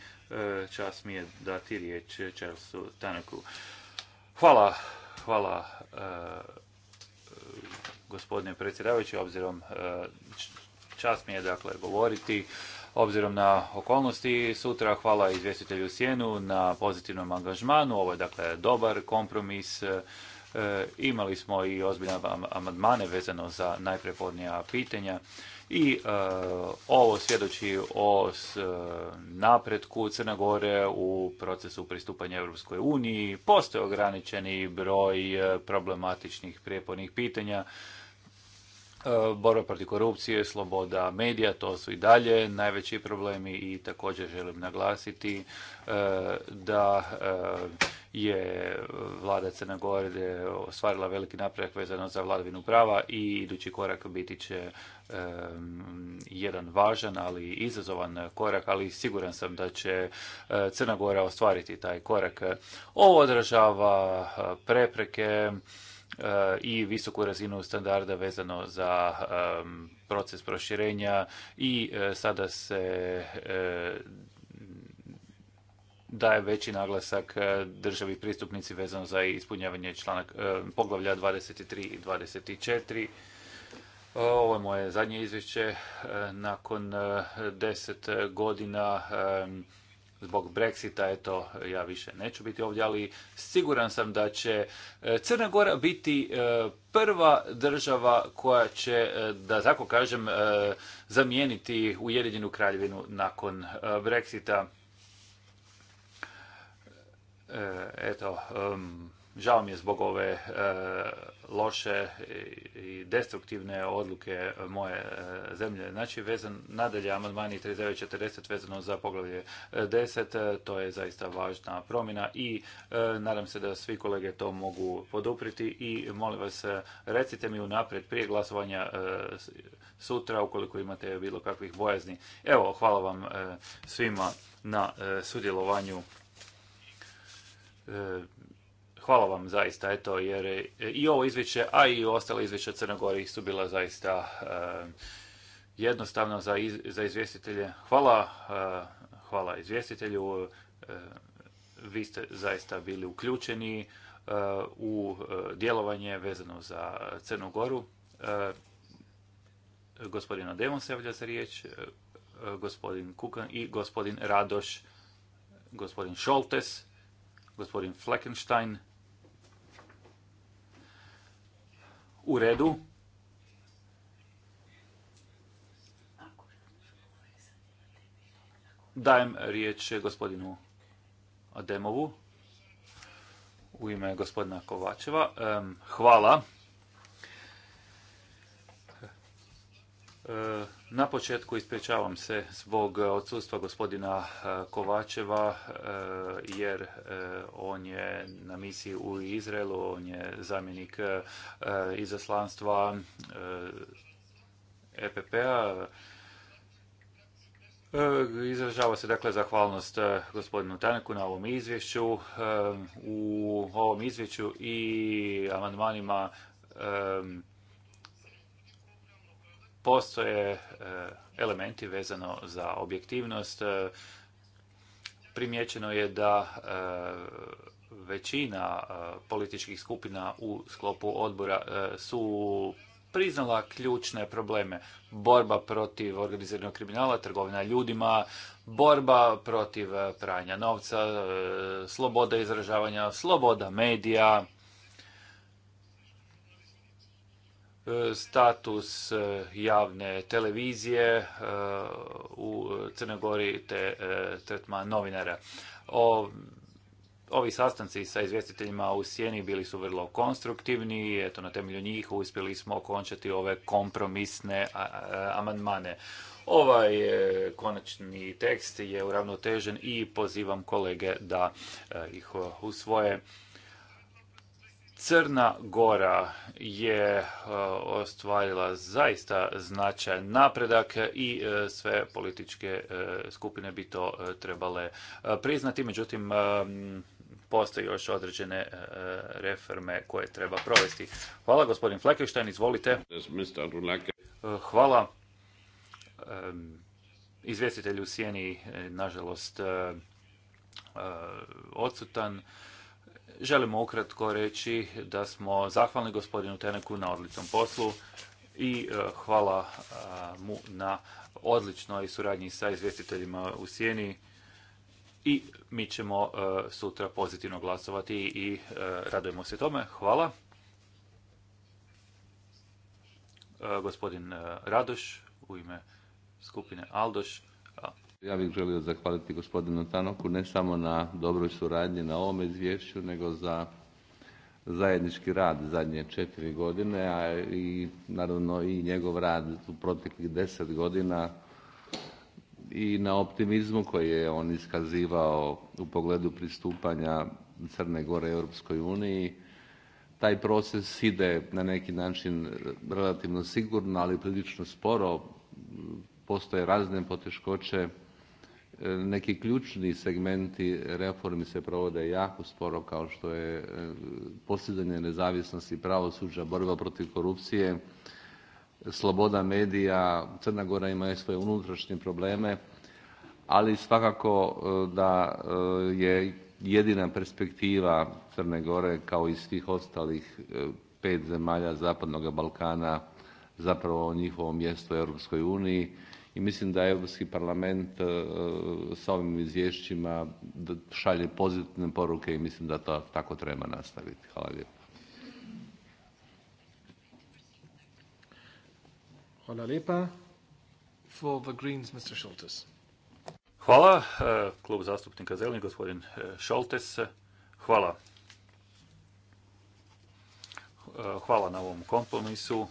čas mi je dati riječ Charlesu Tanaku. Hvala, hvala gospodine predsjedavajući, obzirom čas mi je dakle govoriti obzirom na okolnosti sutra. Hvala izvjestitelju Sjenu na pozitivnom angažmanu. Ovo je dakle dobar kompromis. E, imali smo i ozbiljne amandmane vezano za najprepodnija pitanja i e, ovo svjedoči o e, napretku Crne Gore u procesu pristupanja Europskoj uniji. Postoje ograničeni broj problematičnih prijepornih pitanja E, borba protiv korupcije, sloboda medija, to su i dalje najveći problemi i također želim naglasiti e, da e, je vlada Crne Gore ostvarila veliki napredak vezano za vladavinu prava i idući korak biti će jedan važan, ali izazovan korak, ali siguran sam da će Crna Gora ostvariti taj korak. Ovo odražava prepreke E, i visoku razinu standarda vezano za proces proširenja i e, sada se e, daje veći naglasak državi pristupnici vezano za ispunjavanje članak poglavlja 23 i 24. Ovo je moje zadnje izvješće nakon deset godina Zbog Brexita, eto, ja više neću biti ovdje, ali siguran sam da će e, Crna Gora biti e, prva država koja će, e, da tako kažem, zamijeniti Ujedinjenu kraljevinu nakon Brexita. Eto, Žao mi je zbog ove e, loše i destruktivne odluke moje e, zemlje. Znači, vezan nadalje amandmani 3940 vezano za poglavlje 10, e, to je zaista važna promjena i nadam se da svi kolege to mogu podupriti i molim vas recite mi unaprijed prije glasovanja sutra ukoliko imate bilo kakvih bojazni. Evo, hvala vam svima na sudjelovanju Hvala vam zaista, eto, jer i ovo izvješće, a i ostale izvješće Crnogori Gore su bila zaista jednostavno za, izvjestitelje. Hvala, eh, hvala izvjestitelju, eh, vi ste zaista bili uključeni eh, u djelovanje vezano za Crnu Goru. Gospodina Devon se javlja za riječ, gospodin Kukan i gospodin Radoš, gospodin Šoltes, gospodin Fleckenstein, U redu. Dajem riječ gospodinu Ademovu u ime gospodina Kovačeva. Hvala. E, na početku ispričavam se zbog eh, odsustva gospodina eh, Kovačeva eh, jer on je na misiji u Izraelu, on je zamjenik izaslanstva EPP-a. E izražava se dakle zahvalnost gospodinu Taneku na ovom izvješću. U ovom izvješću i amandmanima postoje e, elementi vezano za objektivnost. E, primjećeno je da e, većina političkih skupina u sklopu odbora su priznala ključne probleme. Borba protiv organiziranog kriminala, trgovina ljudima, borba protiv pranja novca, sloboda izražavanja, sloboda medija, status e, javne televizije e, u Crnoj Gori te e, tretman novinara. ovi sastanci sa izvjestiteljima u Sjeni bili su vrlo konstruktivni i eto, na temelju njih uspjeli smo okončati ove kompromisne amandmane. Ovaj konačni tekst je uravnotežen i pozivam kolege da ih usvoje. Crna Gora je e, ostvarila zaista značajan napredak i e, sve političke e, skupine bi to trebale priznati, međutim postoje još određene reforme koje treba provesti. Hvala gospodin Fleckenstein, izvolite. Hvala izvjestitelju Sjeni, nažalost, odsutan. Želimo ukratko reći da smo zahvalni gospodinu Teneku na odličnom poslu i e, hvala e, mu na odličnoj suradnji sa izvjestiteljima u Sjeni i mi ćemo e, sutra pozitivno glasovati i radujemo se tome. Hvala. Gospodin Radoš u ime skupine Aldoš. Ja bih želio zahvaliti gospodinu Tanoku ne samo na dobroj suradnji na ovom izvješću, nego za zajednički rad zadnje četiri godine, a i naravno i njegov rad u proteklih deset godina i na optimizmu koji je on iskazivao u pogledu pristupanja Crne Gore Europskoj uniji. Taj proces ide na neki način relativno sigurno, ali prilično sporo. Postoje razne poteškoće neki ključni segmenti reformi se provode jako sporo kao što je e, posljedanje nezavisnosti pravosuđa, borba protiv korupcije, sloboda medija, Crna Gora ima i svoje unutrašnje probleme, ali svakako e, da e, je jedina perspektiva Crne Gore kao i svih ostalih pet zemalja Zapadnog Balkana zapravo njihovo mjesto u Europskoj uniji i mislim da Europski parlament e, sa ovim izvješćima šalje pozitivne poruke i mislim da to tako treba nastaviti. Hvala lijepo. Hvala lijepa. the Greens, Mr. Hvala. E, Klub zastupnika Zeleni, gospodin e, Šoltes. Hvala. Hvala na ovom kompromisu.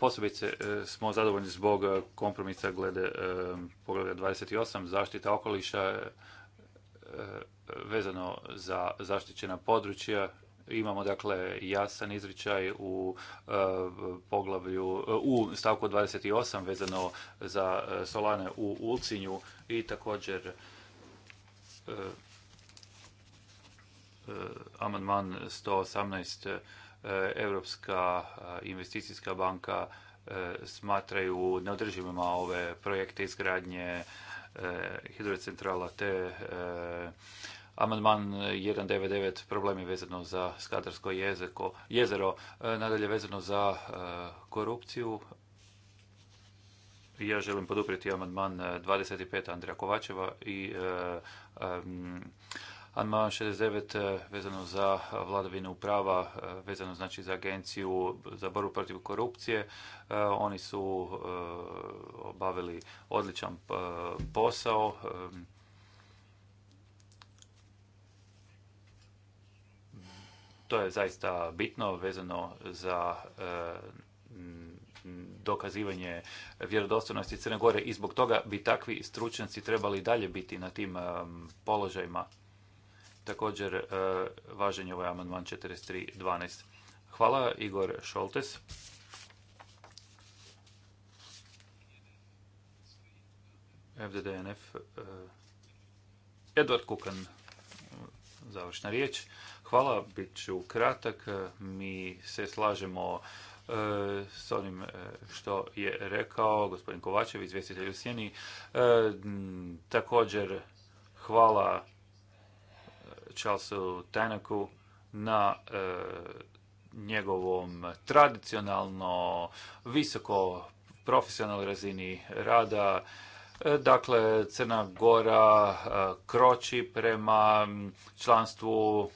Posebice e, smo zadovoljni zbog e, kompromisa glede e, poglavlja 28, zaštita okoliša vezano za zaštićena područja. Imamo dakle jasan izričaj u poglavlju u stavku 28 vezano za solane u Ulcinju i također amandman 118 E, Europska e, investicijska banka e, smatraju neodrživima ove projekte izgradnje hidrocentrala te Amandman 199, problem vezano za Skadarsko jezeko, jezero, nadalje vezano za korupciju. Ja želim poduprijeti amandman 25 Andrija Kovačeva i Anma 69 eh, vezano za eh, vladavinu prava, eh, vezano znači za agenciju za borbu protiv korupcije. Oni su obavili odličan posao. To je zaista bitno vezano za dokazivanje vjerodostojnosti Crne Gore i zbog toga bi takvi stručnjaci trebali dalje biti na tim položajima Također, e, važenje je ovaj amandman 43.12. Hvala, Igor Šoltes. FDDNF. E, Edward Kukan, e, završna riječ. Hvala, bit ću kratak. Mi se slažemo s onim što je rekao gospodin Kovačev, izvjestitelj u Sjeni. Također, hvala Charlesu Tanaku na e, njegovom tradicionalno visoko profesionalnoj razini rada. E, dakle, Crna Gora e, kroči prema članstvu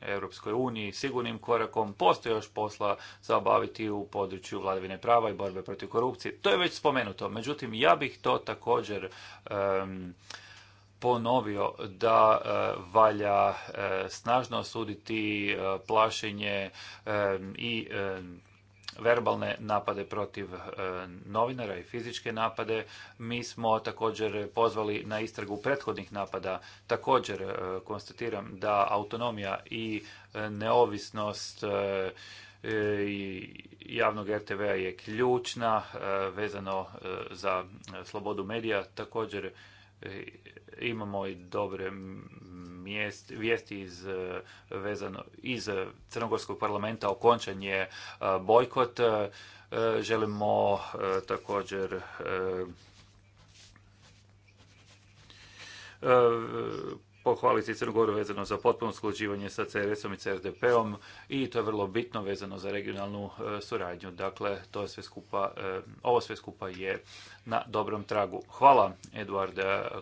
Europskoj uniji sigurnim korakom. Postoji još posla za obaviti u području vladavine prava i borbe protiv korupcije. To je već spomenuto. Međutim, ja bih to također ponovio da e, valja e, snažno osuditi e, plašenje i verbalne napade protiv novinara i fizičke napade. Mi smo također pozvali na istragu prethodnih napada. Također konstatiram da autonomija i neovisnost javnog RTV-a je ključna vezano za slobodu medija. Također imamo i dobre vijesti iz, e, vezano, iz Crnogorskog parlamenta, okončan je e, bojkot. E, želimo također pohvaliti Crnogoru vezano za potpuno usklađivanje sa CRS-om i CRDP-om i to je vrlo bitno vezano za regionalnu e, suradnju. Dakle, to skupa, e, ovo sve skupa je na dobrom tragu. Hvala Eduard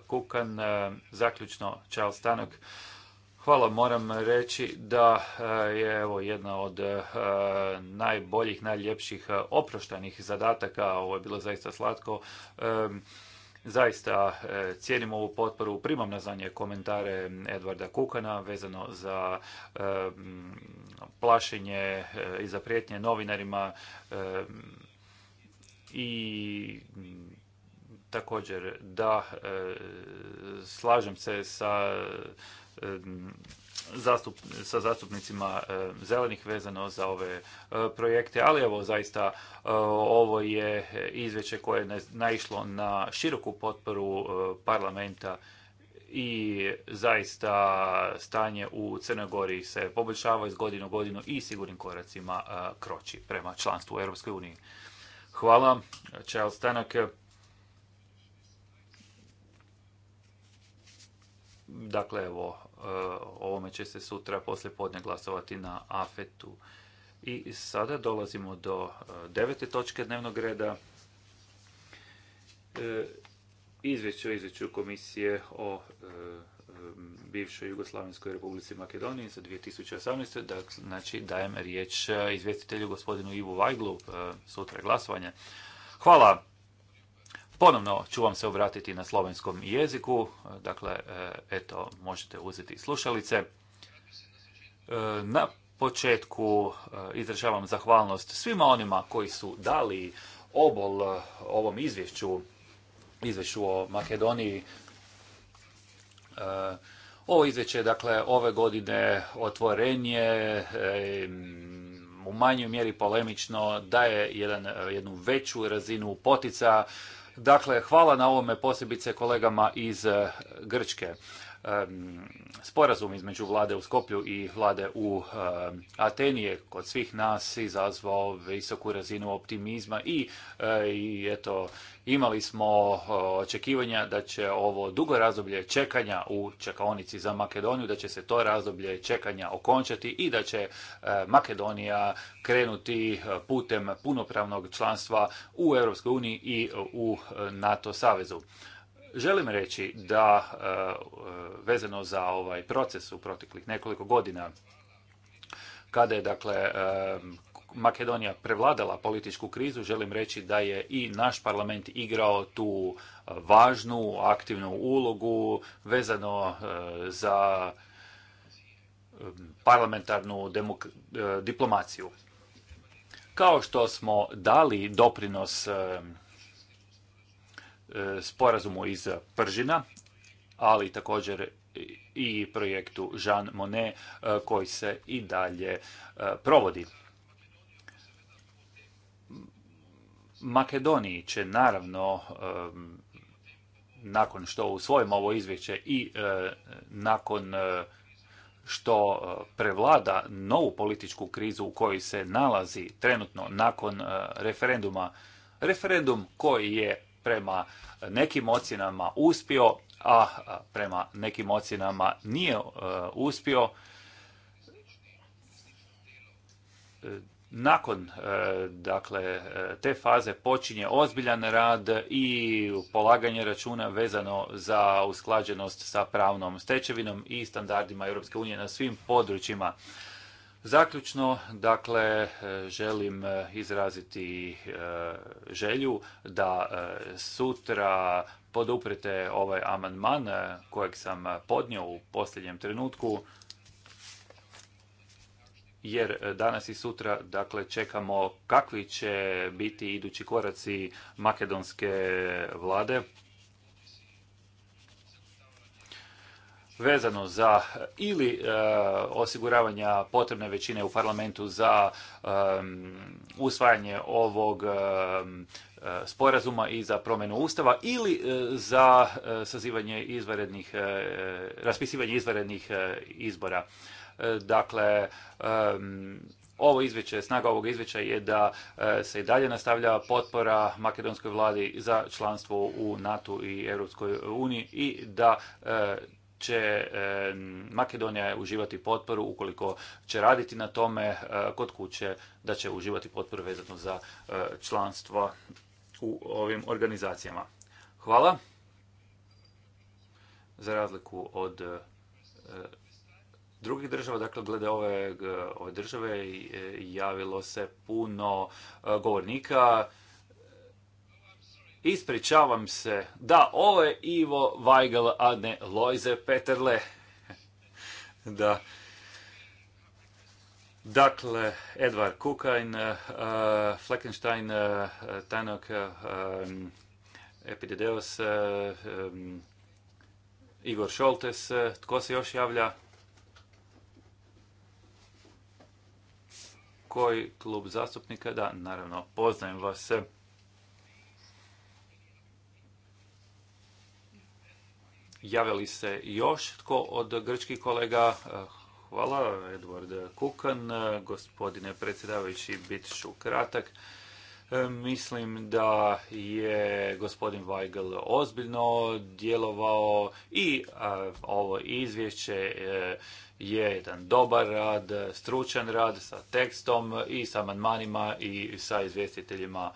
Kukan, e, zaključno Charles Stanak. Hvala, moram reći da je evo jedna od najboljih, najljepših oproštanih zadataka, ovo je bilo zaista slatko, Zaista e, cijenim ovu potporu, primam na znanje komentare Edvarda Kukana vezano za e, plašenje e, i za prijetnje novinarima i također da slažem se sa zastup, sa zastupnicima e, zelenih vezano za ove e, projekte, ali evo zaista e, ovo je izveće koje je naišlo na široku potporu parlamenta i zaista stanje u Crnoj Gori se poboljšava iz godine u godinu i sigurnim koracima kroči prema članstvu u Europskoj uniji. Hvala, Ćao, Stanak. Dakle, evo, E, ovome će se sutra poslije podne glasovati na AFET-u. I sada dolazimo do e, devete točke dnevnog reda. E, izvješće o izvješću komisije o bivšoj Jugoslavenskoj republici Makedoniji za 2018. Dakle, znači dajem riječ izvjestitelju gospodinu Ivu Vajglu sutra glasovanje. Hvala Ponovno ću vam se obratiti na slovenskom jeziku, dakle, e, eto, možete uzeti slušalice. E, na početku e, izražavam zahvalnost svima onima koji su dali obol ovom izvješću, izvješću o Makedoniji. Ovo izvješće, dakle, ove godine otvorenje, u manjoj mjeri polemično, daje jedan, jednu veću razinu potica Dakle, hvala na ovome posebice kolegama iz eh, Grčke sporazum između vlade u skopju i vlade u Atenije kod svih nas izazvao visoku razinu optimizma i, e, i eto imali smo e, očekivanja da će ovo dugo razdoblje čekanja u čekaonici za Makedoniju, da će se to razdoblje čekanja okončati i da će e, Makedonija krenuti putem punopravnog članstva u EU i u NATO savezu. Želim reći da e, vezano za ovaj proces u proteklih nekoliko godina kada je dakle e, Makedonija prevladala političku krizu, želim reći da je i naš parlament igrao tu važnu, aktivnu ulogu vezano e, za parlamentarnu diplomaciju. Kao što smo dali doprinos sporazumu iz Pržina, ali također i projektu Jean Monnet e, koji se i dalje e, provodi. Makedoniji će naravno e, nakon što usvojimo ovo izvješće i nakon što prevlada novu političku krizu u kojoj se nalazi trenutno nakon referenduma. Referendum koji je prema nekim ocjenama uspio, a prema nekim ocjenama nije e, uspio. E, nakon e, dakle, te faze počinje ozbiljan rad i polaganje računa vezano za usklađenost sa pravnom stečevinom i standardima EU na svim područjima. Zaključno, dakle, e, želim e, izraziti e, želju da sutra poduprete ovaj amandman kojeg sam podnio u posljednjem trenutku, jer danas i sutra dakle, čekamo kakvi će biti idući koraci makedonske vlade. vezano za ili e, osiguravanja potrebne većine u parlamentu za usvajanje ovog e, sporazuma i za promjenu ustava ili e, za sazivanje izvanrednih raspisivanje izvanrednih izbora dakle ovo izvješće, snaga ovog izvješća je da se i dalje nastavlja potpora makedonskoj vladi za članstvo u NATO i Europskoj uniji i da će e, Makedonija uživati potporu ukoliko će raditi na tome e, kod kuće da će uživati potporu vezano za e, članstvo u ovim organizacijama. Hvala. Za razliku od drugih država, dakle, glede ove, ove države javilo se puno govornika. Ispričavam se. Da, ovo je Ivo Weigel, a ne Loise Peterle. da. Dakle, Edvard Kukajn, uh, Fleckenstein, eh, Tanok, Igor Šoltes. Tko se još javlja? Koji klub zastupnika? Da, naravno, poznajem vas. javili se još tko od grčkih kolega? E, hvala, Edward Kukan. E, gospodine predsjedavajući, bit ću kratak. E, mislim da je gospodin Weigel ozbiljno djelovao i ovo izvješće je jedan dobar rad, stručan rad sa tekstom i sa amandmanima i sa izvjestiteljima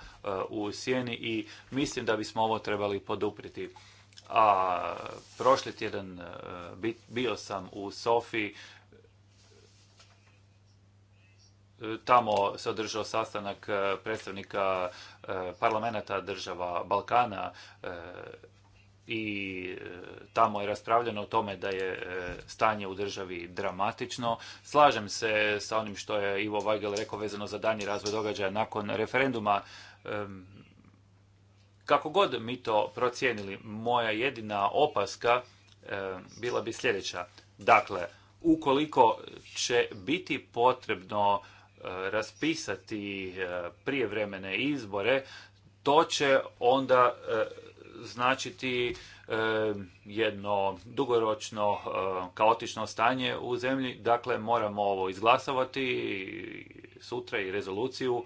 u sjeni i mislim da bismo ovo trebali podupriti a prošli tjedan e, bio sam u Sofiji, e, tamo se održao sastanak e, predstavnika parlamenta država Balkana i tamo je raspravljeno o tome da je stanje u državi dramatično. Slažem se sa onim što je Ivo Vajgel rekao vezano za danji razvoj događaja nakon referenduma. Kako god mi to procijenili, moja jedina opaska e, bila bi sljedeća. Dakle, ukoliko će biti potrebno e, raspisati e, prijevremene izbore, to će onda značiti jedno dugoročno kaotično stanje u zemlji. Dakle, moramo ovo izglasovati sutra i rezoluciju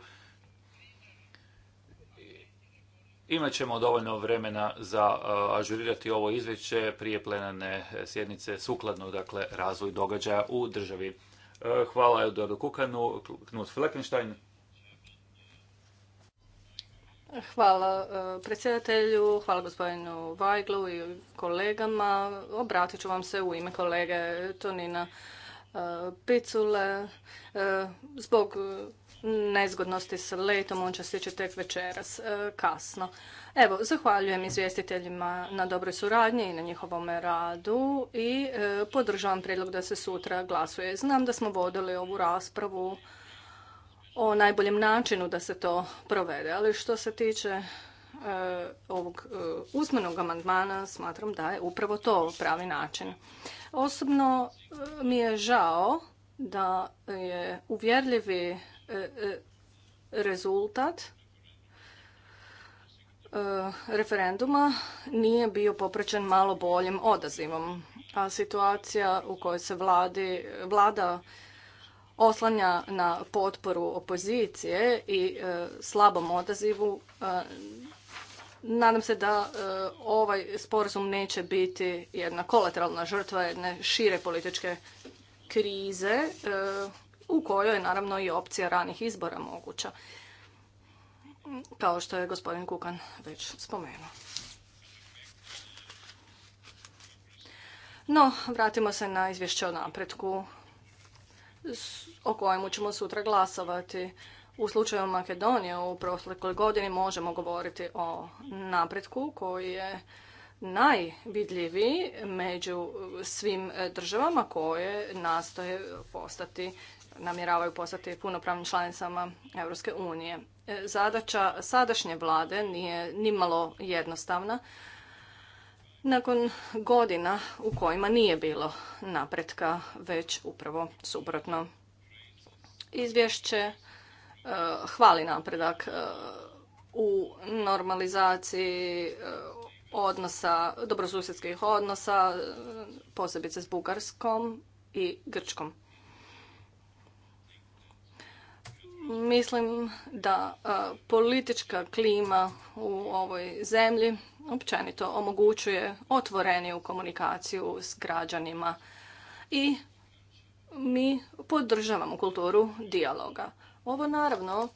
Imat ćemo dovoljno vremena za uh, ažurirati ovo izvješće prije plenarne eh, sjednice sukladno dakle razvoju događaja u državi. Uh, hvala Eduardu Kukanu, Knut Fleckenstein. Hvala uh, predsjedatelju, hvala gospodinu Vajglu i kolegama. Obratit ću vam se u ime kolege Tonina Picule zbog nezgodnosti s letom, on će stići tek večeras e, kasno. Evo, zahvaljujem izvjestiteljima na dobroj suradnji i na njihovom radu i e, podržavam prijedlog da se sutra glasuje. Znam da smo vodili ovu raspravu o najboljem načinu da se to provede, ali što se tiče e, ovog usmenog amandmana smatram da je upravo to pravi način. Osobno mi je žao da je uvjerljivi rezultat e, referenduma nije bio popraćen malo boljim odazivom, a situacija u kojoj se vladi, vlada oslanja na potporu opozicije i e, slabom odazivu e, nadam se da ovaj sporazum neće biti jedna kolateralna žrtva jedne šire političke krize u kojoj je naravno i opcija ranih izbora moguća, kao što je gospodin Kukan već spomenuo. No, vratimo se na izvješće o napretku o kojemu ćemo sutra glasovati. U slučaju Makedonije u prošloj godini možemo govoriti o napretku koji je najvidljiviji među svim državama koje nastoje postati namjeravaju postati punopravnim članicama Europske unije. E, zadaća sadašnje vlade nije nimalo jednostavna nakon godina u kojima nije bilo napretka, već upravo suprotno. Izvješće e, hvali napredak e, u normalizaciji odnosa, dobrosusjedskih odnosa, posebice s Bugarskom i Grčkom. Mislim da e, politička klima u ovoj zemlji općenito omogućuje otvoreniju komunikaciju s građanima i mi podržavamo kulturu dijaloga. Ovo naravno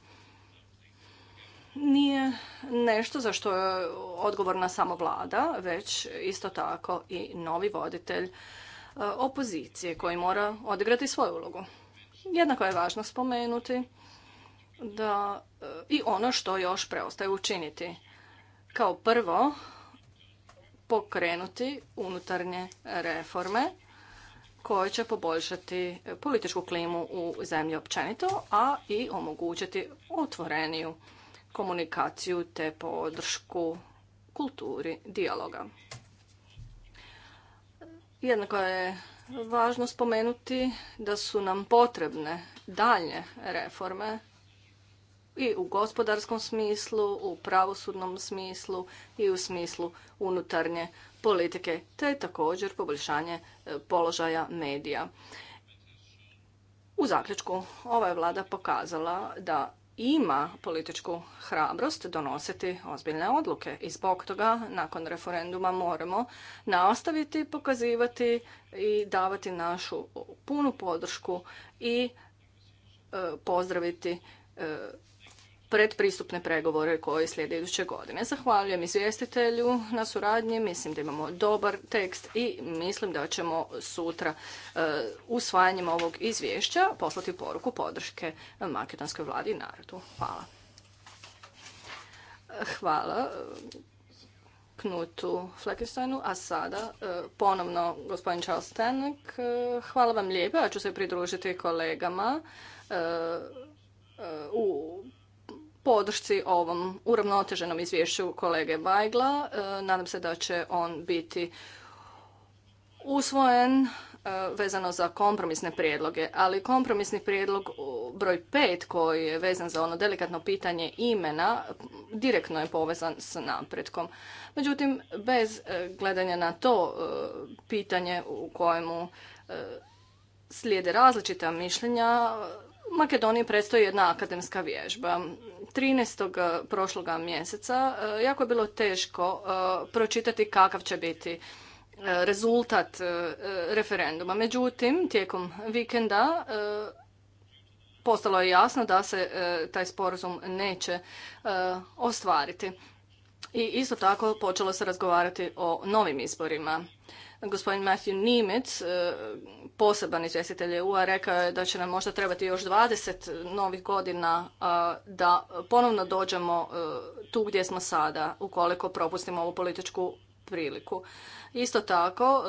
nije nešto za što je odgovorna samo vlada, već isto tako i novi voditelj e, opozicije koji mora odigrati svoju ulogu. Jednako je važno spomenuti da e, i ono što još preostaje učiniti. Kao prvo, pokrenuti unutarnje reforme koje će poboljšati političku klimu u zemlji općenito, a i omogućiti otvoreniju komunikaciju te podršku kulturi dijaloga. Jednako je važno spomenuti da su nam potrebne daljnje reforme i u gospodarskom smislu, u pravosudnom smislu i u smislu unutarnje politike, te također poboljšanje e, položaja medija. U zaključku, ova je vlada pokazala da ima političku hrabrost donositi ozbiljne odluke i zbog toga nakon referenduma moramo nastaviti pokazivati i davati našu punu podršku i e, pozdraviti e, predpristupne pregovore koje slijede iduće godine. Zahvaljujem izvjestitelju na suradnji, mislim da imamo dobar tekst i mislim da ćemo sutra e, usvajanjem ovog izvješća poslati poruku podrške makedonskoj vladi i narodu. Hvala. Hvala e, Knutu Fleckensteinu, a sada e, ponovno gospodin Charles hvala vam lijepo, ja ću se pridružiti kolegama u podršci ovom uravnoteženom izvješću kolege Bajgla e, Nadam se da će on biti usvojen e, vezano za kompromisne prijedloge, ali kompromisni prijedlog broj 5 koji je vezan za ono delikatno pitanje imena direktno je povezan s napretkom. Međutim, bez e, gledanja na to pitanje u kojemu slijede različita mišljenja, Makedoniji predstoji jedna akademska vježba. 13. prošloga mjeseca e, jako je bilo teško e, pročitati kakav će biti e, rezultat referenduma. Međutim, tijekom vikenda postalo je jasno da se taj sporazum neće ostvariti. I isto tako počelo se razgovarati o novim izborima. Gospodin Matthew Nimitz, e, poseban izvjestitelj EU-a, rekao je da će nam možda trebati još 20 novih godina e, da ponovno dođemo e, tu gdje smo sada, ukoliko propustimo ovu političku priliku. Isto tako,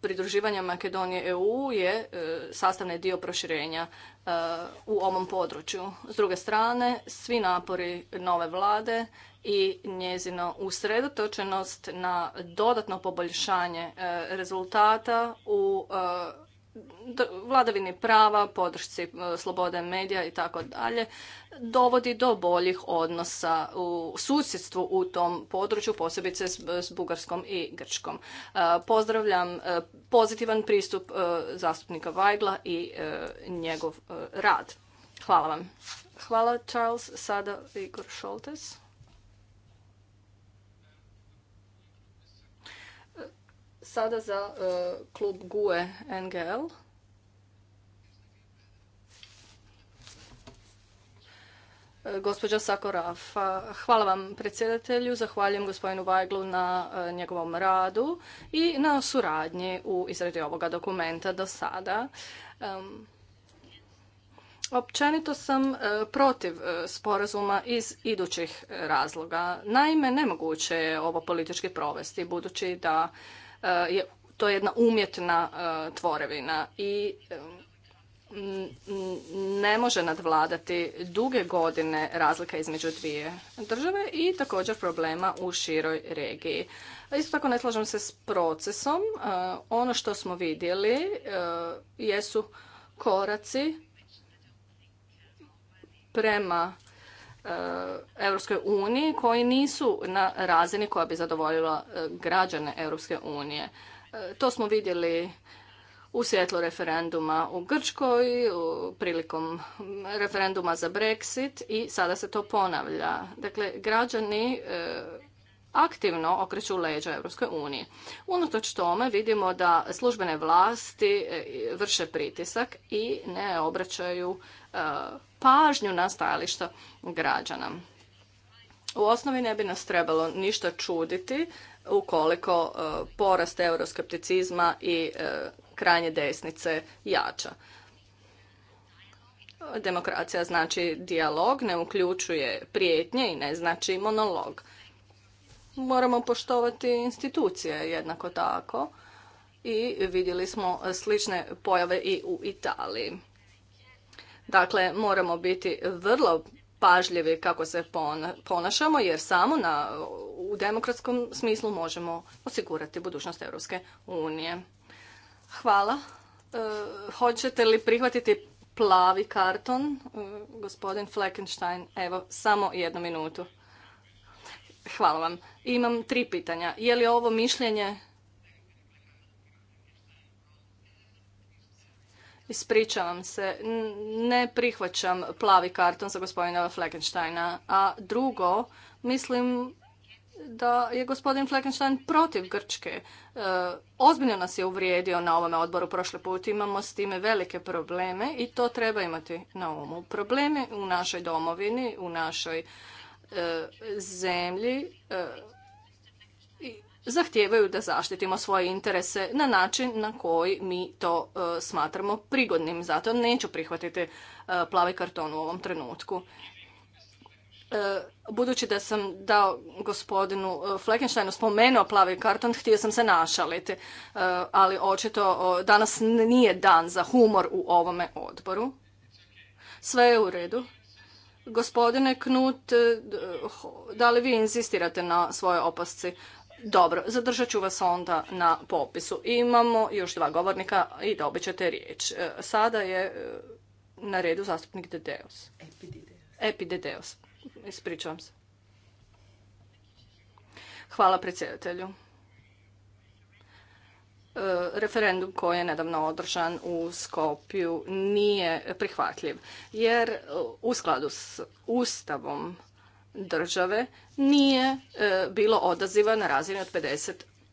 pridruživanje Makedonije EU je sastavni dio proširenja u ovom području. S druge strane, svi napori nove vlade i njezino usredotočenost na dodatno poboljšanje e, rezultata u e, vladavini prava, podršci e, slobode medija i tako dalje, dovodi do boljih odnosa u susjedstvu u tom području, posebice s Bugarskom i Grčkom. Pozdravljam pozitivan pristup zastupnika Vajgla i njegov rad. Hvala vam. Hvala Charles. Sada Igor Šoltes. Sada za e, klub GUE NGL. E, gospođa Sakorafa, hvala vam predsjedatelju, zahvaljujem gospodinu Vajglu na e, njegovom radu i na suradnji u izradi ovoga dokumenta do sada. Općenito sam protiv sporazuma iz idućih razloga. Naime, nemoguće je ovo politički provesti, budući da E, je to je jedna umjetna e, tvorevina i e, ne može nadvladati duge godine razlika između dvije države i također problema u široj regiji. Isto tako ne slažem se s procesom. Ono što smo vidjeli jesu koraci prema Eh, Europskoj uniji koji nisu na razini koja bi zadovoljila eh, građane Europske unije. Eh, to smo vidjeli u svjetlu referenduma u Grčkoj, prilikom mm, referenduma za Brexit i sada se to ponavlja. Dakle, građani aktivno okreću leđa Europskoj uniji. Unatoč tome vidimo da službene vlasti vrše pritisak i ne obraćaju pažnju na stajališta građana. U osnovi ne bi nas trebalo ništa čuditi ukoliko e, porast euroskepticizma i e, krajnje desnice jača. Demokracija znači dijalog, ne uključuje prijetnje i ne znači monolog. Moramo poštovati institucije jednako tako i vidjeli smo slične pojave i u Italiji. Dakle, moramo biti vrlo pažljivi kako se ponašamo jer samo na, u demokratskom smislu možemo osigurati budućnost Europske unije. Hvala. E, hoćete li prihvatiti plavi karton? E, gospodin Fleckenstein, evo, samo jednu minutu. Hvala vam. Imam tri pitanja. Je li ovo mišljenje Ispričavam se, ne prihvaćam plavi karton za gospodina Fleckensteina. A drugo, mislim da je gospodin Fleckenstein protiv Grčke. E, ozbiljno nas je uvrijedio na ovome odboru prošle put. Imamo s time velike probleme i to treba imati na umu. Probleme u našoj domovini, u našoj e, zemlji e, zahtijevaju da zaštitimo svoje interese na način na koji mi to e, smatramo prigodnim. Zato neću prihvatiti e, plavi karton u ovom trenutku. E, budući da sam dao gospodinu Fleckensteinu spomenuo plavi karton, htio sam se našaliti, ali očito danas nije dan za humor u ovome odboru. Sve je u redu. Gospodine Knut, da li vi insistirate na svojoj opasci? Dobro, zadržat ću vas onda na popisu. Imamo još dva govornika i dobit ćete riječ. E, sada je e, na redu zastupnik Dedeos. Epidedeos. Ispričavam se. Hvala predsjedatelju. E, referendum koji je nedavno održan u Skopju nije prihvatljiv jer u skladu s Ustavom države nije e, bilo odaziva na razini od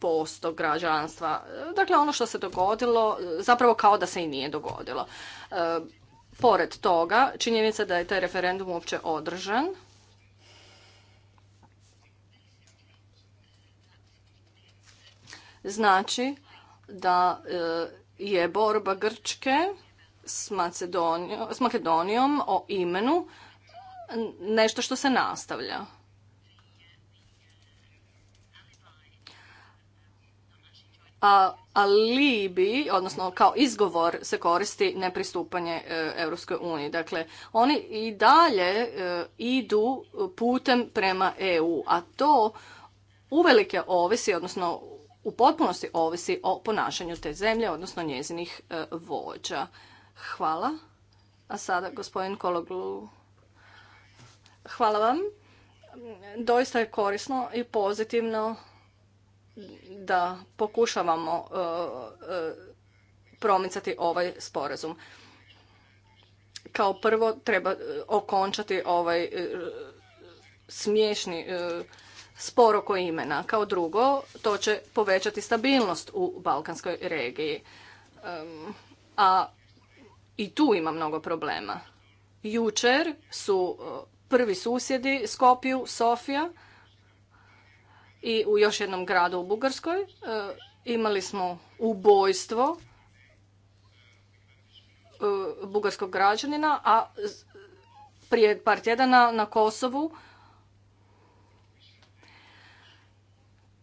50% građanstva. Dakle, ono što se dogodilo e, zapravo kao da se i nije dogodilo. E, pored toga, činjenica da je taj referendum uopće održan, znači da je borba Grčke s Makedonijom o imenu nešto što se nastavlja. A alibi, odnosno kao izgovor se koristi nepristupanje e, Europskoj uniji. Dakle, oni i dalje e, idu putem prema EU, a to uvelike ovisi, odnosno u potpunosti ovisi o ponašanju te zemlje, odnosno njezinih e, vođa. Hvala. A sada gospodin Kologlu Hvala vam. Doista je korisno i pozitivno da pokušavamo e, e, promicati ovaj sporazum. Kao prvo treba e, okončati ovaj smiješni spor oko imena. Kao drugo, to će povećati stabilnost u Balkanskoj regiji. A i tu ima mnogo problema. Jučer su prvi susjedi Skopiju, Sofija i u još jednom gradu u Bugarskoj. E, imali smo ubojstvo e, bugarskog građanina, a prije par tjedana na Kosovu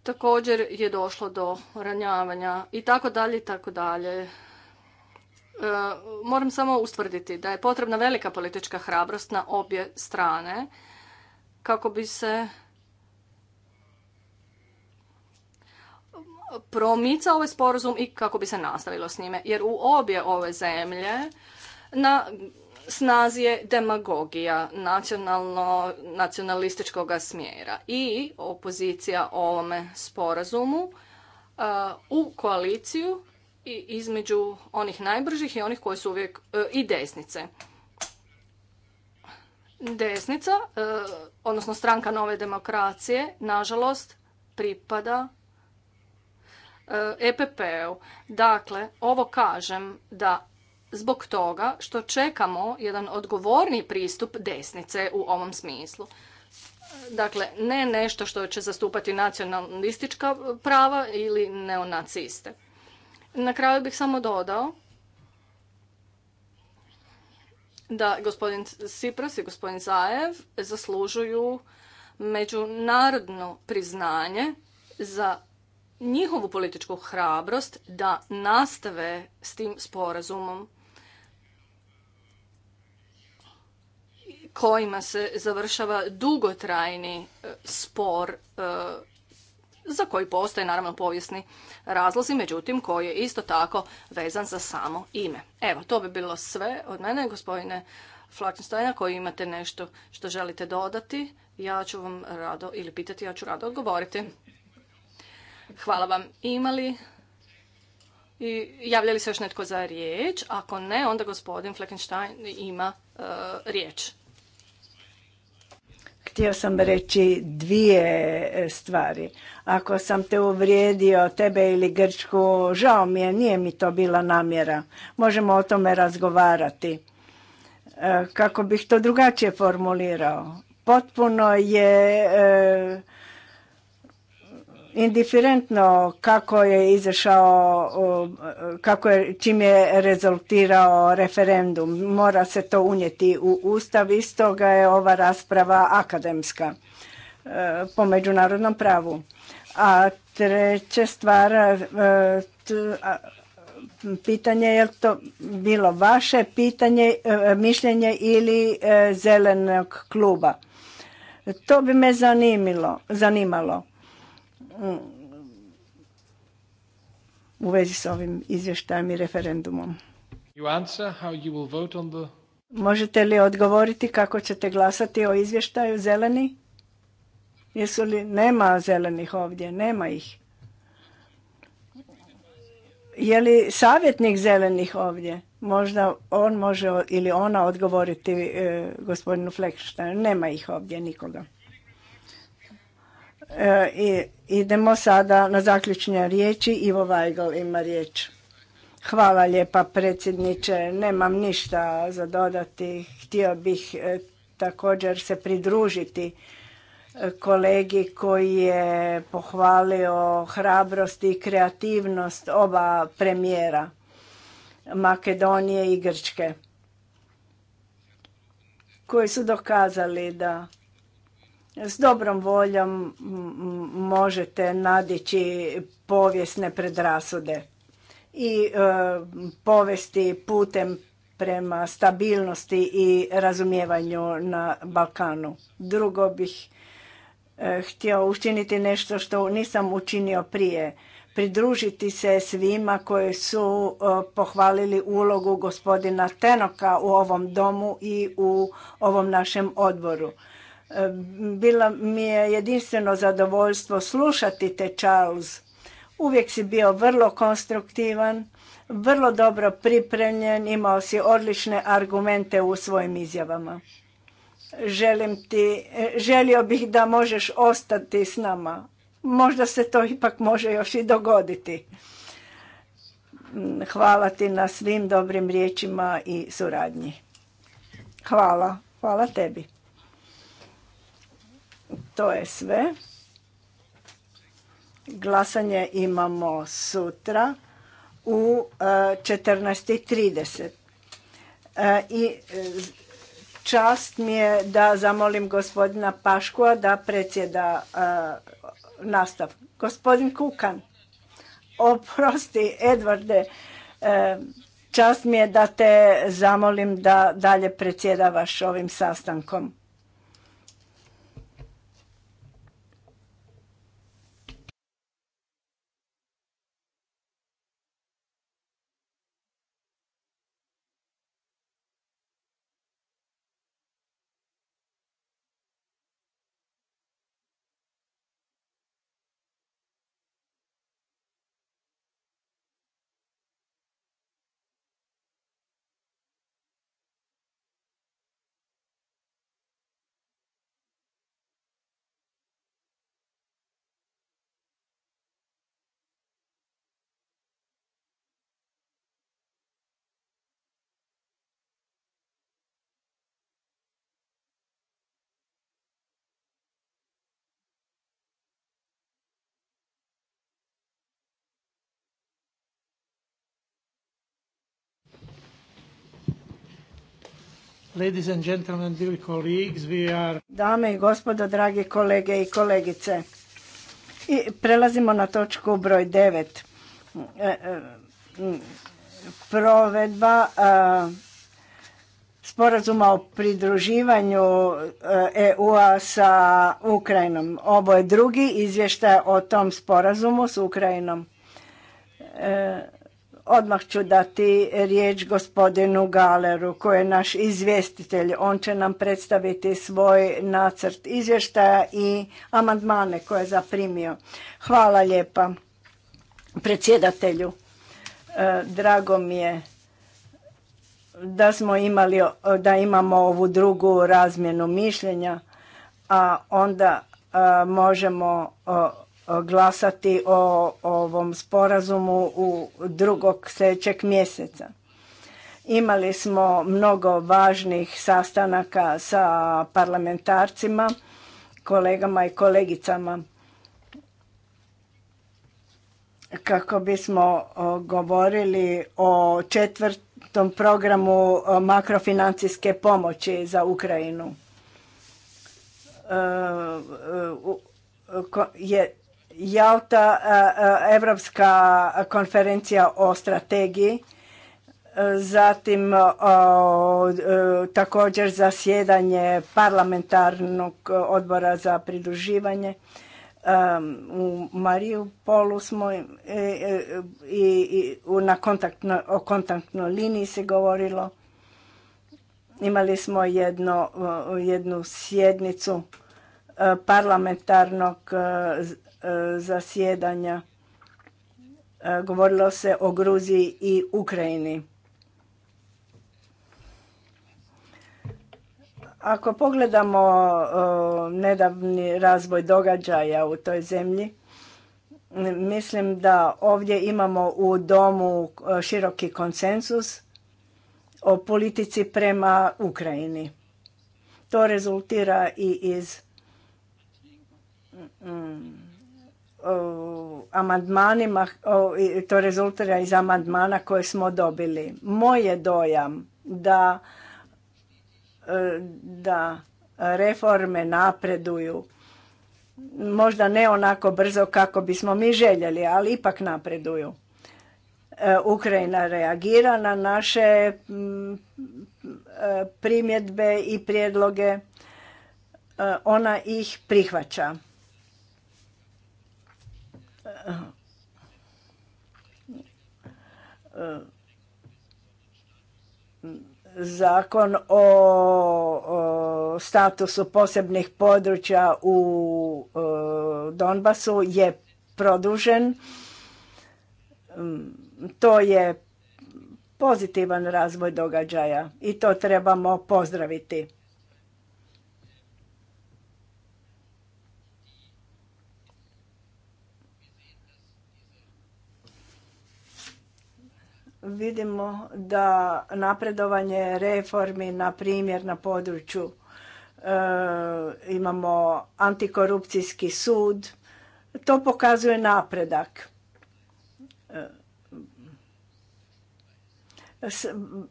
također je došlo do ranjavanja i tako dalje i tako dalje. Eh, moram samo ustvrditi da je potrebna velika politička hrabrost na obje strane kako bi se promicao ovaj sporazum i kako bi se nastavilo s njime. Jer u obje ove zemlje na snazi je demagogija nacionalno, nacionalističkog smjera i opozicija ovome sporazumu eh, u koaliciju između onih najbržih i onih koji su uvijek e, i desnice. Desnica, e, odnosno stranka nove demokracije, nažalost, pripada EPP-u. E dakle, ovo kažem da zbog toga što čekamo jedan odgovorni pristup desnice u ovom smislu. Dakle, ne nešto što će zastupati nacionalistička prava ili neonaciste. Na kraju bih samo dodao da gospodin Sipras i gospodin Zajev zaslužuju međunarodno priznanje za njihovu političku hrabrost da nastave s tim sporazumom kojima se završava dugotrajni eh, spor eh, za koji postoje naravno povijesni razlozi, međutim koji je isto tako vezan za samo ime. Evo, to bi bilo sve od mene, gospodine Flakensteina, koji imate nešto što želite dodati, ja ću vam rado, ili pitati, ja ću rado odgovoriti. Hvala vam. Imali i javljali se još netko za riječ? Ako ne, onda gospodin Fleckenstein ima e, riječ. Htio sam reći dvije e, stvari. Ako sam te uvrijedio, tebe ili Grčku, žao mi je, nije mi to bila namjera. Možemo o tome razgovarati. E, kako bih to drugačije formulirao? Potpuno je e, indiferentno kako je izašao, kako je, čim je rezultirao referendum. Mora se to unijeti u Ustav i stoga je ova rasprava akademska e, po međunarodnom pravu. A treća stvar, e, pitanje je li to bilo vaše pitanje, e, mišljenje ili zelenog kluba. To bi me zanimilo, zanimalo u vezi s ovim izvještajem i referendumom. Možete li odgovoriti kako ćete glasati o izvještaju zeleni? Jesu li, nema zelenih ovdje, nema ih. Je li savjetnik zelenih ovdje? Možda on može ili ona odgovoriti e, gospodinu Flekštajnu. Nema ih ovdje nikoga. E, idemo sada na zaključne riječi. Ivo Vajgl ima riječ. Hvala lijepa predsjedniče. Nemam ništa za dodati. Htio bih e, također se pridružiti e, kolegi koji je pohvalio hrabrost i kreativnost oba premijera Makedonije i Grčke koji su dokazali da s dobrom voljom možete nadići povijesne predrasude i e, povesti putem prema stabilnosti i razumijevanju na Balkanu. Drugo bih e, htio učiniti nešto što nisam učinio prije. Pridružiti se svima koji su e, pohvalili ulogu gospodina Tenoka u ovom domu i u ovom našem odboru. Bilo mi je jedinstveno zadovoljstvo slušati te Charles. Uvijek si bio vrlo konstruktivan, vrlo dobro pripremljen, imao si odlične argumente u svojim izjavama. Želim ti, želio bih da možeš ostati s nama. Možda se to ipak može još i dogoditi. Hvala ti na svim dobrim riječima i suradnji. Hvala, hvala tebi. To je sve. Glasanje imamo sutra u 14.30. E, I e, e, čast mi je da zamolim gospodina Paškua da predsjeda nastav. Gospodin Kukan, oprosti Edvarde, čast mi je da te zamolim da dalje predsjedavaš ovim sastankom. Ladies and gentlemen, dear colleagues, we are... Dame i gospodo, dragi kolege i kolegice. I prelazimo na točku broj 9. E, e, provedba e, sporazuma o pridruživanju EU-a sa Ukrajinom. Ovo je drugi izvještaj o tom sporazumu s Ukrajinom. Odmah ću dati riječ gospodinu Galeru koji je naš izvjestitelj. On će nam predstaviti svoj nacrt izvještaja i amandmane koje je zaprimio. Hvala lijepa predsjedatelju. E, drago mi je da smo imali, da imamo ovu drugu razmjenu mišljenja, a onda možemo E, glasati o ovom sporazumu u drugog sljedećeg mjeseca. Imali smo mnogo važnih sastanaka sa parlamentarcima, kolegama i kolegicama kako bismo e, govorili o četvrtom programu e, makrofinancijske pomoći za Ukrajinu. Je Jalta, e, e, Evropska konferencija o strategiji, e, zatim također također zasjedanje parlamentarnog odbora za pridruživanje. U Marijupolu smo i, i na o kontaktnoj liniji se govorilo. Imali smo jedno, jednu sjednicu parlamentarnog E, zasjedanja e, govorilo se o Gruziji i Ukrajini. Ako pogledamo e, nedavni razvoj događaja u toj zemlji, mislim da ovdje imamo u domu široki konsensus o politici prema Ukrajini. To rezultira i iz mm, amandmanima, to rezultira iz amandmana koje smo dobili. Moj je dojam da, e, da reforme napreduju. Možda ne onako brzo kako bismo mi željeli, ali ipak napreduju. E, Ukrajina reagira na naše e, primjedbe i prijedloge. Ona ih prihvaća zakon o, statusu posebnih područja u e, Donbasu je produžen. To je pozitivan razvoj događaja i to trebamo pozdraviti. vidimo da napredovanje reformi na primjer na području e, imamo antikorupcijski sud to pokazuje napredak e,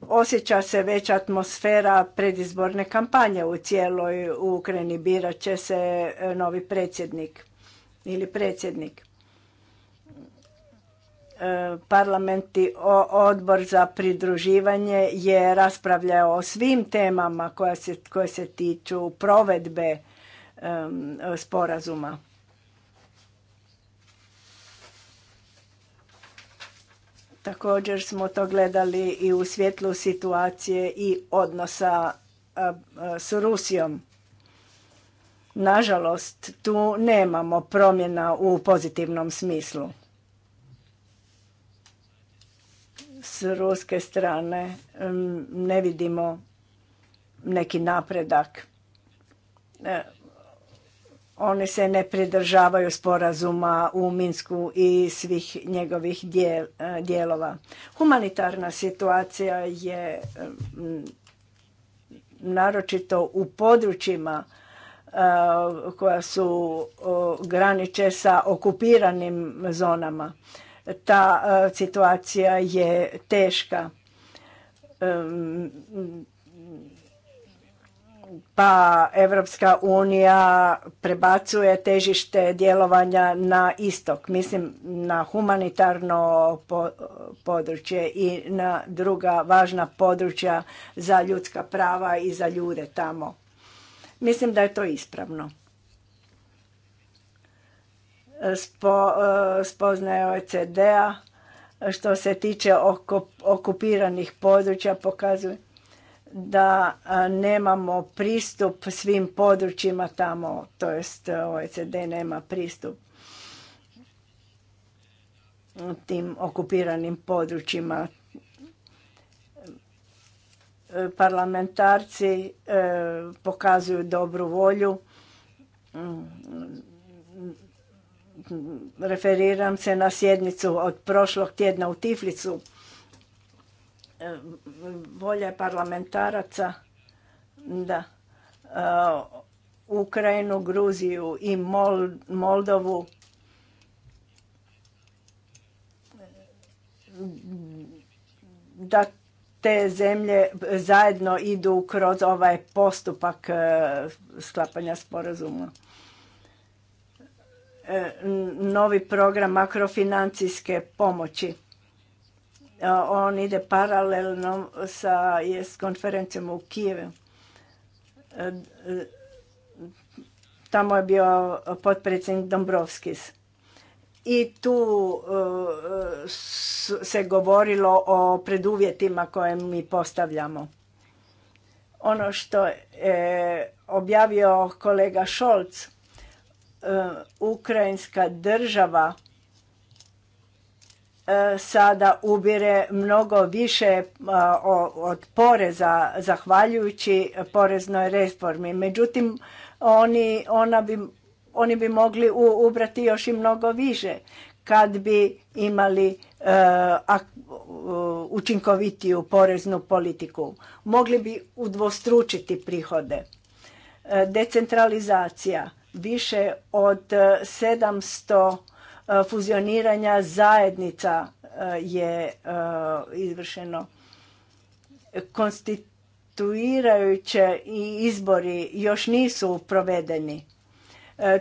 osjeća se već atmosfera predizborne kampanje u cijeloj Ukrajini. Birat će se e, novi predsjednik ili predsjednik. E, parlamenti odbor za pridruživanje je raspravljao o svim temama se, koje se tiču provedbe sporazuma. Također smo to gledali i u svjetlu situacije i odnosa e, s Rusijom. Nažalost, tu nemamo promjena u pozitivnom smislu. s ruske strane ne vidimo neki napredak. E, oni se ne pridržavaju sporazuma u Minsku i svih njegovih e, dijelova. Humanitarna situacija je naročito u područjima e, koja su graniče sa okupiranim zonama. Ta e, situacija je teška. Pa Evropska unija prebacuje težište djelovanja na istok, mislim na humanitarno područje i na druga važna područja za ljudska prava i za ljude tamo. Mislim da je to ispravno. E, spoznaje OECD-a što se tiče okupiranih područja pokazuje da e, nemamo pristup svim područjima tamo, to jest e, OECD nema pristup tim okupiranim područjima. Parlamentarci pokazuju dobru volju referiram se na sjednicu od prošlog tjedna u Tiflicu, e, volja parlamentaraca da e, Ukrajinu, Gruziju i Moldovu da te zemlje zajedno idu kroz ovaj postupak e, sklapanja sporazuma. E, novi program makrofinancijske pomoći. E, on ide paralelno sa s konferencijom u Kijevu. E, tamo je bio potpredsjednik Dombrovskis. I tu se govorilo o preduvjetima koje mi postavljamo. Ono što je objavio kolega Šolc, E, ukrajinska država e, sada ubire mnogo više e, od poreza zahvaljujući poreznoj reformi. Međutim, oni, ona bi, oni bi mogli ubrati još i mnogo više kad bi imali učinkovitiju poreznu politiku. Mogli bi udvostručiti prihode. decentralizacija više od 700 e, e, fuzioniranja zajednica e, je izvršeno. Konstituirajuće i izbori još nisu provedeni.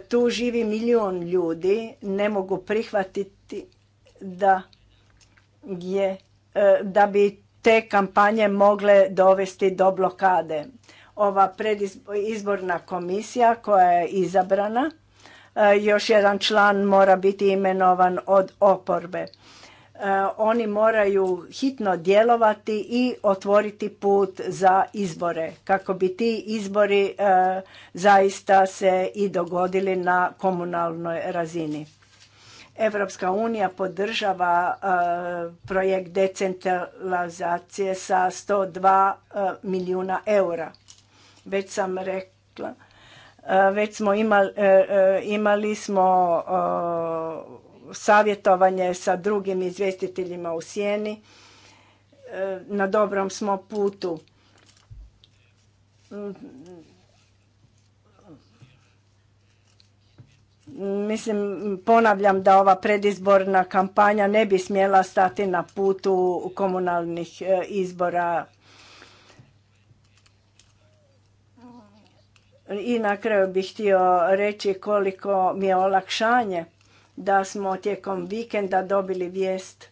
Tu živi milijun ljudi, ne mogu prihvatiti da je da bi te kampanje mogle dovesti do blokade ova predizborna komisija koja je izabrana. E, još jedan član mora biti imenovan od oporbe. E, oni moraju hitno djelovati i otvoriti put za izbore kako bi ti izbori e, zaista se i dogodili na komunalnoj razini. Evropska unija podržava projekt decentralizacije sa 102 milijuna eura već sam rekla. E, već smo imali, e, e, imali smo savjetovanje sa drugim izvjestiteljima u sjeni. Na dobrom smo putu. Mislim, ponavljam da ova predizborna kampanja ne bi smjela stati na putu komunalnih izbora I na kraju bih htio reći koliko mi je olakšanje da smo tijekom vikenda dobili vijest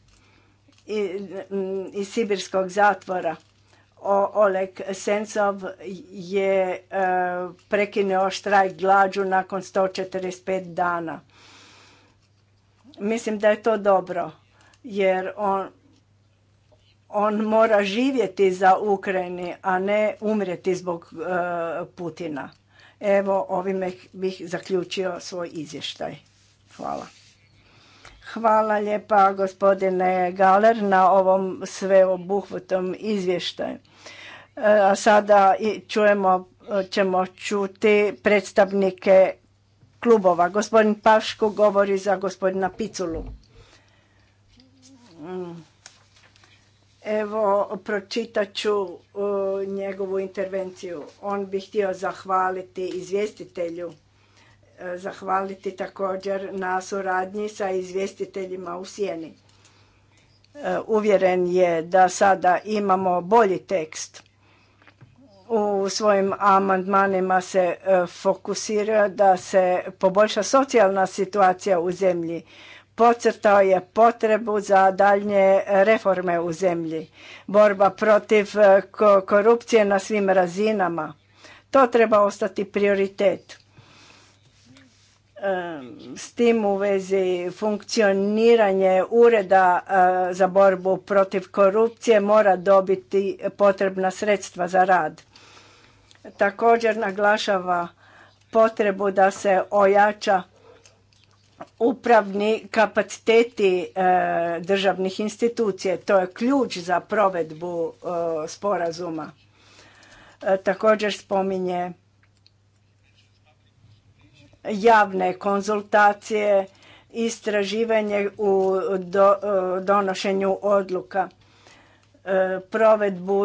mm, iz Sibirskog zatvora. Oleg Sencov je e, prekinuo štrajk glađu nakon 145 dana. Mislim da je to dobro jer on, on mora živjeti za Ukrajini, a ne umrijeti zbog e, Putina. Evo, ovime bih zaključio svoj izvještaj. Hvala. Hvala lijepa gospodine Galer na ovom sveobuhvatom izvještaju. E, a sada čujemo, ćemo čuti predstavnike klubova. Gospodin Paško govori za gospodina Piculu. Mm. Evo, pročitat ću uh, njegovu intervenciju. On bi htio zahvaliti izvjestitelju, uh, zahvaliti također na suradnji sa izvjestiteljima u sjeni. Uh, uvjeren je da sada imamo bolji tekst. U svojim amandmanima se fokusira da se poboljša socijalna situacija u zemlji Podcrtao je potrebu za daljnje reforme u zemlji, borba protiv e, korupcije na svim razinama. To treba ostati prioritet. S tim u vezi funkcioniranje ureda e, za borbu protiv korupcije mora dobiti potrebna sredstva za rad. Također naglašava potrebu da se ojača upravni kapaciteti e, državnih institucije. To je ključ za provedbu e, sporazuma. E, također spominje javne konzultacije, istraživanje u donošenju odluka, provedbu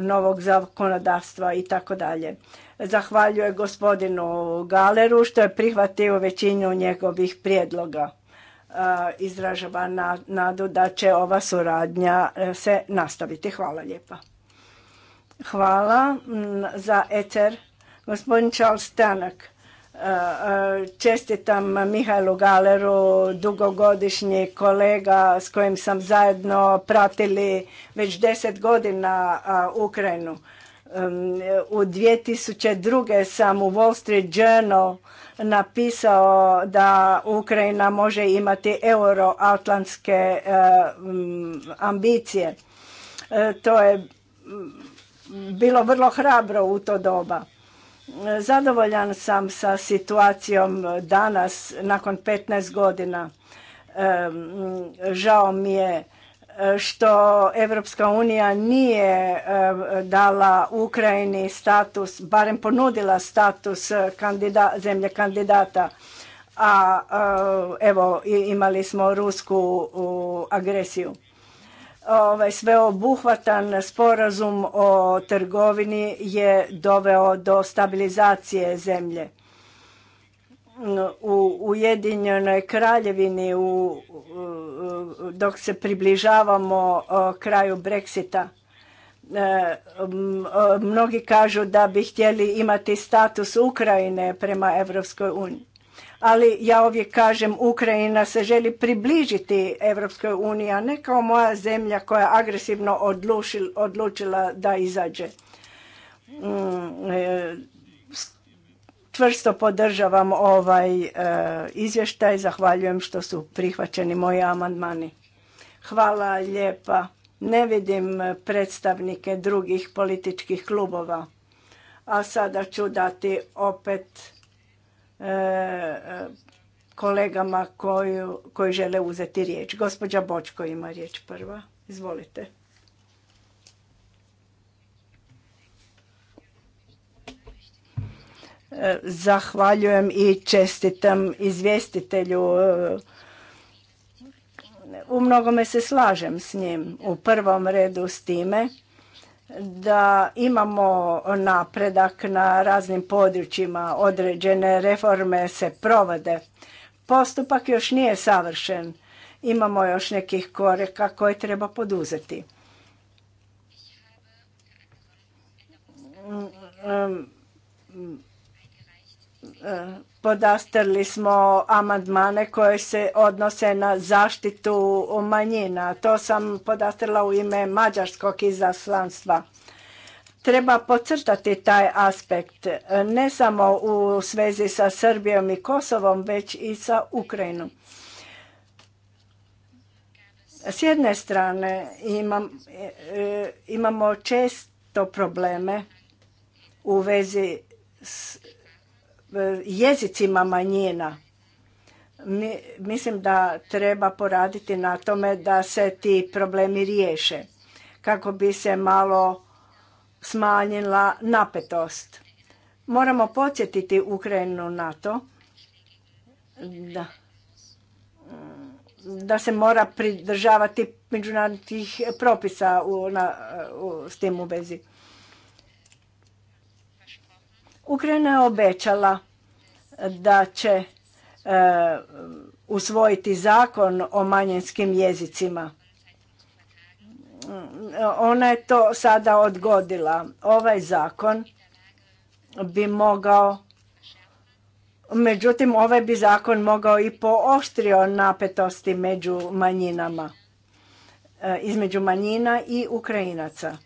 novog zakonodavstva i tako dalje. Zahvaljuje gospodinu Galeru što je prihvatio većinu njegovih prijedloga. E, izražava nadu da će ova suradnja e, se nastaviti. Hvala lijepa. Hvala za eter. Gospodin Charles Tanak. E, čestitam Mihajlu Galeru, dugogodišnji kolega s kojim sam zajedno pratili već deset godina Ukrajinu. U 2002. sam u Wall Street Journal napisao da Ukrajina može imati euroatlantske e, ambicije. E, to je bilo vrlo hrabro u to doba. E, zadovoljan sam sa situacijom danas nakon 15 godina. Žao mi je što Evropska unija nije eh, dala Ukrajini status, barem ponudila status zemlje kandidata. A eh, evo imali smo rusku agresiju. Ovaj sveobuhvatan sporazum o trgovini je doveo do stabilizacije zemlje u Ujedinjenoj kraljevini u, dok se približavamo kraju Brexita. E, mnogi kažu da bi htjeli imati status Ukrajine prema Europskoj uniji. Ali ja ovdje kažem Ukrajina se želi približiti Europskoj uniji, a ne kao moja zemlja koja je agresivno odlučila da izađe mm, e, Čvrsto podržavam ovaj e, izvještaj, zahvaljujem što su prihvaćeni moji amandmani. Hvala lijepa. Ne vidim predstavnike drugih političkih klubova. A sada ću dati opet e, e, kolegama koji žele uzeti riječ. Gospođa Bočko ima riječ prva. Izvolite. Zahvaljujem i čestitam izvjestitelju. U mnogome se slažem s njim. U prvom redu s time da imamo napredak na raznim područjima, određene reforme se provode. Postupak još nije savršen. Imamo još nekih koreka koje treba poduzeti. Podastrli smo amandmane koje se odnose na zaštitu manjina. To sam podastrla u ime mađarskog izaslanstva. Treba podcrtati taj aspekt ne samo u svezi sa Srbijom i Kosovom, već i sa Ukrajinom. S jedne strane e, imamo često probleme u vezi s E, jezicima manjina. mislim da treba poraditi na tome da se ti problemi riješe kako bi se malo smanjila napetost. Moramo podsjetiti Ukrajinu na to da, da se mora pridržavati međunarodnih propisa u, na, s tim u vezi. Ukrajina je obećala da će e, usvojiti zakon o manjenskim jezicima. Ona je to sada odgodila. Ovaj zakon bi mogao Međutim, ovaj bi zakon mogao i pooštrio napetosti među manjinama, e, između manjina i Ukrajinaca.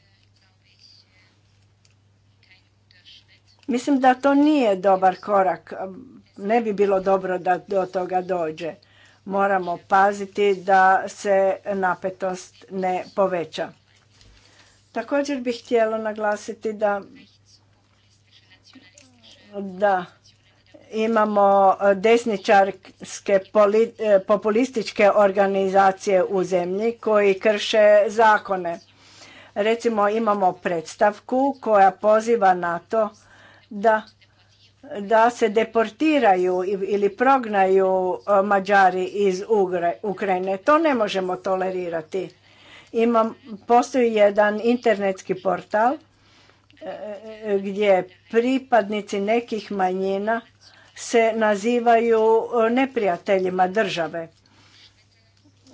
Mislim da to nije dobar korak. Ne bi bilo dobro da do toga dođe. Moramo paziti da se napetost ne poveća. Također bih htjela naglasiti da da imamo desničarske populističke organizacije u zemlji koji krše zakone. Recimo imamo predstavku koja poziva na to da, da se deportiraju ili prognaju e, Mađari iz Ukrajine. To ne možemo tolerirati. postoji jedan internetski portal e, e, gdje pripadnici nekih manjina se nazivaju neprijateljima države.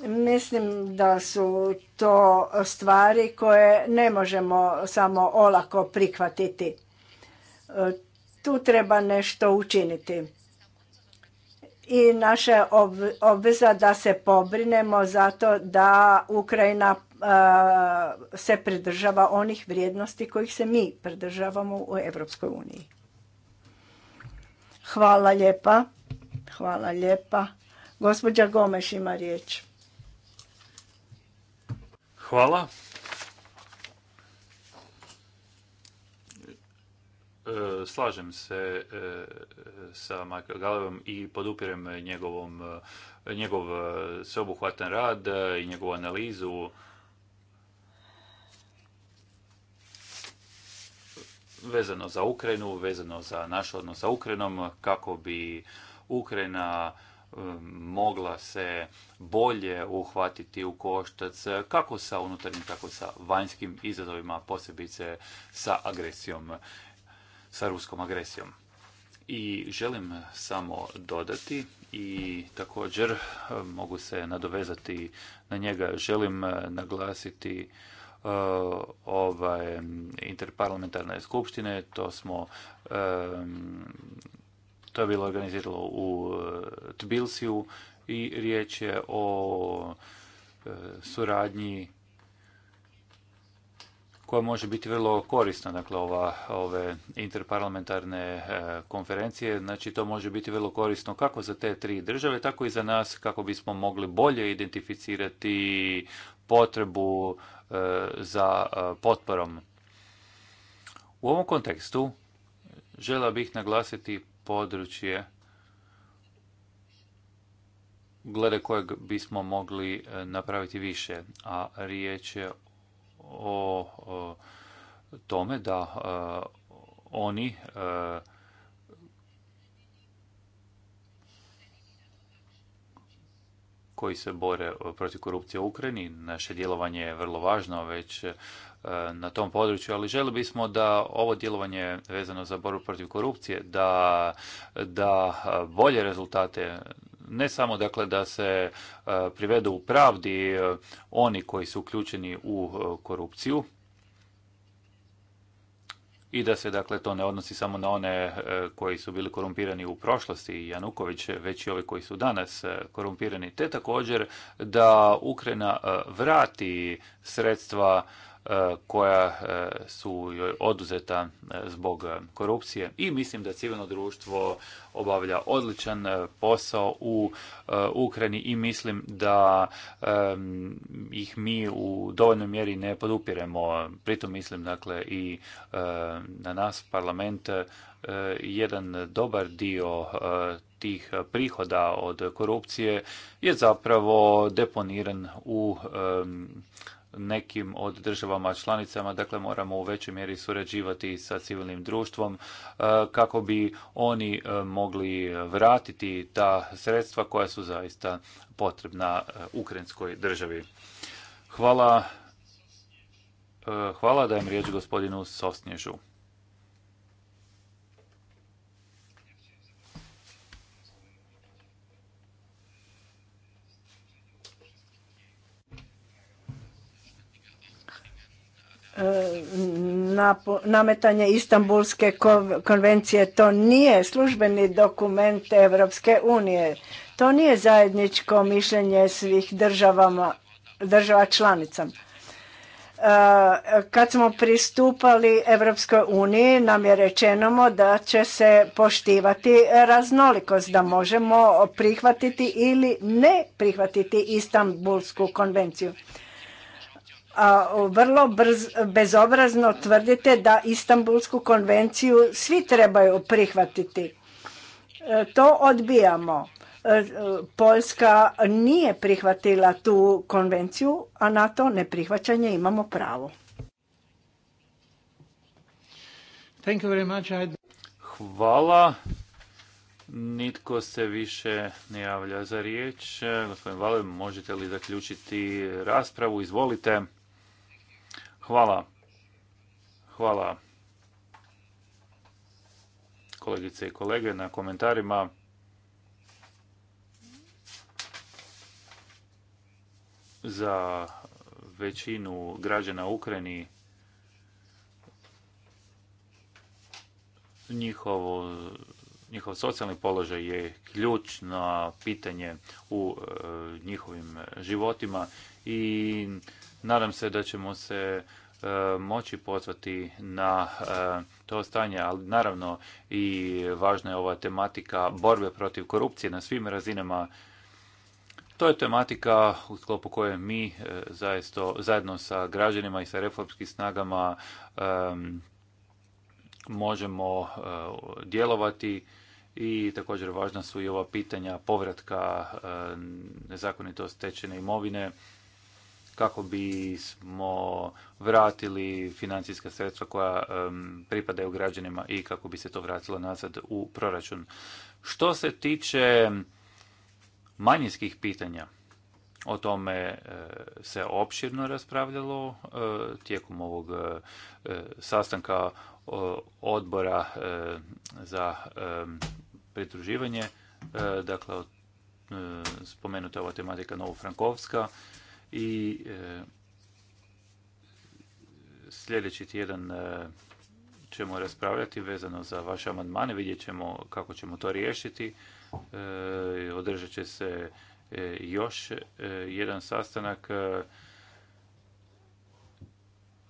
Mislim da su to stvari koje ne možemo samo olako prihvatiti. Tu treba nešto učiniti. I naša obveza da se pobrinemo zato da Ukrajina se pridržava onih vrijednosti kojih se mi pridržavamo u Europskoj uniji. Hvala lijepa. Hvala lijepa. Gospođa Gomeš ima riječ. Hvala. E, slažem se e, sa Michael Galevom i podupirem njegovom, e, njegov sveobuhvatan rad i njegovu analizu vezano za Ukrajinu, vezano za naš odnos sa Ukrajinom, kako bi Ukrajina mogla se bolje uhvatiti u koštac kako sa unutarnjim, tako sa vanjskim izazovima, posebice sa agresijom sa ruskom agresijom. I želim samo dodati i također eh, mogu se nadovezati na njega. Želim eh, naglasiti eh, ovaj interparlamentarne skupštine, to smo to je bilo organiziralo u Tbilisiju i riječ je o suradnji koja može biti vrlo korisna, dakle ova, ove interparlamentarne e, konferencije, znači to može biti vrlo korisno kako za te tri države, tako i za nas kako bismo mogli bolje identificirati potrebu e, za e, potporom. U ovom kontekstu žela bih naglasiti područje glede kojeg bismo mogli napraviti više, a riječ je o tome da e, oni e, koji se bore protiv korupcije u Ukrajini. Naše djelovanje je vrlo važno već e, na tom području, ali želi bismo da ovo djelovanje vezano za borbu protiv korupcije, da, da bolje rezultate ne samo dakle da se e, privedu u pravdi e, oni koji su uključeni u e, korupciju i da se dakle to ne odnosi samo na one koji su bili korumpirani u prošlosti Januković, već i ovi koji su danas korumpirani, te također da Ukrajina vrati sredstva E, koja e, su joj oduzeta e, zbog korupcije i mislim da civilno društvo obavlja odličan posao u Ukrajini i mislim da ih mi u dovoljnoj mjeri ne podupiremo. Pritom mislim dakle i na nas parlament jedan dobar dio tih prihoda od korupcije je zapravo deponiran u nekim od državama članicama, dakle moramo u većoj mjeri surađivati sa civilnim društvom e, kako bi oni e, mogli vratiti ta sredstva koja su zaista potrebna e, ukrajinskoj državi. Hvala, hvala dajem riječ gospodinu Sosnježu. nametanje Istanbulske konvencije to nije službeni dokument Evropske unije. To nije zajedničko mišljenje svih državama, država članica. E, kad smo pristupali Evropskoj uniji nam je rečeno da će se poštivati raznolikost, da možemo prihvatiti ili ne prihvatiti Istanbulsku konvenciju a vrlo bezobrazno tvrdite da Istanbulsku konvenciju svi trebaju prihvatiti. E, to odbijamo. E, Poljska nije prihvatila tu konvenciju, a na to neprihvaćanje imamo pravo. Hvala. Nitko se više ne javlja za riječ. E, gospodin Vale, možete li zaključiti raspravu? Izvolite. Hvala. Hvala kolegice i kolege na komentarima. Za većinu građana Ukrajini njihovo njihov socijalni položaj je ključno pitanje u e, njihovim životima i Nadam se da ćemo se e, moći pozvati na e, to stanje, ali naravno i važna je ova tematika borbe protiv korupcije na svim razinama. To je tematika u sklopu koje mi e, zaisto zajedno sa građanima i sa reformskim snagama možemo djelovati i također važna su i ova pitanja povratka nezakonito stečene imovine kako smo vratili financijska sredstva koja pripadaju građanima i kako bi se to vratilo nazad u proračun. Što se tiče manjinskih pitanja, o tome e, se opširno raspravljalo e, tijekom ovog e, sastanka odbora za pridruživanje. Dakle, spomenuta je ova tematika Novofrankovska. Frankovska i e, sljedeći tjedan e, ćemo raspravljati vezano za vaše amandmane, vidjet ćemo kako ćemo to riješiti. E, održat će se još jedan sastanak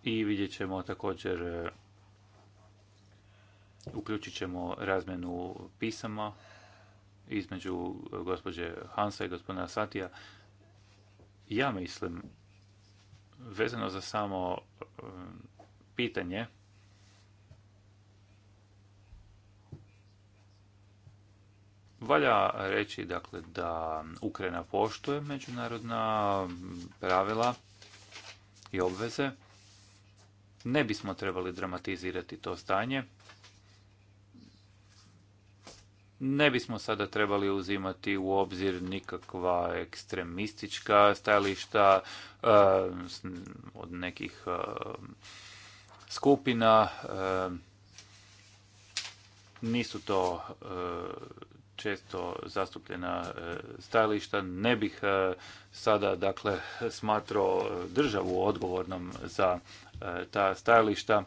i vidjet ćemo također uključit ćemo razmenu pisama između gospođe Hansa i gospodina Satija ja mislim, vezano za samo um, pitanje, Valja reći dakle, da Ukrajina poštuje međunarodna pravila i obveze. Ne bismo trebali dramatizirati to stanje ne bismo sada trebali uzimati u obzir nikakva ekstremistička stajališta e, od nekih e, skupina. E, nisu to često zastupljena stajališta. Ne bih sada dakle smatrao državu odgovornom za ta stajališta.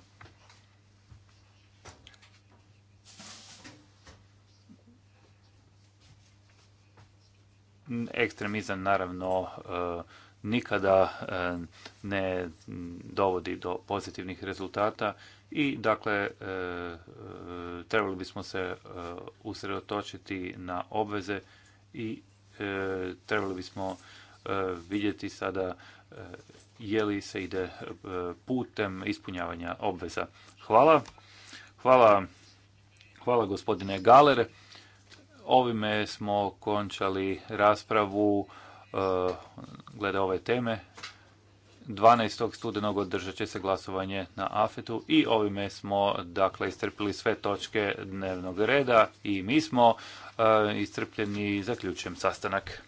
Ekstremizam naravno e, nikada e, ne dovodi do pozitivnih rezultata i dakle e, trebali bismo se usredotočiti na obveze i trebali bismo vidjeti sada je li se ide putem ispunjavanja obveza. Hvala. Hvala, hvala gospodine Galere. Ovime smo končali raspravu e, glede ove teme. 12. studenog održat će se glasovanje na AFET-u i ovime smo dakle istrpili sve točke dnevnog reda i mi smo e, iscrpljeni zaključujem sastanak.